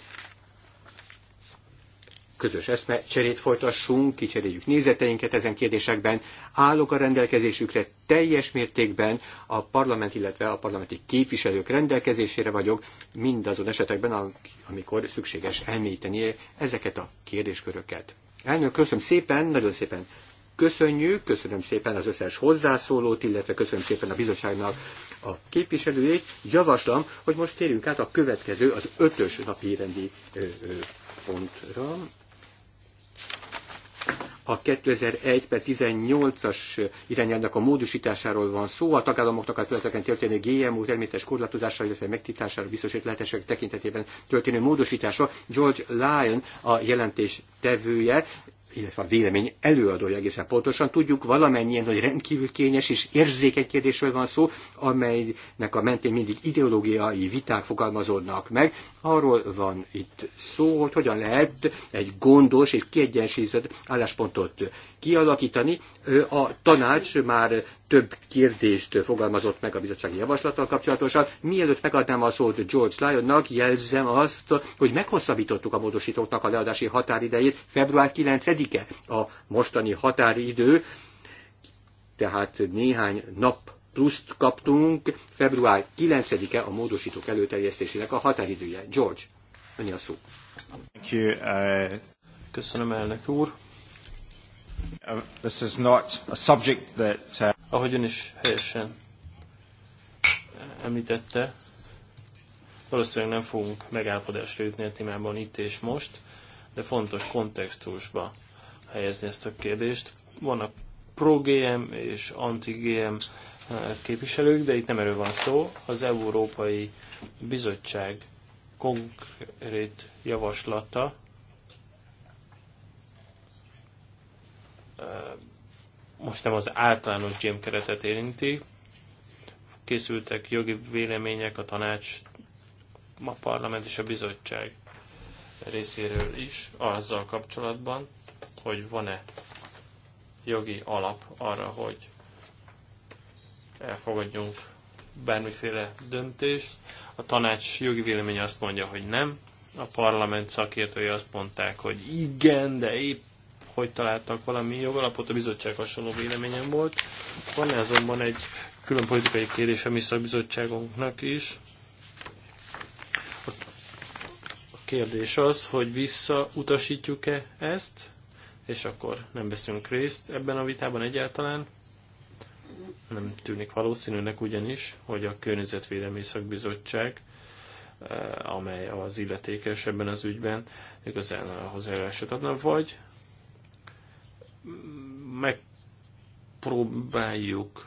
közös eszme cserét folytassunk, kicseréljük nézeteinket ezen kérdésekben. Állok a rendelkezésükre teljes mértékben a parlament, illetve a parlamenti képviselők rendelkezésére vagyok, mindazon esetekben, amikor szükséges elmélyíteni ezeket a kérdésköröket. Elnök, köszönöm szépen, nagyon szépen köszönjük, köszönöm szépen az összes hozzászólót, illetve köszönöm szépen a bizottságnak a képviselőjét. Javaslom, hogy most térjünk át a következő, az ötös napi rendi pontra a 2001 per 18-as irányelvnek a módosításáról van szó, a tagállamoknak a területeken történő GMO természetes korlátozására, illetve megtiltására biztosít lehetőség tekintetében történő módosítása. George Lyon a jelentés tevője, illetve a vélemény előadója egészen pontosan. Tudjuk valamennyien, hogy rendkívül kényes és érzékeny kérdésről van szó, amelynek a mentén mindig ideológiai viták fogalmazódnak meg. Arról van itt szó, hogy hogyan lehet egy gondos és kiegyensúlyozott álláspontot kialakítani. A tanács már több kérdést fogalmazott meg a bizottsági javaslattal kapcsolatosan. Mielőtt megadnám a szót George Lyonnak, jelzem azt, hogy meghosszabbítottuk a módosítóknak a leadási határidejét február 9 rövidike a mostani határidő, tehát néhány nap pluszt kaptunk, február 9-e a módosítók előterjesztésének a határidője. George, annyi a szó. Uh, Köszönöm, elnök úr. Uh, this is not a subject that... Uh... Ahogy ön is helyesen uh, említette, valószínűleg nem fogunk megállapodásra jutni a témában itt és most, de fontos kontextusba helyezni ezt a kérdést. Vannak pro-GM és anti-GM eh, képviselők, de itt nem erről van szó. Az Európai Bizottság konkrét javaslata eh, most nem az általános GM keretet érinti. Készültek jogi vélemények a tanács, a parlament és a bizottság részéről is azzal kapcsolatban, hogy van-e jogi alap arra, hogy elfogadjunk bármiféle döntést. A tanács jogi véleménye azt mondja, hogy nem. A parlament szakértői azt mondták, hogy igen, de épp hogy találtak valami jogalapot, a bizottság hasonló véleményen volt. Van -e azonban egy külön politikai kérdés, a mi szakbizottságunknak is, kérdés az, hogy visszautasítjuk-e ezt, és akkor nem veszünk részt ebben a vitában egyáltalán. Nem tűnik valószínűnek ugyanis, hogy a Környezetvédelmi Szakbizottság, eh, amely az illetékes ebben az ügyben, igazán a hozzájárását adna, vagy megpróbáljuk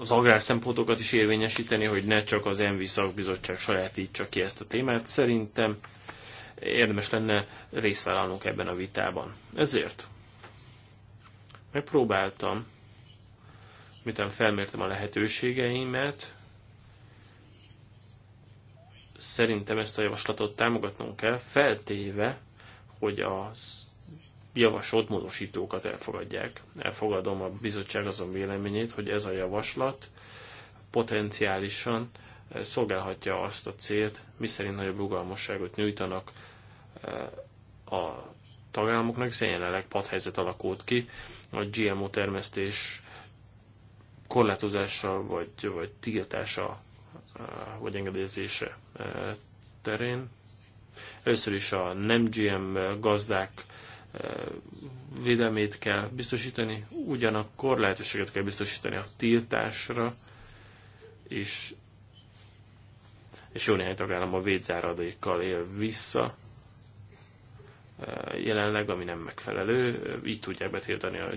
az agrár szempontokat is érvényesíteni, hogy ne csak az ENVI szakbizottság sajátítsa ki ezt a témát. Szerintem érdemes lenne részvállalnunk ebben a vitában. Ezért megpróbáltam, miután felmértem a lehetőségeimet, szerintem ezt a javaslatot támogatnunk kell, feltéve, hogy az javasolt módosítókat elfogadják. Elfogadom a bizottság azon véleményét, hogy ez a javaslat potenciálisan eh, szolgálhatja azt a célt, miszerint nagyobb rugalmasságot nyújtanak eh, a tagállamoknak, hiszen jelenleg padhelyzet alakult ki a GMO termesztés korlátozása vagy, vagy tiltása eh, vagy engedélyezése terén. Először is a nem GM gazdák védelmét kell biztosítani, ugyanakkor lehetőséget kell biztosítani a tiltásra, és, és jó néhány tagállam a védzáradékkal él vissza jelenleg, ami nem megfelelő. Így tudják betiltani a,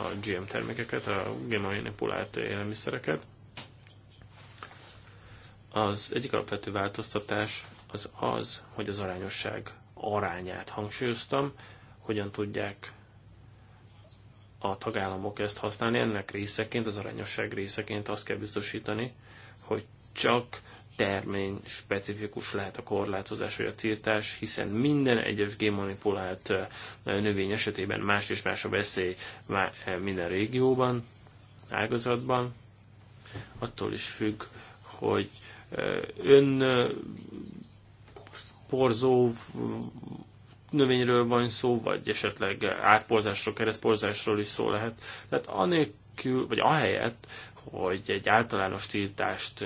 a GM termékeket, a GM manipulált élelmiszereket. Az egyik alapvető változtatás az az, hogy az arányosság arányát hangsúlyoztam, hogyan tudják a tagállamok ezt használni. Ennek részeként, az arányosság részeként azt kell biztosítani, hogy csak termény specifikus lehet a korlátozás vagy a tiltás, hiszen minden egyes génmanipulált eh, növény esetében más és más a veszély eh, minden régióban, ágazatban. Attól is függ, hogy eh, ön porzó növényről van szó, vagy esetleg átporzásról, keresztporzásról is szó lehet. Tehát anélkül, vagy ahelyett, hogy egy általános tiltást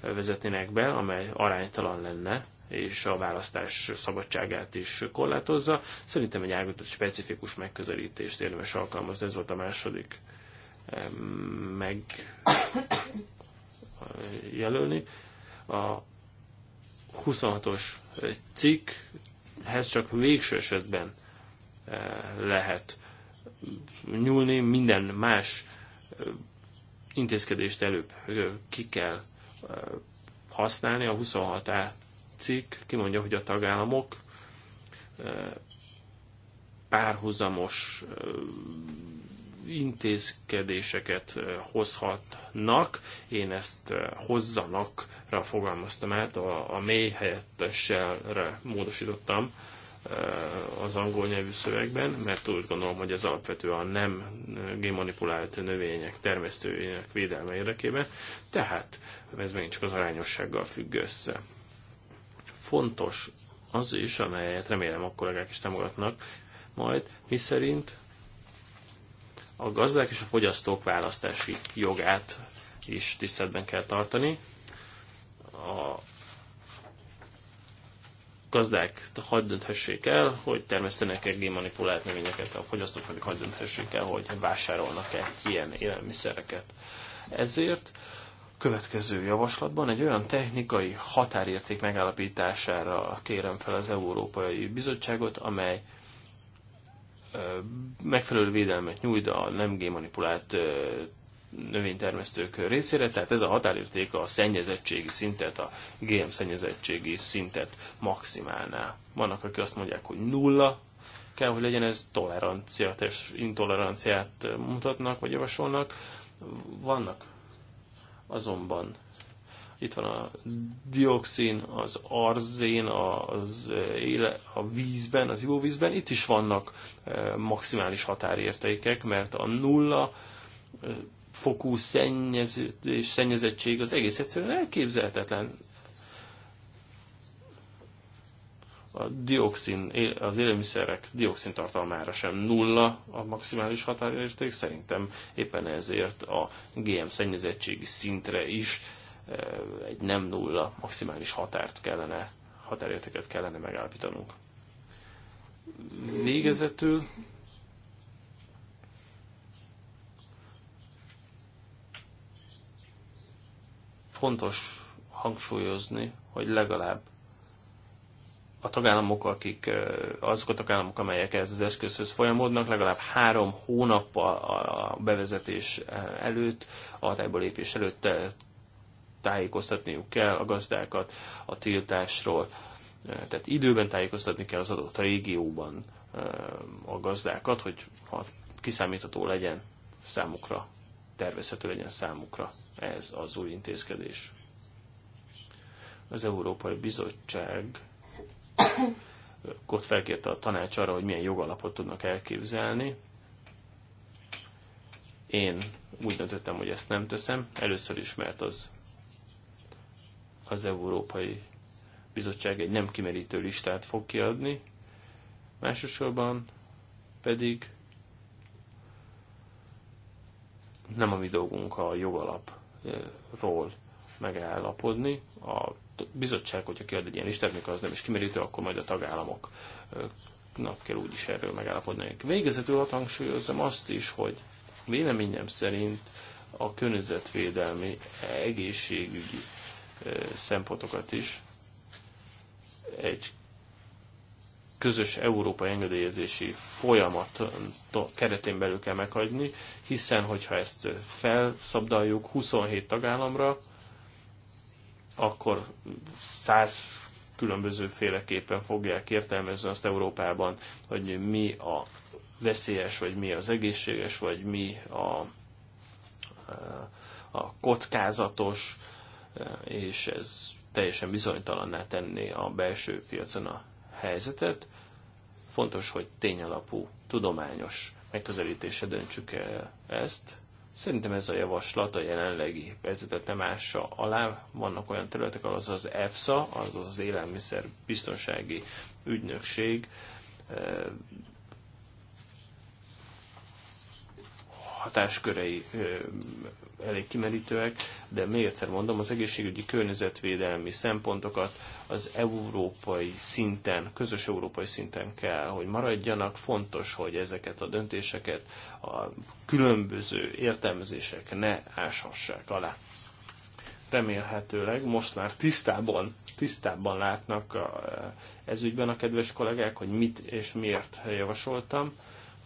vezetnének be, amely aránytalan lenne, és a választás szabadságát is korlátozza. Szerintem egy ágazott specifikus megközelítést érdemes alkalmazni, ez volt a második meg jelölni. A 26-os cikk hez csak végső esetben eh, lehet nyúlni, minden más eh, intézkedést előbb eh, ki kell használni. A 26A cikk kimondja, hogy a tagállamok párhuzamos intézkedéseket hozhatnak, én ezt hozzanakra fogalmaztam át, a, a mély helyetteselre módosítottam az angol nyelvű szövegben, mert úgy gondolom, hogy ez alapvetően a nem gémanipulált növények termesztőjének védelme érdekében, tehát ez megint csak az arányossággal függ össze. Fontos az is, amelyet remélem a kollégák is támogatnak, majd mi szerint a gazdák és a fogyasztók választási jogát is tiszteletben kell tartani. A gazdák hagyd dönthessék el, hogy termesztenek-e gémanipulált növényeket, a fogyasztók pedig hagyd dönthessék el, hogy vásárolnak-e ilyen élelmiszereket. Ezért következő javaslatban egy olyan technikai határérték megállapítására kérem fel az Európai Bizottságot, amely megfelelő védelmet nyújt a nem gémanipulált növénytermesztők részére, tehát ez a határérték a szennyezettségi szintet, a GM szennyezettségi szintet maximálná. Vannak, akik azt mondják, hogy nulla kell, hogy legyen ez tolerancia, és intoleranciát mutatnak, vagy javasolnak. Vannak azonban itt van a dioxin, az arzén, az eh, éle, a vízben, az ivóvízben. Itt is vannak eh, maximális határértékek, mert a nulla eh, fokú és szennyezettség az egész egyszerűen elképzelhetetlen. A dioxin, az élelmiszerek dioxin tartalmára sem nulla a maximális határérték, szerintem éppen ezért a GM szennyezettségi szintre is egy nem nulla maximális határt kellene, határértéket kellene megállapítanunk. Végezetül fontos hangsúlyozni, hogy legalább a tagállamok, akik azok a tagállamok, amelyek ez az eszközhöz folyamodnak, legalább három hónappal a bevezetés előtt, a hatályba lépés előtt tájékoztatniuk kell a gazdákat a tiltásról. Tehát időben tájékoztatni kell az adott régióban a gazdákat, hogy ha kiszámítható legyen számukra, tervezhető legyen számukra ez az új intézkedés. Az Európai Bizottság ott felkérte a tanács arra, hogy milyen jogalapot tudnak elképzelni. Én úgy döntöttem, hogy ezt nem teszem. Először is, mert az az Európai Bizottság egy nem kimerítő listát fog kiadni, másosorban pedig nem a mi dolgunk a jogalapról megállapodni. A bizottság, hogyha kiad egy ilyen listát, mikor az nem is kimerítő, akkor majd a tagállamoknak kell úgyis erről megállapodni. Végezetül hat hangsúlyozom azt is, hogy véleményem szerint a környezetvédelmi, egészségügyi szempontokat is. Egy közös európai engedélyezési folyamat keretén belül kell meghagyni, hiszen hogyha ezt felszabdaljuk 27 tagállamra, akkor 100 különböző féleképpen fogják értelmezni azt Európában, hogy mi a veszélyes, vagy mi az egészséges, vagy mi a, a kockázatos, és ez teljesen bizonytalanná tenni a belső piacon a helyzetet. Fontos, hogy tényalapú, tudományos megközelítése döntsük el ezt. Szerintem ez a javaslat a jelenlegi helyzetet nem ássa alá. Vannak olyan területek, ahol az az EFSA, azaz az Élelmiszer Biztonsági Ügynökség eh, hatáskörei eh, elég kimerítőek, de még egyszer mondom, az egészségügyi környezetvédelmi szempontokat az európai szinten, közös európai szinten kell, hogy maradjanak. Fontos, hogy ezeket a döntéseket a különböző értelmezések ne áshassák alá. Remélhetőleg most már tisztában, tisztában látnak eh, ez ezügyben a kedves kollégák, hogy mit és miért javasoltam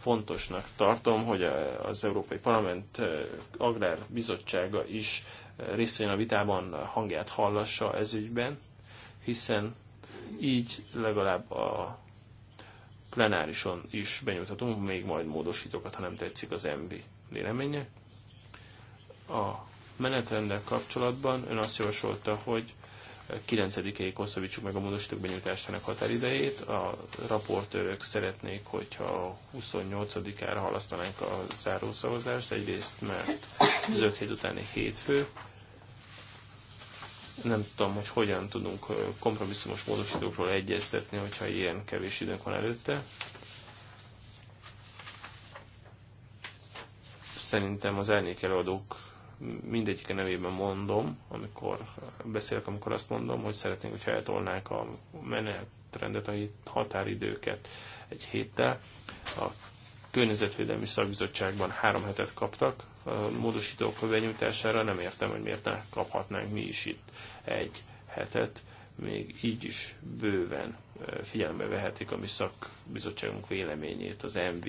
fontosnak tartom, hogy az Európai Parlament eh, Agrár Bizottsága is eh, részt a vitában, hangját hallassa ez ügyben, hiszen így legalább a plenárison is benyújthatunk még majd módosítókat, ha nem tetszik az MB véleménye. A menetrendel kapcsolatban ön azt javasolta, hogy 9-ig hosszabbítsuk meg a módosítók benyújtásának határidejét. A raportőrök szeretnék, hogyha 28-ára halasztanánk a zárószavazást, egyrészt mert az 5 hét utáni hétfő, nem tudom, hogy hogyan tudunk kompromisszumos módosítókról egyeztetni, hogyha ilyen kevés időnk van előtte. Szerintem az árnyék előadók mindegyike nevében mondom, amikor beszélek, amikor azt mondom, hogy szeretnénk, hogyha eltolnák a menetrendet, a határidőket egy héttel. A Környezetvédelmi Szakbizottságban három hetet kaptak a módosítók benyújtására, nem értem, hogy miért ne kaphatnánk mi is itt egy hetet, még így is bőven figyelembe vehetik a mi szakbizottságunk véleményét, az MV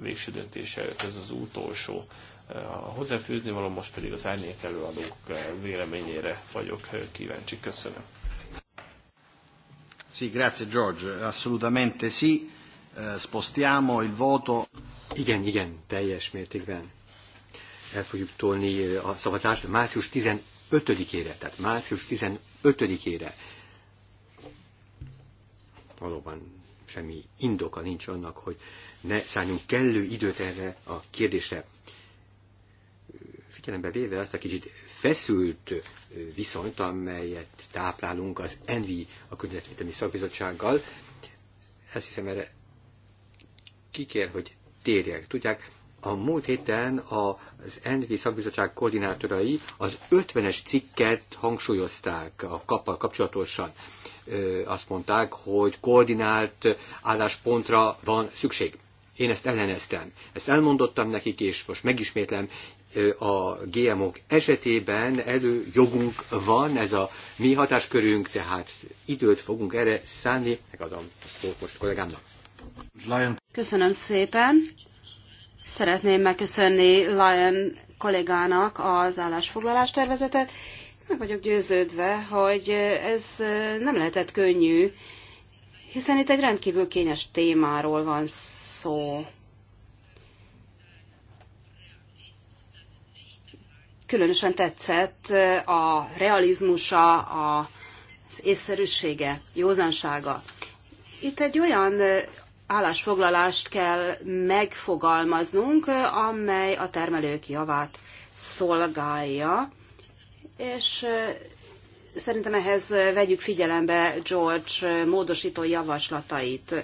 végső döntése előtt. Ez az utolsó a hozzáfűzni való most pedig az árnyék előadók eh, véleményére vagyok eh, kíváncsi. Köszönöm. Sì, grazie George, assolutamente sì. Eh, spostiamo il voto. Igen, igen, teljes mértékben el fogjuk tolni a szavazást március 15-ére, tehát március 15-ére. Valóban semmi indoka nincs annak, hogy ne szálljunk kellő időt erre a kérdésre figyelembe véve azt a kicsit feszült viszonyt, amelyet táplálunk az ENVI, a Környezetvédelmi Szakbizottsággal, ezt hiszem erre kikér, hogy térjek. Tudják, a múlt héten az ENVI szakbizottság koordinátorai az 50-es cikket hangsúlyozták a kappal kapcsolatosan. Azt mondták, hogy koordinált álláspontra van szükség. Én ezt elleneztem. Ezt elmondottam nekik, és most megismétlem, a GMO-k esetében jogunk van, ez a mi hatáskörünk, tehát időt fogunk erre szánni. Megadom a szót most kollégámnak. Köszönöm szépen. Szeretném megköszönni Lion kollégának az állásfoglalás tervezetet. Meg vagyok győződve, hogy ez nem lehetett könnyű, hiszen itt egy rendkívül kényes témáról van szó. különösen tetszett a realizmusa, az észszerűsége, józansága. Itt egy olyan állásfoglalást kell megfogalmaznunk, amely a termelők javát szolgálja, és szerintem ehhez vegyük figyelembe George módosító javaslatait.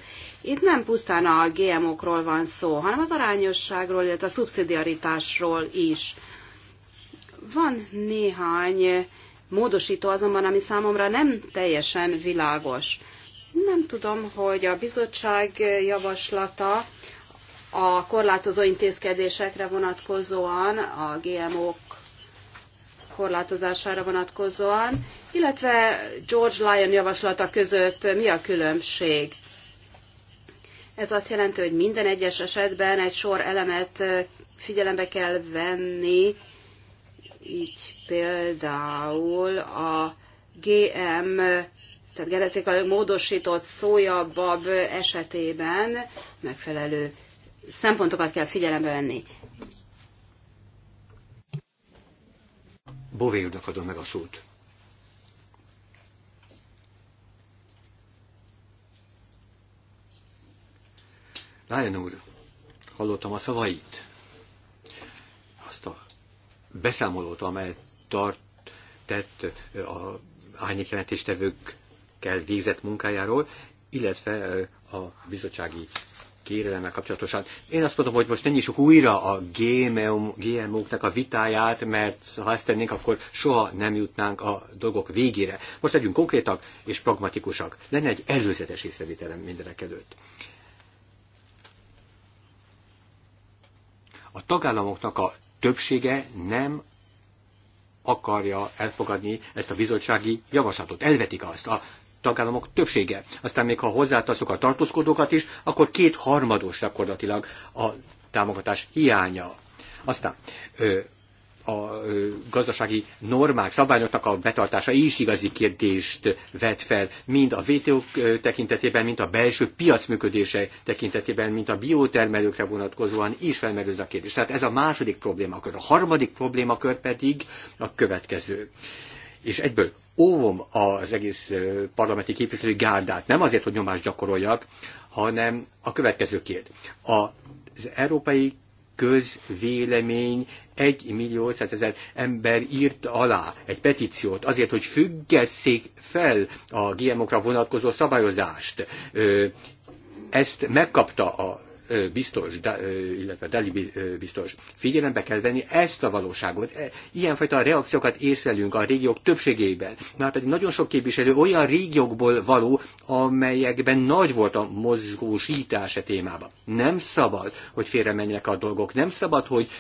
Itt nem pusztán a GMO-król van szó, hanem az arányosságról, illetve a szubszidiaritásról is. Van néhány módosító azonban, ami számomra nem teljesen világos. Nem tudom, hogy a bizottság javaslata a korlátozó intézkedésekre vonatkozóan, a GMO-k korlátozására vonatkozóan, illetve George Lyon javaslata között mi a különbség. Ez azt jelenti, hogy minden egyes esetben egy sor elemet figyelembe kell venni, így például a GM, tehát genetikailag módosított szójabab esetében megfelelő szempontokat kell figyelembe venni. Bové úrnak adom meg a szót. Lájon úr, hallottam a szavait beszámolót, amelyet tart, tett a árnyék jelentéstevőkkel végzett munkájáról, illetve a bizottsági kérelemmel kapcsolatosan. Én azt mondom, hogy most ne nyissuk újra a GMO-knak a vitáját, mert ha ezt tennénk, akkor soha nem jutnánk a dolgok végére. Most legyünk konkrétak és pragmatikusak. Lenne egy előzetes észrevételem mindenek előtt. A tagállamoknak a többsége nem akarja elfogadni ezt a bizottsági javaslatot. Elvetik azt a tagállamok többsége. Aztán még ha hozzátaszok a tartózkodókat is, akkor két gyakorlatilag a támogatás hiánya. Aztán a gazdasági normák, szabályoknak a betartása is igazi kérdést vet fel, mind a WTO tekintetében, mind a belső piac működése tekintetében, mind a biotermelőkre vonatkozóan is felmerül ez a kérdés. Tehát ez a második problémakör. A harmadik problémakör pedig a következő. És egyből óvom az egész parlamenti képviselő gárdát, nem azért, hogy nyomást gyakoroljak, hanem a következő kérd: Az európai közvélemény egy millió ezer ember írt alá egy petíciót azért, hogy függesszék fel a GMO-kra vonatkozó szabályozást. Ezt megkapta a biztos, illetve Dali biztos, figyelembe kell venni ezt a valóságot. E, ilyenfajta reakciókat észlelünk a régiók többségében. Már pedig nagyon sok képviselő olyan régiókból való, amelyekben nagy volt a mozgósítás a témában. Nem szabad, hogy félremenjenek a dolgok. Nem szabad, hogy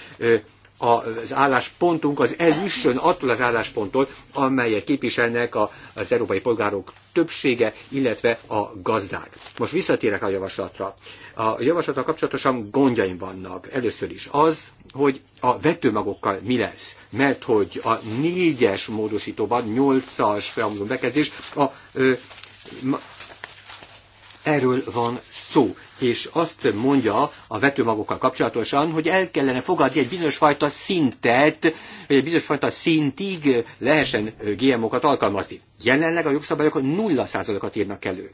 az álláspontunk az elüssön attól az állásponttól, amelyet képviselnek az európai polgárok többsége, illetve a gazdák. Most visszatérek a javaslatra. A javaslatra kapcsolatosan gondjaim vannak. Először is az, hogy a vetőmagokkal mi lesz. Mert hogy a négyes módosítóban, nyolcas felhangzó bekezdés a ö, Erről van szó, és azt mondja a vetőmagokkal kapcsolatosan, hogy el kellene fogadni egy bizonyos fajta szintet, hogy egy bizonyos fajta szintig lehessen GMO-kat alkalmazni. Jelenleg a jogszabályok 0%-at írnak elő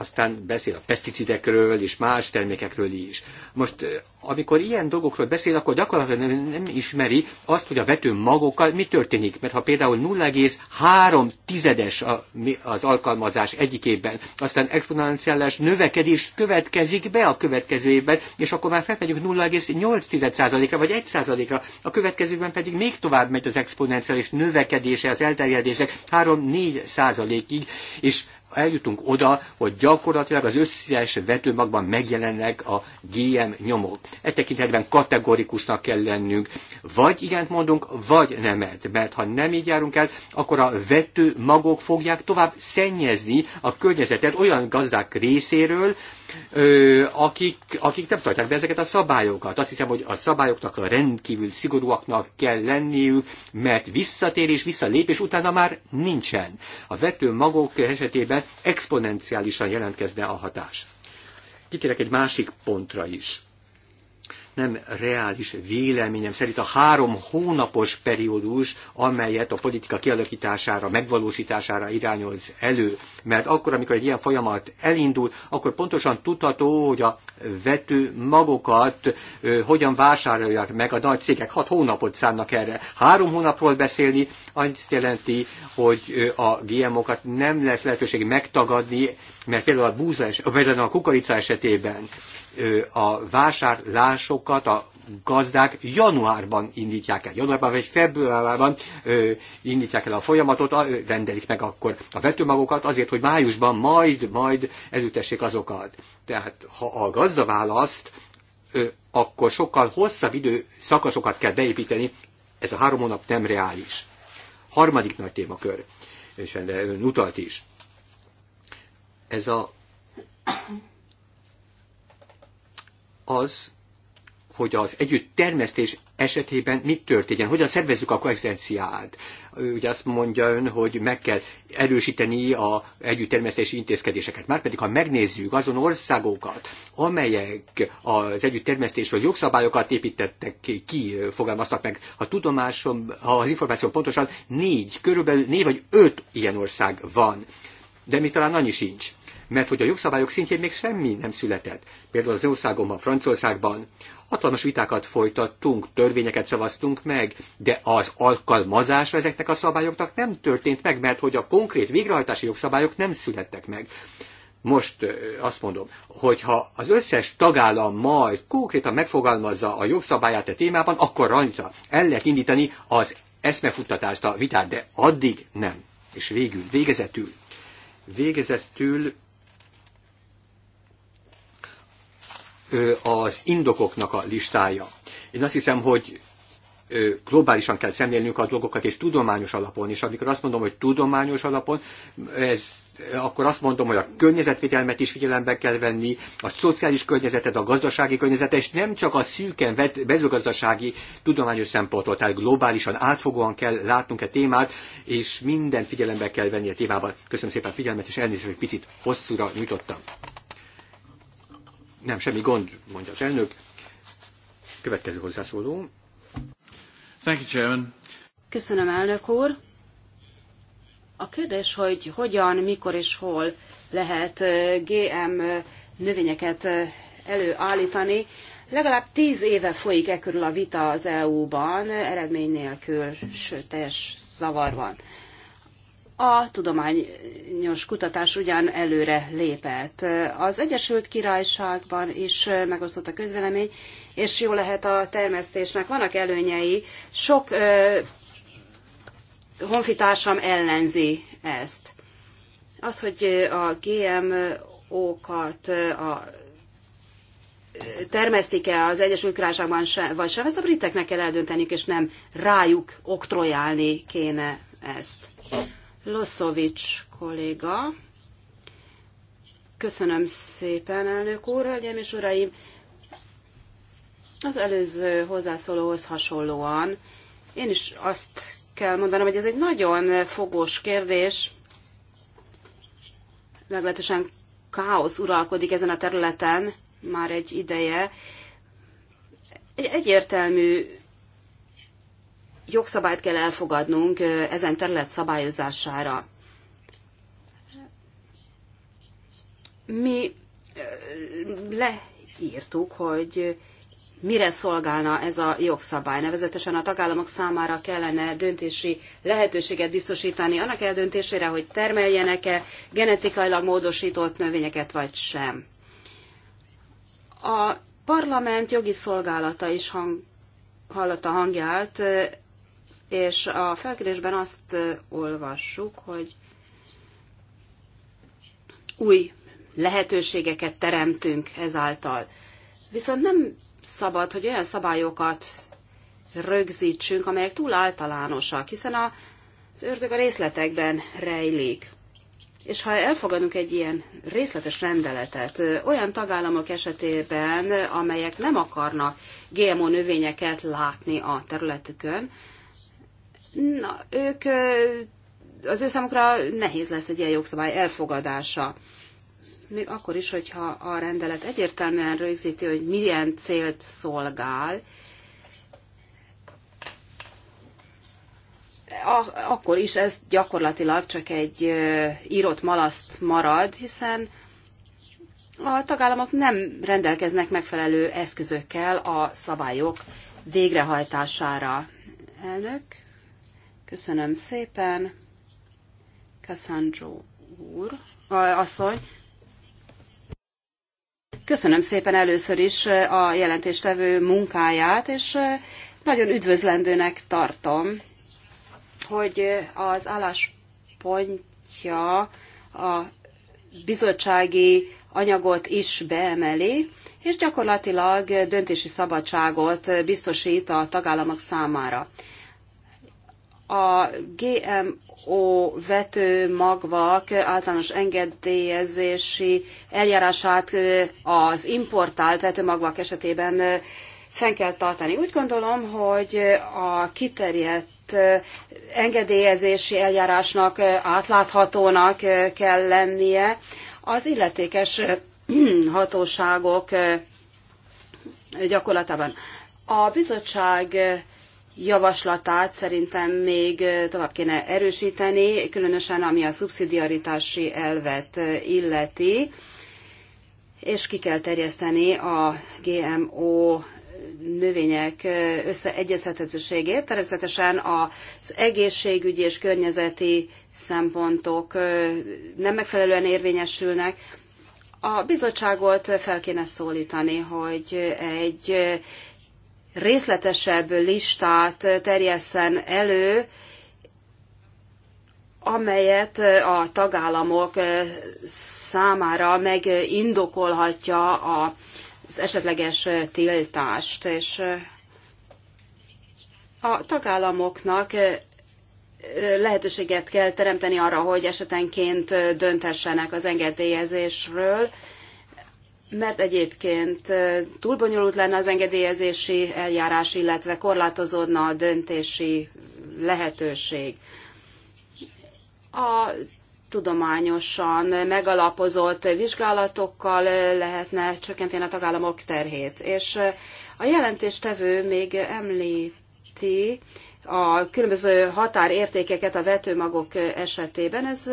aztán beszél a peszticidekről és más termékekről is. Most, amikor ilyen dolgokról beszél, akkor gyakorlatilag nem ismeri azt, hogy a vető magokkal mi történik. Mert ha például 0,3 tizedes az alkalmazás egyik évben, aztán exponenciális növekedés következik be a következő évben, és akkor már felmegyünk 0,8%-ra vagy 1%-ra, a következőben pedig még tovább megy az exponenciális növekedése, az elterjedések 3-4%-ig, és eljutunk oda, hogy gyakorlatilag az összes vetőmagban megjelennek a GM nyomok. E tekintetben kategorikusnak kell lennünk. Vagy igent mondunk, vagy nemet. Mert ha nem így járunk el, akkor a vetőmagok fogják tovább szennyezni a környezetet olyan gazdák részéről, akik, akik nem tartják be ezeket a szabályokat. Azt hiszem, hogy a szabályoknak a rendkívül szigorúaknak kell lenniük, mert visszatérés, visszalépés utána már nincsen. A vető magok esetében exponenciálisan jelentkezne a hatás. Kitérek egy másik pontra is nem reális véleményem szerint a három hónapos periódus, amelyet a politika kialakítására, megvalósítására irányoz elő. Mert akkor, amikor egy ilyen folyamat elindul, akkor pontosan tudható, hogy a vető magokat ö, hogyan vásárolják meg a nagy cégek. Hat hónapot szánnak erre. Három hónapról beszélni azt jelenti, hogy a GMO-kat nem lesz lehetőség megtagadni, mert például a búza, például a kukorica esetében a vásárlásokat a gazdák januárban indítják el, januárban vagy februárban ö, indítják el a folyamatot, a, rendelik meg akkor a vetőmagokat azért, hogy májusban majd, majd elütessék azokat. Tehát ha a gazda választ, ö, akkor sokkal hosszabb idő szakaszokat kell beépíteni, ez a három hónap nem reális. Harmadik nagy témakör, és utalt is ez a az, hogy az együtt termesztés esetében mit történjen, hogyan szervezzük a koexenciát. Ugye azt mondja ön, hogy meg kell erősíteni a együttermesztési intézkedéseket. Márpedig, ha megnézzük azon országokat, amelyek az együttermesztésről jogszabályokat építettek ki, fogalmaztak meg, ha tudomásom, ha az információ pontosan, négy, körülbelül négy vagy öt ilyen ország van. De mi talán annyi sincs mert hogy a jogszabályok szintjén még semmi nem született. Például az országomban, Franciaországban hatalmas vitákat folytattunk, törvényeket szavaztunk meg, de az alkalmazása ezeknek a szabályoknak nem történt meg, mert hogy a konkrét végrehajtási jogszabályok nem születtek meg most azt mondom, hogyha az összes tagállam majd konkrétan megfogalmazza a jogszabályát a e témában, akkor rajta el lehet indítani az eszmefuttatást, a vitát, de addig nem. És végül, végezetül, végezetül az indokoknak a listája. Én azt hiszem, hogy globálisan kell szemlélnünk a dolgokat, és tudományos alapon. És amikor azt mondom, hogy tudományos alapon, ez akkor azt mondom, hogy a környezetvédelmet is figyelembe kell venni, a szociális környezetet, a gazdasági környezetet, és nem csak a szűken mezőgazdasági tudományos szempontot, tehát globálisan átfogóan kell látnunk a e témát, és minden figyelembe kell venni a e témában. Köszönöm szépen a figyelmet, és elnézést, hogy picit hosszúra nyújtottam. Nem, semmi gond, mondja az elnök. Következő hozzászóló. Thank you, Chairman. Köszönöm, elnök úr. A kérdés, hogy hogyan, mikor és hol lehet GM növényeket előállítani, legalább tíz éve folyik e körül a vita az EU-ban, eredmény nélkül, sőt, teljes zavar van. A tudományos kutatás ugyan előre lépett. Az Egyesült Királyságban is megosztott a közvélemény, és jó lehet a termesztésnek. Vannak előnyei. Sok ö, honfitársam ellenzi ezt. Az, hogy a GMO-kat a termesztik-e az Egyesült Királyságban se, vagy sem, ezt a briteknek kell eldönteniük, és nem rájuk oktrojálni kéne ezt. Loszovics kolléga. Köszönöm szépen, elnök úr, hölgyeim és uraim! Az előző hozzászólóhoz hasonlóan én is azt kell mondanom, hogy ez egy nagyon fogós kérdés, meglehetősen káosz uralkodik ezen a területen már egy ideje. Egy egyértelmű jogszabályt kell elfogadnunk ezen terület szabályozására. Mi leírtuk, hogy mire szolgálna ez a jogszabály. Nevezetesen a tagállamok számára kellene döntési lehetőséget biztosítani annak eldöntésére, hogy termeljenek-e genetikailag módosított növényeket vagy sem. A parlament jogi szolgálata is hang, hallotta hangját és a felkérésben azt olvassuk, hogy új lehetőségeket teremtünk ezáltal. Viszont nem szabad, hogy olyan szabályokat rögzítsünk, amelyek túl általánosak, hiszen a, az ördög a részletekben rejlik. És ha elfogadunk egy ilyen részletes rendeletet olyan tagállamok esetében, amelyek nem akarnak GMO növényeket látni a területükön, na, ők, az ő számukra nehéz lesz egy ilyen jogszabály elfogadása. Még akkor is, hogyha a rendelet egyértelműen rögzíti, hogy milyen célt szolgál, akkor is ez gyakorlatilag csak egy írott malaszt marad, hiszen a tagállamok nem rendelkeznek megfelelő eszközökkel a szabályok végrehajtására. Elnök, Köszönöm szépen. Cassandro úr, asszony. Köszönöm szépen először is a jelentéstevő munkáját, és nagyon üdvözlendőnek tartom, hogy az álláspontja a bizottsági anyagot is beemeli, és gyakorlatilag döntési szabadságot biztosít a tagállamok számára a GMO magvak általános engedélyezési eljárását az importált vetőmagvak esetében fenn kell tartani. Úgy gondolom, hogy a kiterjedt engedélyezési eljárásnak átláthatónak kell lennie. Az illetékes hatóságok gyakorlatában. A bizottság javaslatát szerintem még tovább kéne erősíteni, különösen ami a szubszidiaritási elvet illeti, és ki kell terjeszteni a GMO növények összeegyeztethetőségét. Természetesen az egészségügyi és környezeti szempontok nem megfelelően érvényesülnek. A bizottságot fel kéne szólítani, hogy egy részletesebb listát terjesszen elő, amelyet a tagállamok számára megindokolhatja az esetleges tiltást. És a tagállamoknak lehetőséget kell teremteni arra, hogy esetenként dönthessenek az engedélyezésről, mert egyébként túl bonyolult lenne az engedélyezési eljárás, illetve korlátozódna a döntési lehetőség. A tudományosan megalapozott vizsgálatokkal lehetne csökkenteni a tagállamok terhét. És a jelentéstevő még említi a különböző határértékeket a vetőmagok esetében. Ez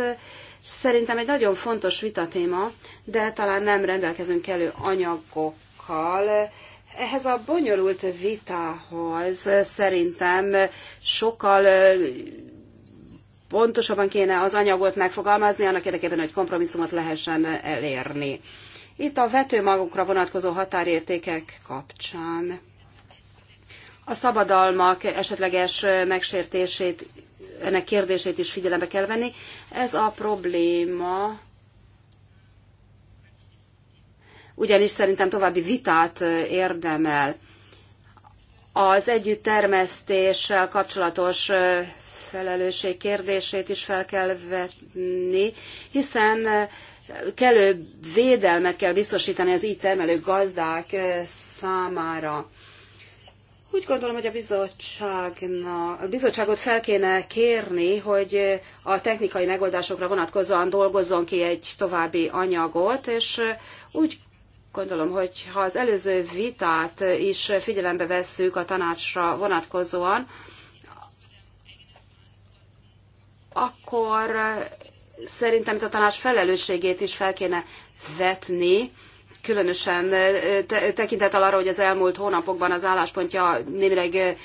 Szerintem egy nagyon fontos vitatéma, de talán nem rendelkezünk kellő anyagokkal. Ehhez a bonyolult vitához szerintem sokkal pontosabban kéne az anyagot megfogalmazni, annak érdekében, hogy kompromisszumot lehessen elérni. Itt a vetőmagokra vonatkozó határértékek kapcsán a szabadalmak esetleges megsértését ennek kérdését is figyelembe kell venni. Ez a probléma ugyanis szerintem további vitát érdemel. Az együttermesztéssel kapcsolatos felelősség kérdését is fel kell vetni, hiszen kellő védelmet kell biztosítani az így termelő gazdák számára. Úgy gondolom, hogy a, bizottságna, a bizottságot fel kéne kérni, hogy a technikai megoldásokra vonatkozóan dolgozzon ki egy további anyagot, és úgy gondolom, hogy ha az előző vitát is figyelembe vesszük a tanácsra vonatkozóan, akkor szerintem itt a tanács felelősségét is fel kéne vetni, különösen eh, tekintettel arra, hogy az elmúlt hónapokban az álláspontja némileg eh,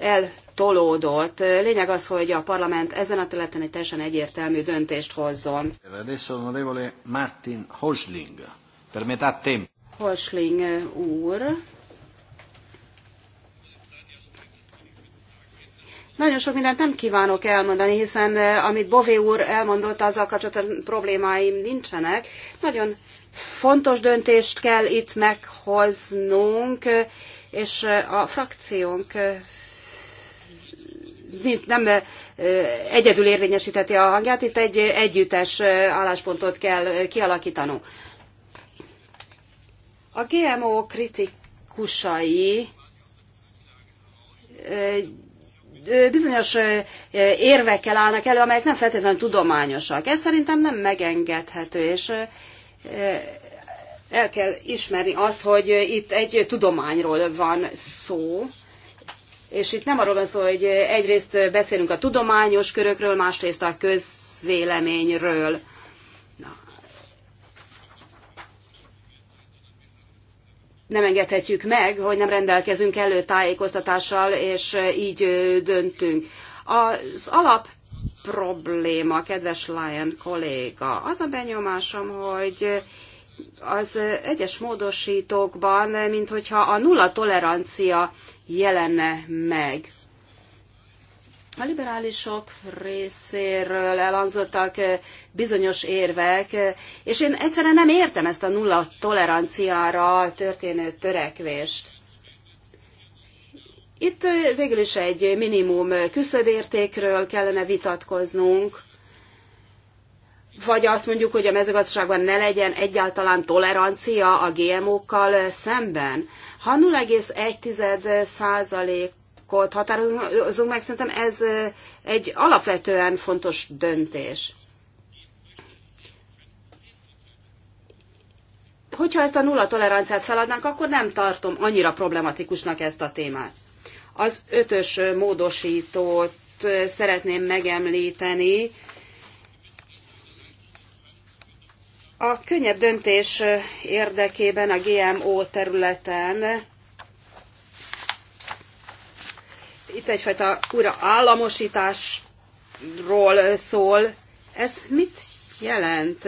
eltolódott. Eh, lényeg az, hogy a parlament ezen a területen egy teljesen egyértelmű döntést hozzon. Adesso Martin Hosling, Hosling úr. Nagyon sok mindent nem kívánok elmondani, hiszen amit Bové úr elmondott, azzal kapcsolatban problémáim nincsenek. Nagyon Fontos döntést kell itt meghoznunk, és a frakciónk nem egyedül érvényesíteti a hangját, itt egy együttes álláspontot kell kialakítanunk. A GMO kritikusai bizonyos érvekkel állnak elő, amelyek nem feltétlenül tudományosak. Ez szerintem nem megengedhető, és Eh, el kell ismerni azt, hogy itt egy tudományról van szó, és itt nem arról van szó, hogy egyrészt beszélünk a tudományos körökről, másrészt a közvéleményről. Na. Nem engedhetjük meg, hogy nem rendelkezünk elő tájékoztatással, és így döntünk. Az alap probléma, kedves Lion kolléga. Az a benyomásom, hogy az egyes módosítókban, mint hogyha a nulla tolerancia jelenne meg. A liberálisok részéről elhangzottak bizonyos érvek, és én egyszerűen nem értem ezt a nulla toleranciára történő törekvést. Itt végül is egy minimum küszöbértékről kellene vitatkoznunk, vagy azt mondjuk, hogy a mezőgazdaságban ne legyen egyáltalán tolerancia a GMO-kkal szemben. Ha 0,1 százalékot határozunk meg, szerintem ez egy alapvetően fontos döntés. Hogyha ezt a nulla toleranciát feladnánk, akkor nem tartom annyira problematikusnak ezt a témát. Az ötös módosítót szeretném megemlíteni. A könnyebb döntés érdekében a GMO területen itt egyfajta újra államosításról szól. Ez mit jelent?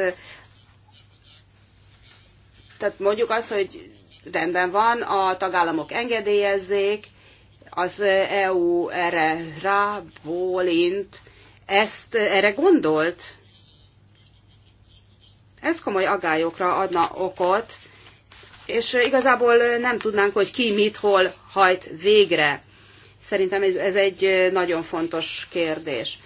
Tehát mondjuk az, hogy rendben van, a tagállamok engedélyezzék, az EU erre rábólint, ezt erre gondolt? Ez komoly agályokra adna okot, és igazából nem tudnánk, hogy ki mit hol hajt végre. Szerintem ez, ez egy nagyon fontos kérdés.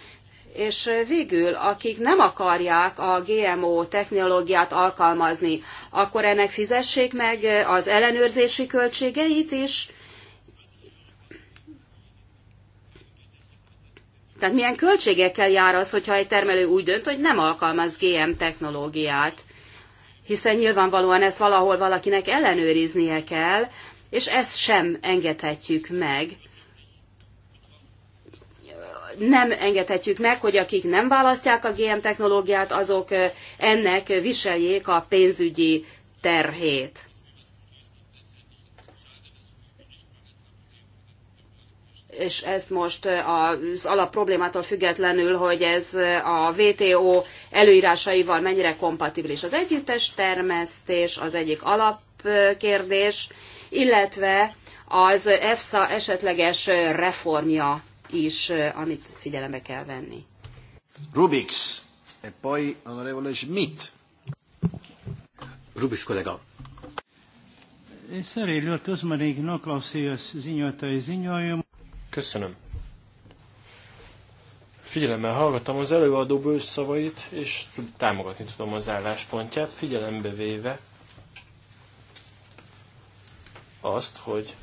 És végül, akik nem akarják a GMO technológiát alkalmazni, akkor ennek fizessék meg az ellenőrzési költségeit is, Tehát milyen költségekkel jár az, hogyha egy termelő úgy dönt, hogy nem alkalmaz GM technológiát, hiszen nyilvánvalóan ezt valahol valakinek ellenőriznie kell, és ezt sem engedhetjük meg. Nem engedhetjük meg, hogy akik nem választják a GM technológiát, azok ennek viseljék a pénzügyi terhét. és ezt most az alap problémától függetlenül, hogy ez a WTO előírásaival mennyire kompatibilis. Az együttes termesztés az egyik alapkérdés, illetve az EFSA esetleges reformja is, amit figyelembe kell venni. Rubix, e poi onorevole Schmidt. Rubix kollega. Es arī ļoti uzmanīgi noklausījos ziņotāju ziņojumu. Köszönöm. Figyelemmel hallgattam az előadó bős szavait, és támogatni tudom az álláspontját, figyelembe véve azt, hogy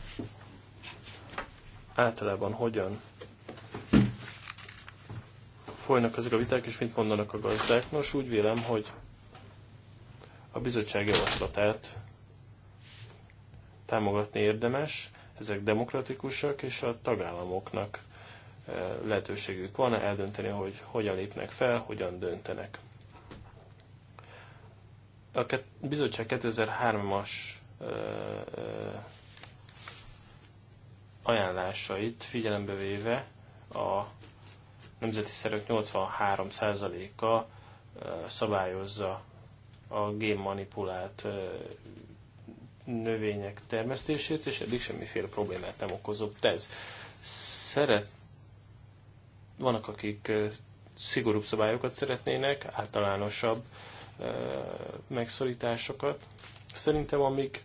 általában hogyan folynak ezek a viták, és mit mondanak a gazdák. Nos, úgy vélem, hogy a bizottság javaslatát támogatni érdemes, ezek demokratikusak, és a tagállamoknak eh, lehetőségük van eldönteni, hogy hogyan lépnek fel, hogyan döntenek. A bizottság 2003-as eh, eh, ajánlásait figyelembe véve a nemzeti szerek 83%-a szabályozza a génmanipulált növények termesztését, és eddig semmiféle problémát nem okozott ez. Szeret... Vannak, akik szigorúbb szabályokat szeretnének, általánosabb megszorításokat. Szerintem amíg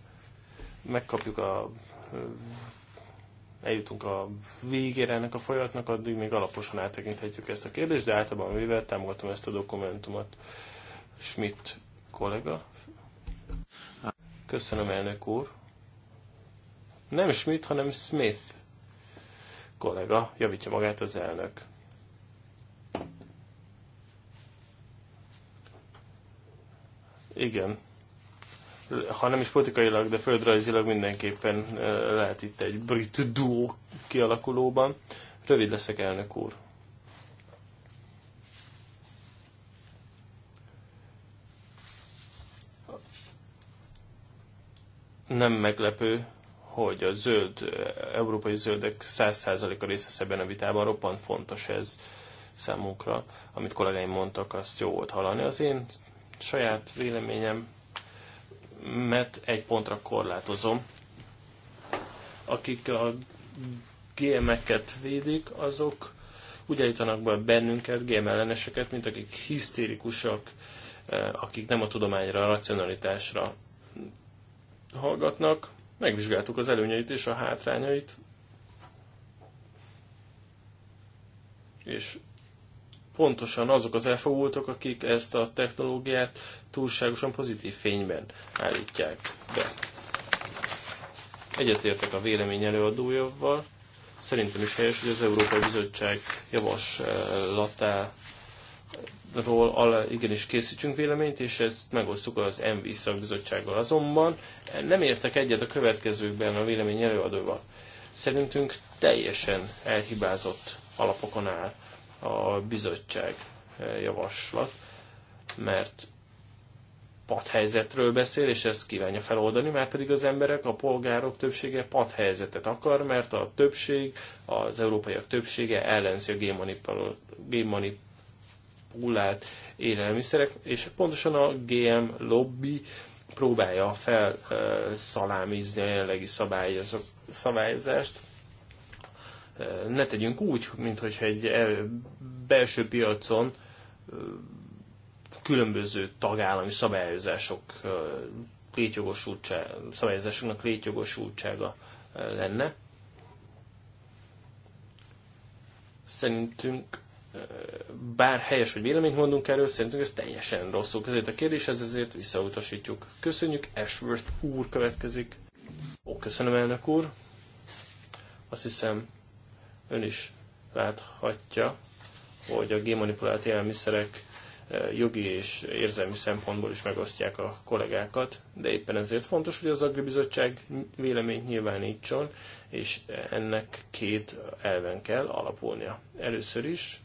megkapjuk a eljutunk a végére ennek a folyamatnak, addig még alaposan áttekinthetjük ezt a kérdést, de általában mivel támogatom ezt a dokumentumot. Schmidt kollega Köszönöm, elnök úr. Nem Schmidt, hanem Smith kollega, javítja magát az elnök. Igen. Ha nem is politikailag, de földrajzilag mindenképpen eh, lehet itt egy brit duó kialakulóban. Rövid leszek, elnök úr. Nem meglepő, hogy a zöld, európai zöldek 100%-a része ebben a vitában, roppant fontos ez számunkra. Amit kollégáim mondtak, azt jó volt hallani. Az én saját véleményem, mert egy pontra korlátozom. Akik a GM-eket védik, azok úgy állítanak be bennünket, GM elleneseket, mint akik hisztérikusak, eh, akik nem a tudományra, a racionalitásra hallgatnak, megvizsgáltuk az előnyeit és a hátrányait, és pontosan azok az elfogultak, akik ezt a technológiát túlságosan pozitív fényben állítják be. Egyetértek a vélemény előadójával. Szerintem is helyes, hogy az Európai Bizottság javaslatát ról igenis készítsünk véleményt, és ezt megosztjuk az MV szakbizottsággal. Azonban nem értek egyet a következőkben a vélemény előadóval. Szerintünk teljesen elhibázott alapokon áll a bizottság eh, javaslat, mert padhelyzetről beszél, és ezt kívánja feloldani, mert pedig az emberek, a polgárok többsége padhelyzetet akar, mert a többség, az európaiak többsége ellenzi a génmanipul- manipulált élelmiszerek, és pontosan a GM lobby próbálja felszalámizni a jelenlegi szabályozást. Ne tegyünk úgy, mintha egy belső piacon különböző tagállami szabályozások létjogosultság, szabályozásoknak létjogosultsága lenne. Szerintünk bár helyes, hogy véleményt mondunk erről, szerintünk ez teljesen rosszul között a kérdés, ez ezért visszautasítjuk. Köszönjük, Ashworth úr következik. Ó, köszönöm, elnök úr. Azt hiszem, ön is láthatja, hogy a gémanipulált élelmiszerek eh, jogi és érzelmi szempontból is megosztják a kollégákat, de éppen ezért fontos, hogy az Agribizottság véleményt nyilvánítson, és ennek két elven kell alapulnia. Először is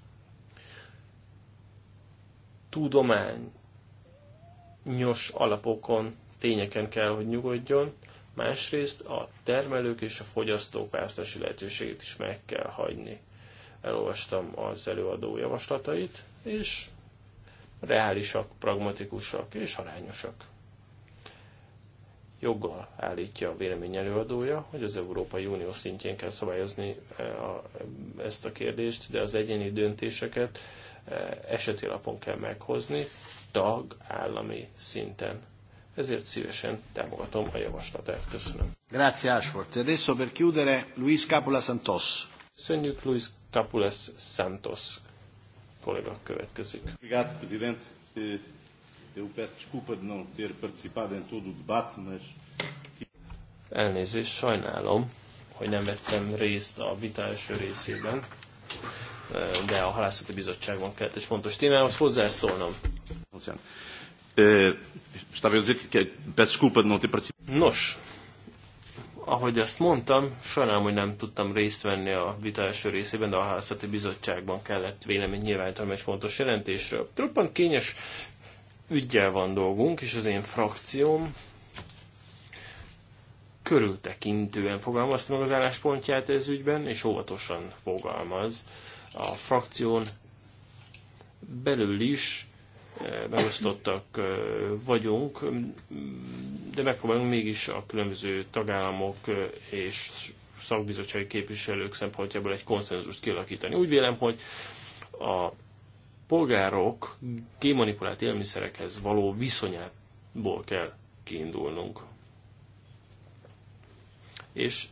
tudományos alapokon, tényeken kell, hogy nyugodjon, másrészt a termelők és a fogyasztók választási lehetőségét is meg kell hagyni. Elolvastam az előadó javaslatait, és reálisak, pragmatikusak és arányosak. Joggal állítja a vélemény előadója, hogy az Európai Unió szintjén kell szabályozni eh, ezt a kérdést, de az egyéni döntéseket Eh, eseti lapon kell meghozni, tagállami szinten. Ezért szívesen támogatom a javaslatát. Köszönöm. Grazie Ashford. E adesso per chiudere Luis Capula Santos. Köszönjük Luis Capula Santos. Kollega következik. Obrigado, Presidente. Eh, eu peço desculpa de não ter participado em todo o debate, mas... Elnézést, sajnálom, hogy nem vettem részt a vita első részében de a halászati bizottságban kellett egy fontos témához hozzászólnom. Nos, ahogy azt mondtam, sajnálom, hogy nem tudtam részt venni a vita első részében, de a halászati bizottságban kellett vélemény nyilvánítanom egy fontos jelentésről. Tulajdonképpen kényes ügyjel van dolgunk, és az én frakcióm körültekintően fogalmazta meg az álláspontját ez ügyben, és óvatosan fogalmaz a frakción belül is eh, megosztottak eh, vagyunk, de megpróbálunk mégis a különböző tagállamok eh, és szakbizottsági képviselők szempontjából egy konszenzust kialakítani. Úgy vélem, hogy a polgárok gémanipulált élmiszerekhez való viszonyából kell kiindulnunk. És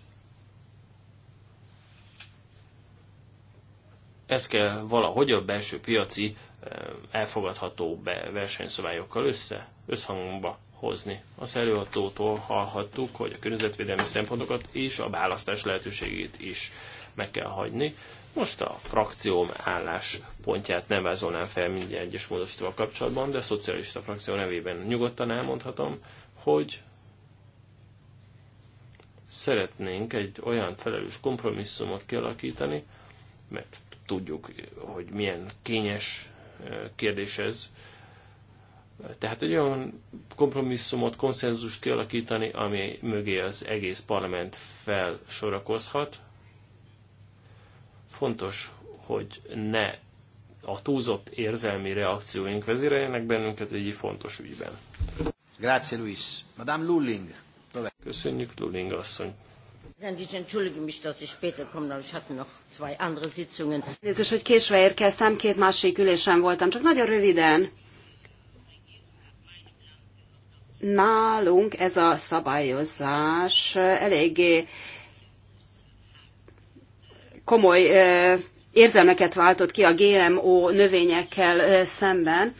Ez kell valahogy a belső piaci eh, elfogadható versenyszabályokkal össze, összhangba hozni. Az előadótól hallhattuk, hogy a környezetvédelmi szempontokat és a választás lehetőségét is meg kell hagyni. Most a frakcióm álláspontját nem vázolnám fel minden egyes módosítóval kapcsolatban, de a szocialista frakció nevében nyugodtan elmondhatom, hogy szeretnénk egy olyan felelős kompromisszumot kialakítani, mert tudjuk, hogy milyen kényes eh, kérdés ez. Tehát egy olyan kompromisszumot, konszenzust kialakítani, ami mögé az egész parlament felsorakozhat. Fontos, hogy ne a túlzott érzelmi reakcióink vezéreljenek bennünket egy fontos ügyben. Grazie Luis. Madame Lulling. Köszönjük Lulling asszony. Nézést, hogy késve érkeztem, két másik ülésen voltam, csak nagyon röviden. Nálunk ez a szabályozás eléggé komoly érzelmeket váltott ki a GMO növényekkel szemben.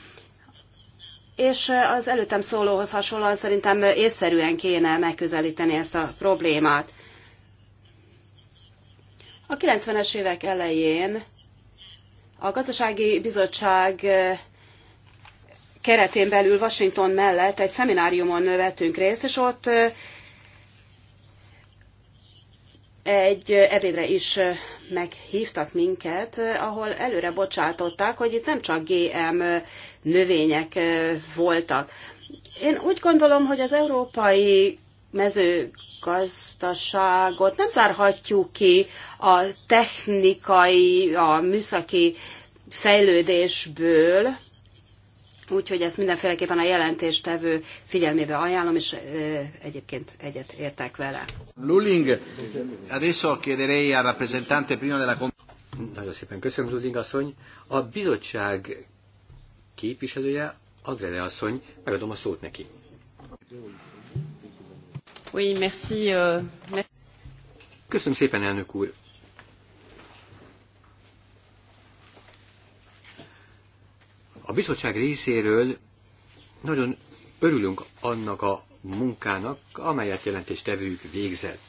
És az előttem szólóhoz hasonlóan szerintem észszerűen kéne megközelíteni ezt a problémát. A 90-es évek elején a gazdasági bizottság eh, keretén belül Washington mellett egy szemináriumon vettünk részt, és ott eh, egy ebédre is eh, meghívtak minket, ahol előre bocsátották, hogy itt nem csak GM növények voltak. Én úgy gondolom, hogy az európai mezőgazdaságot nem zárhatjuk ki a technikai, a műszaki fejlődésből, úgyhogy ezt mindenféleképpen a jelentéstevő figyelmébe ajánlom, és ö, egyébként egyet értek vele. Luling, adesso chiederei al rappresentante prima della Nagyon szépen köszönöm, Luling asszony. A bizottság képviselője, Adrele asszony, megadom a szót neki. Euh, Köszönöm szépen, elnök úr. A bizottság részéről nagyon örülünk annak a munkának, amelyet jelentéstevők végzett.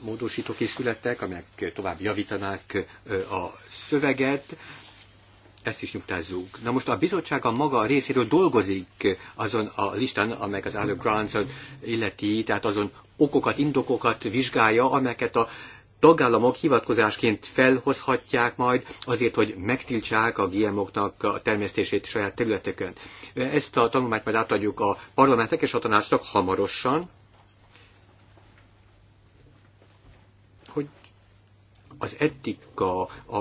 Módosítók is születtek, amelyek tovább javítanák a szöveget, ezt is nyugtázzuk. Na most a bizottság a maga részéről dolgozik azon a listán, amelyek az álló grants illeti, tehát azon okokat, indokokat vizsgálja, amelyeket a tagállamok hivatkozásként felhozhatják majd azért, hogy megtiltsák a GMO-knak a termesztését saját területeken. Ezt a tanulmányt majd átadjuk a parlamentek és a tanácsnak hamarosan, az etika, a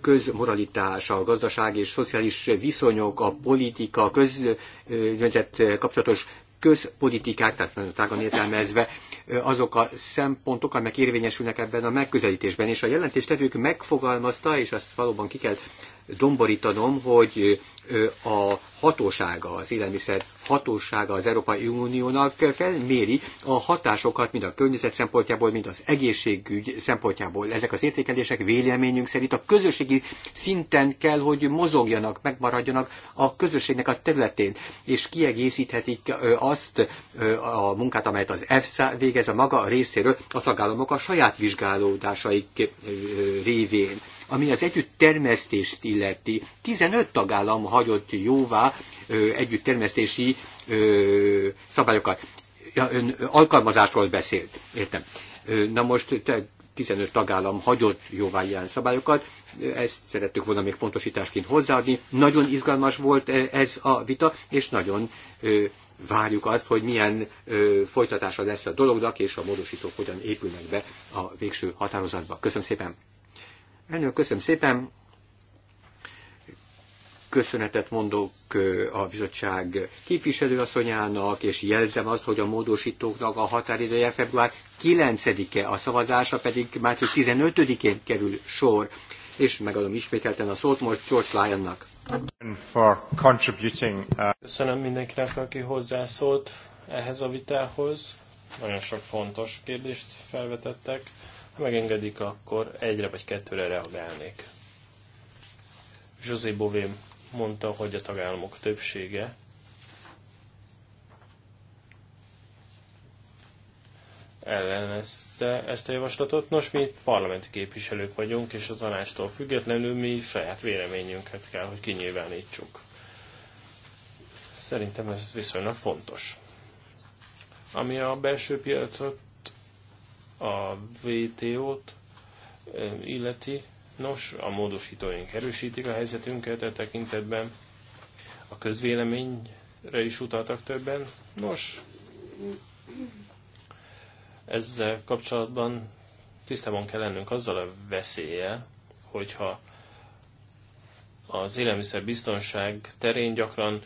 közmoralitás, a gazdaság és szociális viszonyok, a politika, a közvezet kapcsolatos közpolitikák, tehát tágan értelmezve, azok a szempontok, amelyek érvényesülnek ebben a megközelítésben. És a jelentéstevők megfogalmazta, és azt valóban ki kell domborítanom, hogy a hatósága, az élelmiszer hatósága az Európai Uniónak felméri a hatásokat mind a környezet szempontjából, mind az egészségügy szempontjából. Ezek az értékelések véleményünk szerint a közösségi szinten kell, hogy mozogjanak, megmaradjanak a közösségnek a területén, és kiegészíthetik azt a munkát, amelyet az EFSA végez a maga részéről a tagállamok a saját vizsgálódásaik révén ami az együtttermesztést illeti. 15 tagállam hagyott jóvá együtttermesztési szabályokat. Ön alkalmazásról beszélt, értem. Na most 15 tagállam hagyott jóvá ilyen szabályokat, ezt szerettük volna még pontosításként hozzáadni. Nagyon izgalmas volt ez a vita, és nagyon várjuk azt, hogy milyen folytatása lesz a dolognak, és a módosítók hogyan épülnek be a végső határozatba. Köszönöm szépen! Elnök, köszönöm szépen. Köszönetet mondok a bizottság képviselőasszonyának, és jelzem azt, hogy a módosítóknak a határidője február 9-e, a szavazása pedig március 15-én kerül sor. És megadom ismételten a szót most George Lyonnak. Uh, köszönöm mindenkinek, aki hozzászólt ehhez a vitához. Nagyon sok fontos kérdést felvetettek. Ha megengedik, akkor egyre vagy kettőre reagálnék. José Bové mondta, hogy a tagállamok többsége ellenezte ezt a javaslatot. Nos, mi parlamenti képviselők vagyunk, és a tanácstól függetlenül mi saját véleményünket kell, hogy kinyilvánítsuk. Szerintem ez viszonylag fontos. Ami a belső piacot a VTO-t illeti. Nos, a módosítóink erősítik a helyzetünket e tekintetben. A közvéleményre is utaltak többen. Nos, ezzel kapcsolatban tisztában kell lennünk azzal a veszélye, hogyha az élelmiszer biztonság terén gyakran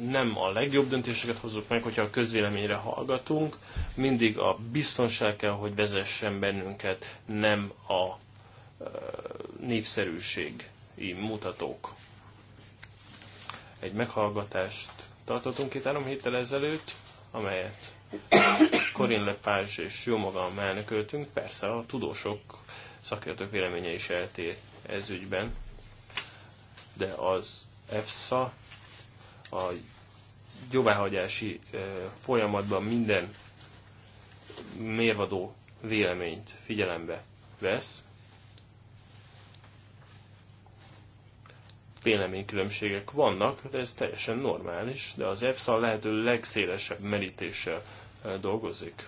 nem a legjobb döntéseket hozzuk meg, hogyha a közvéleményre hallgatunk, mindig a biztonság kell, hogy vezessen bennünket, nem a népszerűségi mutatók. Egy meghallgatást tartottunk itt három héttel ezelőtt, amelyet Corinne Lepage és jó magam elnököltünk. Persze a tudósok, szakértők véleménye is eltér ez ügyben, de az EFSA a jóváhagyási folyamatban minden mérvadó véleményt figyelembe vesz, véleménykülönbségek vannak, de ez teljesen normális, de az EFSA lehető legszélesebb merítéssel dolgozik.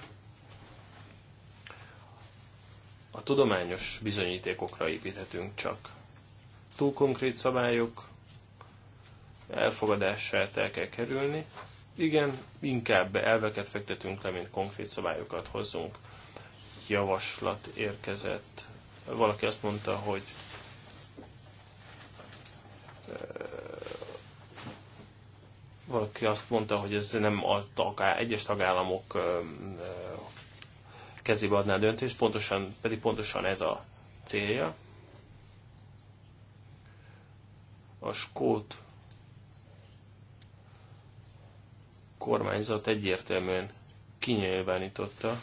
A tudományos bizonyítékokra építhetünk csak. Túl konkrét szabályok elfogadását el kell kerülni. Igen, inkább elveket fektetünk le, mint konkrét szabályokat hozzunk. Javaslat érkezett. Valaki azt mondta, hogy eh, valaki azt mondta, hogy ez nem a tagá, egyes tagállamok eh, kezébe adná a döntést, pontosan, pedig pontosan ez a célja. A skót kormányzat egyértelműen kinyilvánította,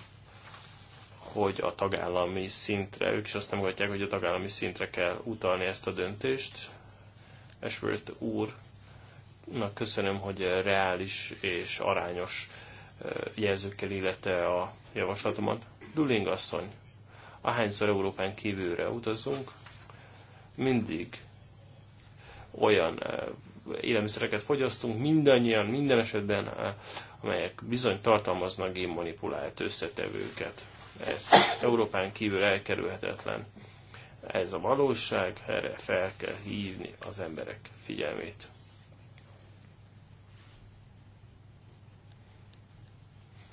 hogy a tagállami szintre, ők is azt gondolják, hogy a tagállami szintre kell utalni ezt a döntést. úr, úrnak köszönöm, hogy reális és arányos jelzőkkel illette a javaslatomat. Duling asszony, ahányszor Európán kívülre utazunk, mindig olyan élelmiszereket fogyasztunk, mindannyian, minden esetben, eh, amelyek bizony tartalmaznak génmanipulált összetevőket. Ez Európán kívül elkerülhetetlen. Ez a valóság, erre fel kell hívni az emberek figyelmét.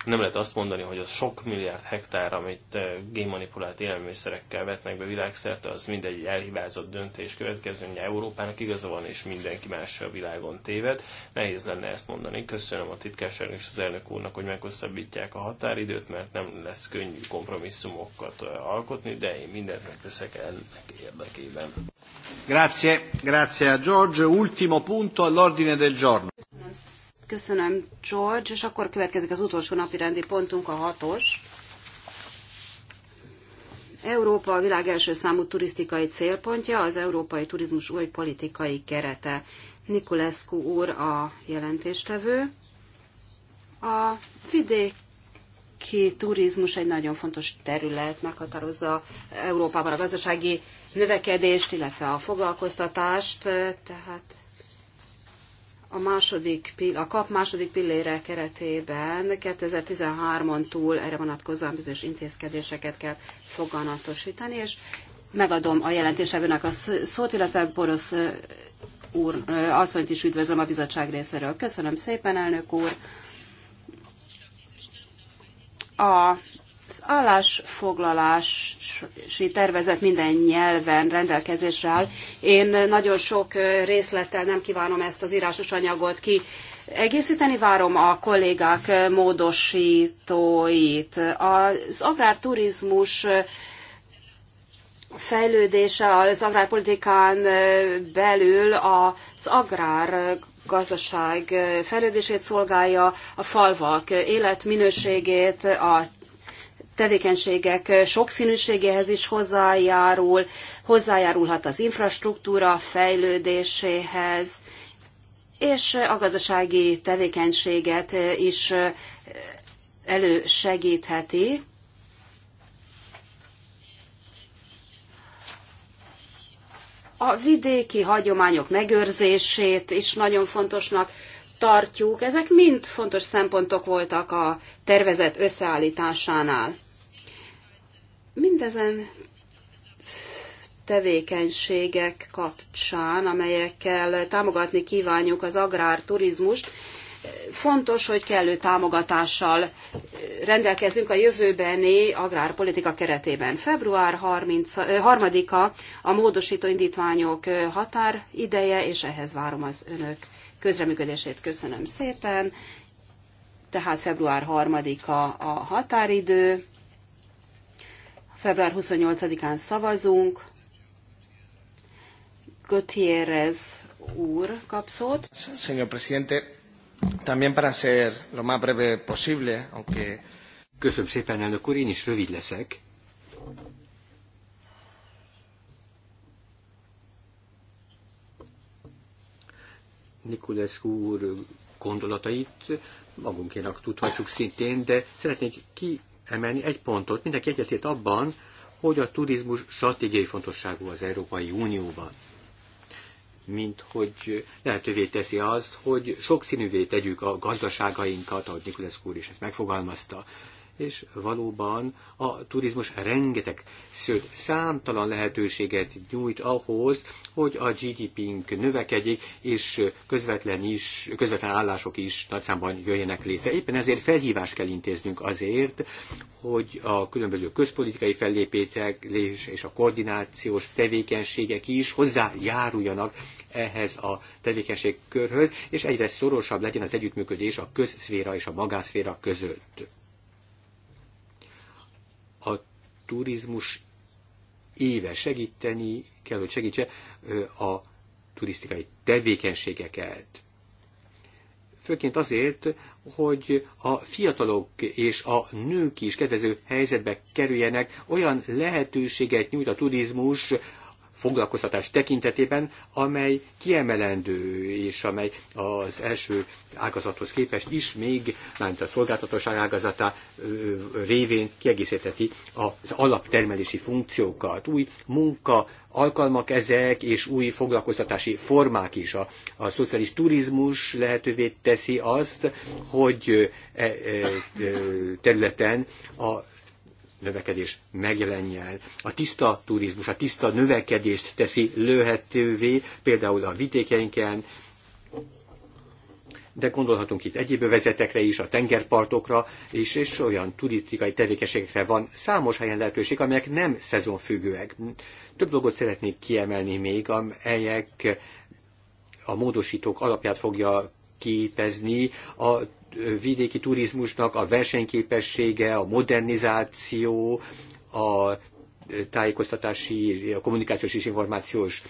nem lehet azt mondani, hogy az sok milliárd hektár, amit eh, génmanipulált élelmiszerekkel vetnek be világszerte, az mindegy elhibázott döntés hogy Európának igaza van, és mindenki más a világon téved. Nehéz lenne ezt mondani. Köszönöm a titkárságnak és az elnök úrnak, hogy meghosszabbítják a határidőt, mert nem lesz könnyű kompromisszumokat eh, alkotni, de én mindent megteszek ennek érdekében. Grazie, grazie a George. Ultimo punto all'ordine del giorno. Köszönöm, George, és akkor következik az utolsó napi rendi pontunk, a hatos. Európa a világ első számú turisztikai célpontja, az Európai Turizmus új politikai kerete. Nikolescu úr a jelentéstevő. A vidéki turizmus egy nagyon fontos terület, meghatározza Európában a gazdasági növekedést, illetve a foglalkoztatást, tehát a, második, a kap második pillére keretében 2013-on túl erre vonatkozóan bizonyos intézkedéseket kell foganatosítani, és megadom a jelentéstevőnek a szót, illetve Borosz úr, asszonyt is üdvözlöm a bizottság részéről. Köszönöm szépen, elnök úr! A az állásfoglalási tervezet minden nyelven rendelkezésre áll. Én nagyon sok részlettel nem kívánom ezt az írásos anyagot ki. Egészíteni várom a kollégák módosítóit. Az agrárturizmus fejlődése az agrárpolitikán belül az agrár gazdaság fejlődését szolgálja, a falvak életminőségét, a tevékenységek sokszínűségéhez is hozzájárul, hozzájárulhat az infrastruktúra fejlődéséhez, és a gazdasági tevékenységet is elősegítheti. A vidéki hagyományok megőrzését is nagyon fontosnak tartjuk. Ezek mind fontos szempontok voltak a tervezet összeállításánál. Mindezen tevékenységek kapcsán, amelyekkel támogatni kívánjuk az agrárturizmust, fontos, hogy kellő támogatással rendelkezünk a jövőbeni agrárpolitika keretében. Február 3-a a módosító indítványok határideje, és ehhez várom az önök közreműködését. Köszönöm szépen. Tehát február 3-a a határidő. Február 28-án szavazunk. Gutiérrez úr kap szót. Señor presidente, también para ser lo más breve posible, aunque... Köszönöm szépen, elnök úr, én is rövid leszek. Nikulescu úr gondolatait magunkénak tudhatjuk szintén, de szeretnék ki emelni egy pontot. Mindenki egyetért abban, hogy a turizmus stratégiai fontosságú az Európai Unióban. Mint hogy lehetővé teszi azt, hogy sokszínűvé tegyük a gazdaságainkat, ahogy Nikolász úr is ezt megfogalmazta és valóban a turizmus rengeteg, sőt számtalan lehetőséget nyújt ahhoz, hogy a GDP-nk növekedjék, és közvetlen, is, közvetlen állások is nagy számban jöjjenek létre. Éppen ezért felhívást kell intéznünk azért, hogy a különböző közpolitikai fellépések és a koordinációs tevékenységek is hozzájáruljanak ehhez a tevékenységkörhöz, és egyre szorosabb legyen az együttműködés a közszféra és a magánszféra között. turizmus éve segíteni kell, hogy segítse a turisztikai tevékenységeket. Főként azért, hogy a fiatalok és a nők is kedvező helyzetbe kerüljenek, olyan lehetőséget nyújt a turizmus, foglalkoztatás tekintetében, amely kiemelendő, és amely az első ágazathoz képest is még, mármint a szolgáltatóság ágazata révén kiegészítheti az alaptermelési funkciókat. Új munka alkalmak ezek, és új foglalkoztatási formák is. A, a szociális turizmus lehetővé teszi azt, hogy e, e, területen a növekedés megjelenjen. A tiszta turizmus, a tiszta növekedést teszi lőhetővé, például a vidékeinken, de gondolhatunk itt egyéb vezetekre is, a tengerpartokra és és olyan turisztikai tevékenységekre van számos helyen lehetőség, amelyek nem szezonfüggőek. Több dolgot szeretnék kiemelni még, amelyek a módosítók alapját fogja képezni a vidéki turizmusnak a versenyképessége, a modernizáció, a tájékoztatási, a kommunikációs és információs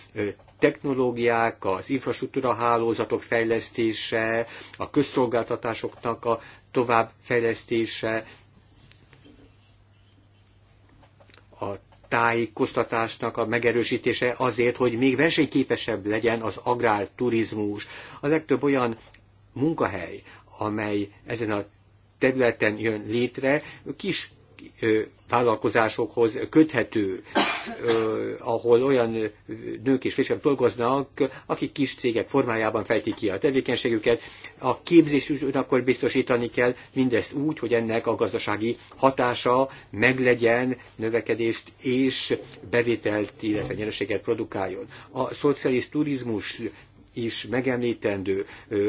technológiák, az infrastruktúra hálózatok fejlesztése, a közszolgáltatásoknak a továbbfejlesztése, a tájékoztatásnak a megerősítése azért, hogy még versenyképesebb legyen az agrárturizmus. A legtöbb olyan munkahely, amely ezen a területen jön létre, kis vállalkozásokhoz köthető, ahol olyan nők és férfiak dolgoznak, akik kis cégek formájában fejtik ki a tevékenységüket. A képzés akkor biztosítani kell mindezt úgy, hogy ennek a gazdasági hatása meglegyen, növekedést és bevételt, illetve nyereséget produkáljon. A szociális turizmus is megemlítendő,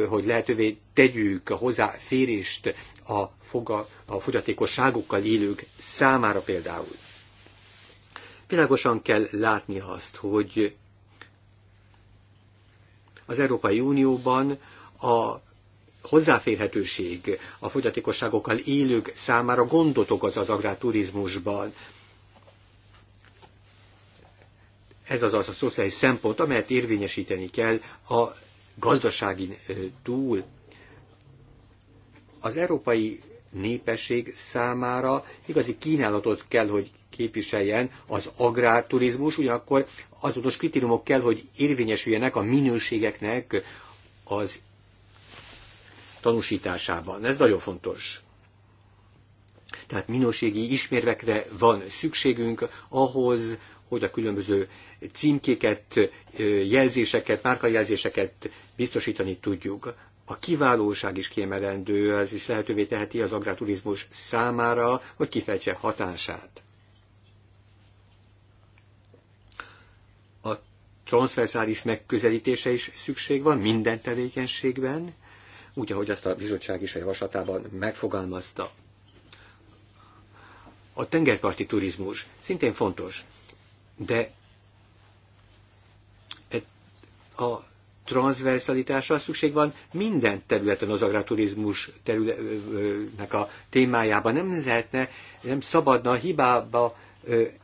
hogy lehetővé tegyük a hozzáférést a, foga, a fogyatékosságokkal élők számára például. Világosan kell látni azt, hogy az Európai Unióban a hozzáférhetőség a fogyatékosságokkal élők számára gondot okoz az agrárturizmusban. ez az a szociális szempont, amelyet érvényesíteni kell a gazdasági túl. Az európai népesség számára igazi kínálatot kell, hogy képviseljen az agrárturizmus, ugyanakkor azonos kritériumok kell, hogy érvényesüljenek a minőségeknek az tanúsításában. Ez nagyon fontos. Tehát minőségi ismérvekre van szükségünk ahhoz, hogy a különböző címkéket, jelzéseket, márkajelzéseket biztosítani tudjuk. A kiválóság is kiemelendő, ez is lehetővé teheti az agráturizmus számára, hogy kifejtse hatását. A transzverszális megközelítése is szükség van minden tevékenységben, úgy, ahogy azt a bizottság is a javaslatában megfogalmazta. A tengerparti turizmus szintén fontos de a transversalitásra szükség van minden területen az agraturizmus területnek a témájában. Nem lehetne, nem szabadna hibába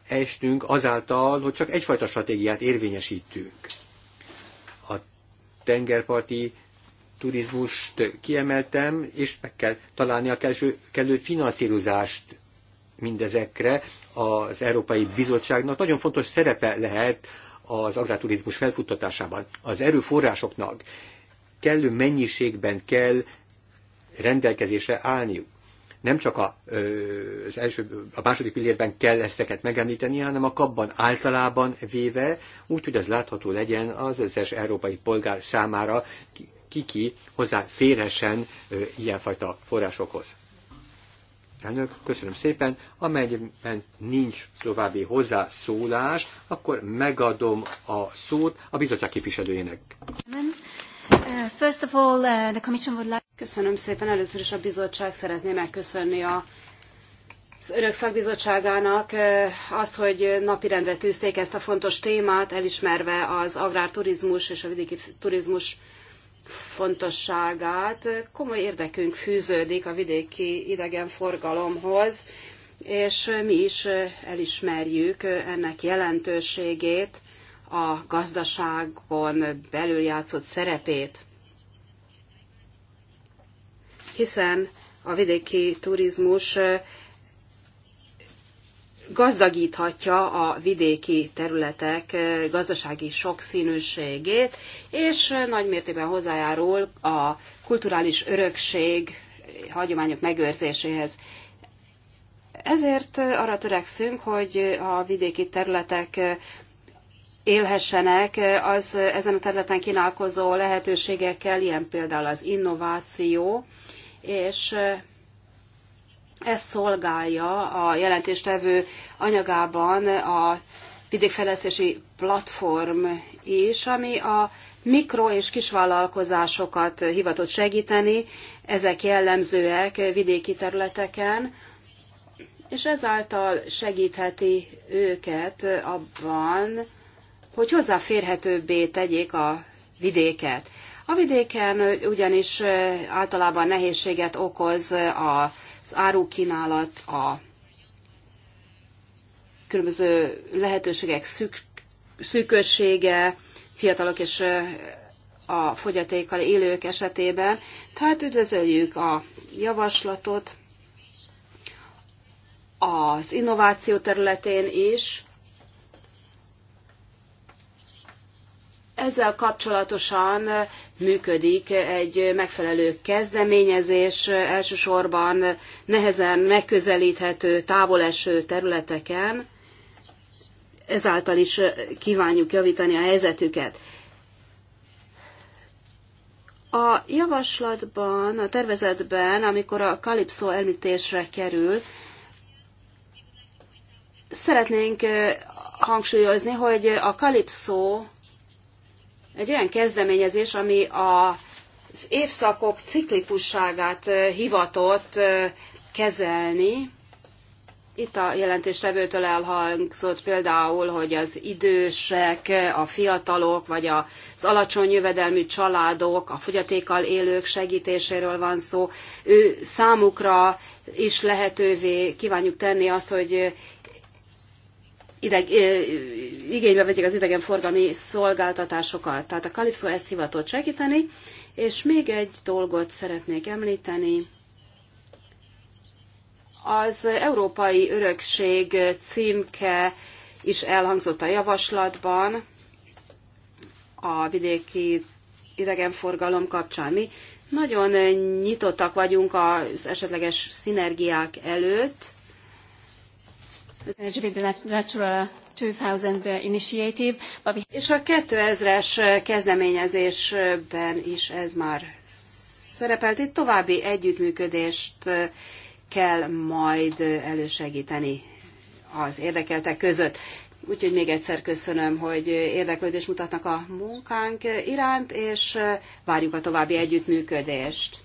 esnünk azáltal, hogy csak egyfajta stratégiát érvényesítünk. A tengerparti turizmust kiemeltem, és meg kell találni a kellő, kellő finanszírozást mindezekre az Európai Bizottságnak nagyon fontos szerepe lehet az agrárturizmus felfuttatásában. Az erőforrásoknak kellő mennyiségben kell rendelkezésre állniuk. Nem csak a, az első, a második pillérben kell ezteket megemlíteni, hanem a kapban általában véve, úgy, hogy az látható legyen az összes európai polgár számára, kiki ki, hozzá férhessen ilyenfajta forrásokhoz. Elnök, köszönöm szépen. Amennyiben nincs további hozzászólás, akkor megadom a szót a bizottság képviselőjének. Uh, köszönöm szépen. Először is a bizottság szeretné megköszönni a az Önök szakbizottságának uh, azt, hogy napirendre tűzték ezt a fontos témát, elismerve az agrárturizmus és a vidéki turizmus fontosságát. Komoly érdekünk fűződik a vidéki idegenforgalomhoz, és mi is elismerjük ennek jelentőségét, a gazdaságon belül játszott szerepét. Hiszen a vidéki turizmus gazdagíthatja a vidéki területek eh, gazdasági sokszínűségét, és eh, nagy mértékben hozzájárul a kulturális örökség eh, hagyományok megőrzéséhez. Ezért arra törekszünk, hogy a vidéki területek élhessenek az ezen a területen kínálkozó lehetőségekkel, ilyen például az innováció, és ez szolgálja a jelentéstevő anyagában a vidékfejlesztési platform is, ami a mikro- és kisvállalkozásokat hivatott segíteni, ezek jellemzőek vidéki területeken, és ezáltal segítheti őket abban, hogy hozzáférhetőbbé tegyék a vidéket. A vidéken ugyanis eh, általában nehézséget okoz a az árukínálat, a különböző lehetőségek szűk, szűkössége fiatalok és a fogyatékkal élők esetében. Tehát üdvözöljük a javaslatot az innováció területén is, Ezzel kapcsolatosan működik egy megfelelő kezdeményezés, elsősorban nehezen megközelíthető, távoleső területeken. Ezáltal is kívánjuk javítani a helyzetüket. A javaslatban, a tervezetben, amikor a kalipszó említésre kerül, szeretnénk hangsúlyozni, hogy a kalipszó egy olyan kezdeményezés, ami az évszakok ciklikusságát hivatott kezelni. Itt a jelentéstevőtől elhangzott például, hogy az idősek, a fiatalok, vagy az alacsony jövedelmű családok, a fogyatékkal élők segítéséről van szó. Ő számukra is lehetővé kívánjuk tenni azt, hogy ideg, igénybe vegyék az idegenforgalmi szolgáltatásokat. Tehát a Calypso ezt hivatott segíteni, és még egy dolgot szeretnék említeni. Az Európai Örökség címke is elhangzott a javaslatban a vidéki idegenforgalom kapcsán. Mi nagyon nyitottak vagyunk az esetleges szinergiák előtt, Uh, és a 2000-es uh, kezdeményezésben is ez már szerepelt. Itt további együttműködést uh, kell majd elősegíteni az érdekeltek között. Úgyhogy még egyszer köszönöm, hogy érdeklődést mutatnak a munkánk iránt, és várjuk a további együttműködést.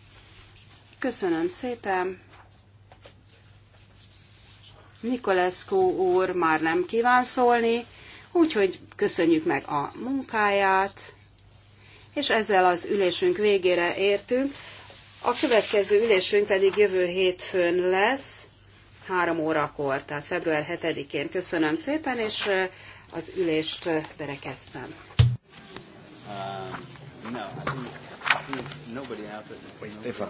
Köszönöm szépen! Nikolescu úr már nem kíván szólni, úgyhogy köszönjük meg a munkáját, és ezzel az ülésünk végére értünk. A következő ülésünk pedig jövő hétfőn lesz, 3 órakor, tehát február 7-én. Köszönöm szépen, és az ülést berekeztem. Um, no, nobody out. Poi Stefano,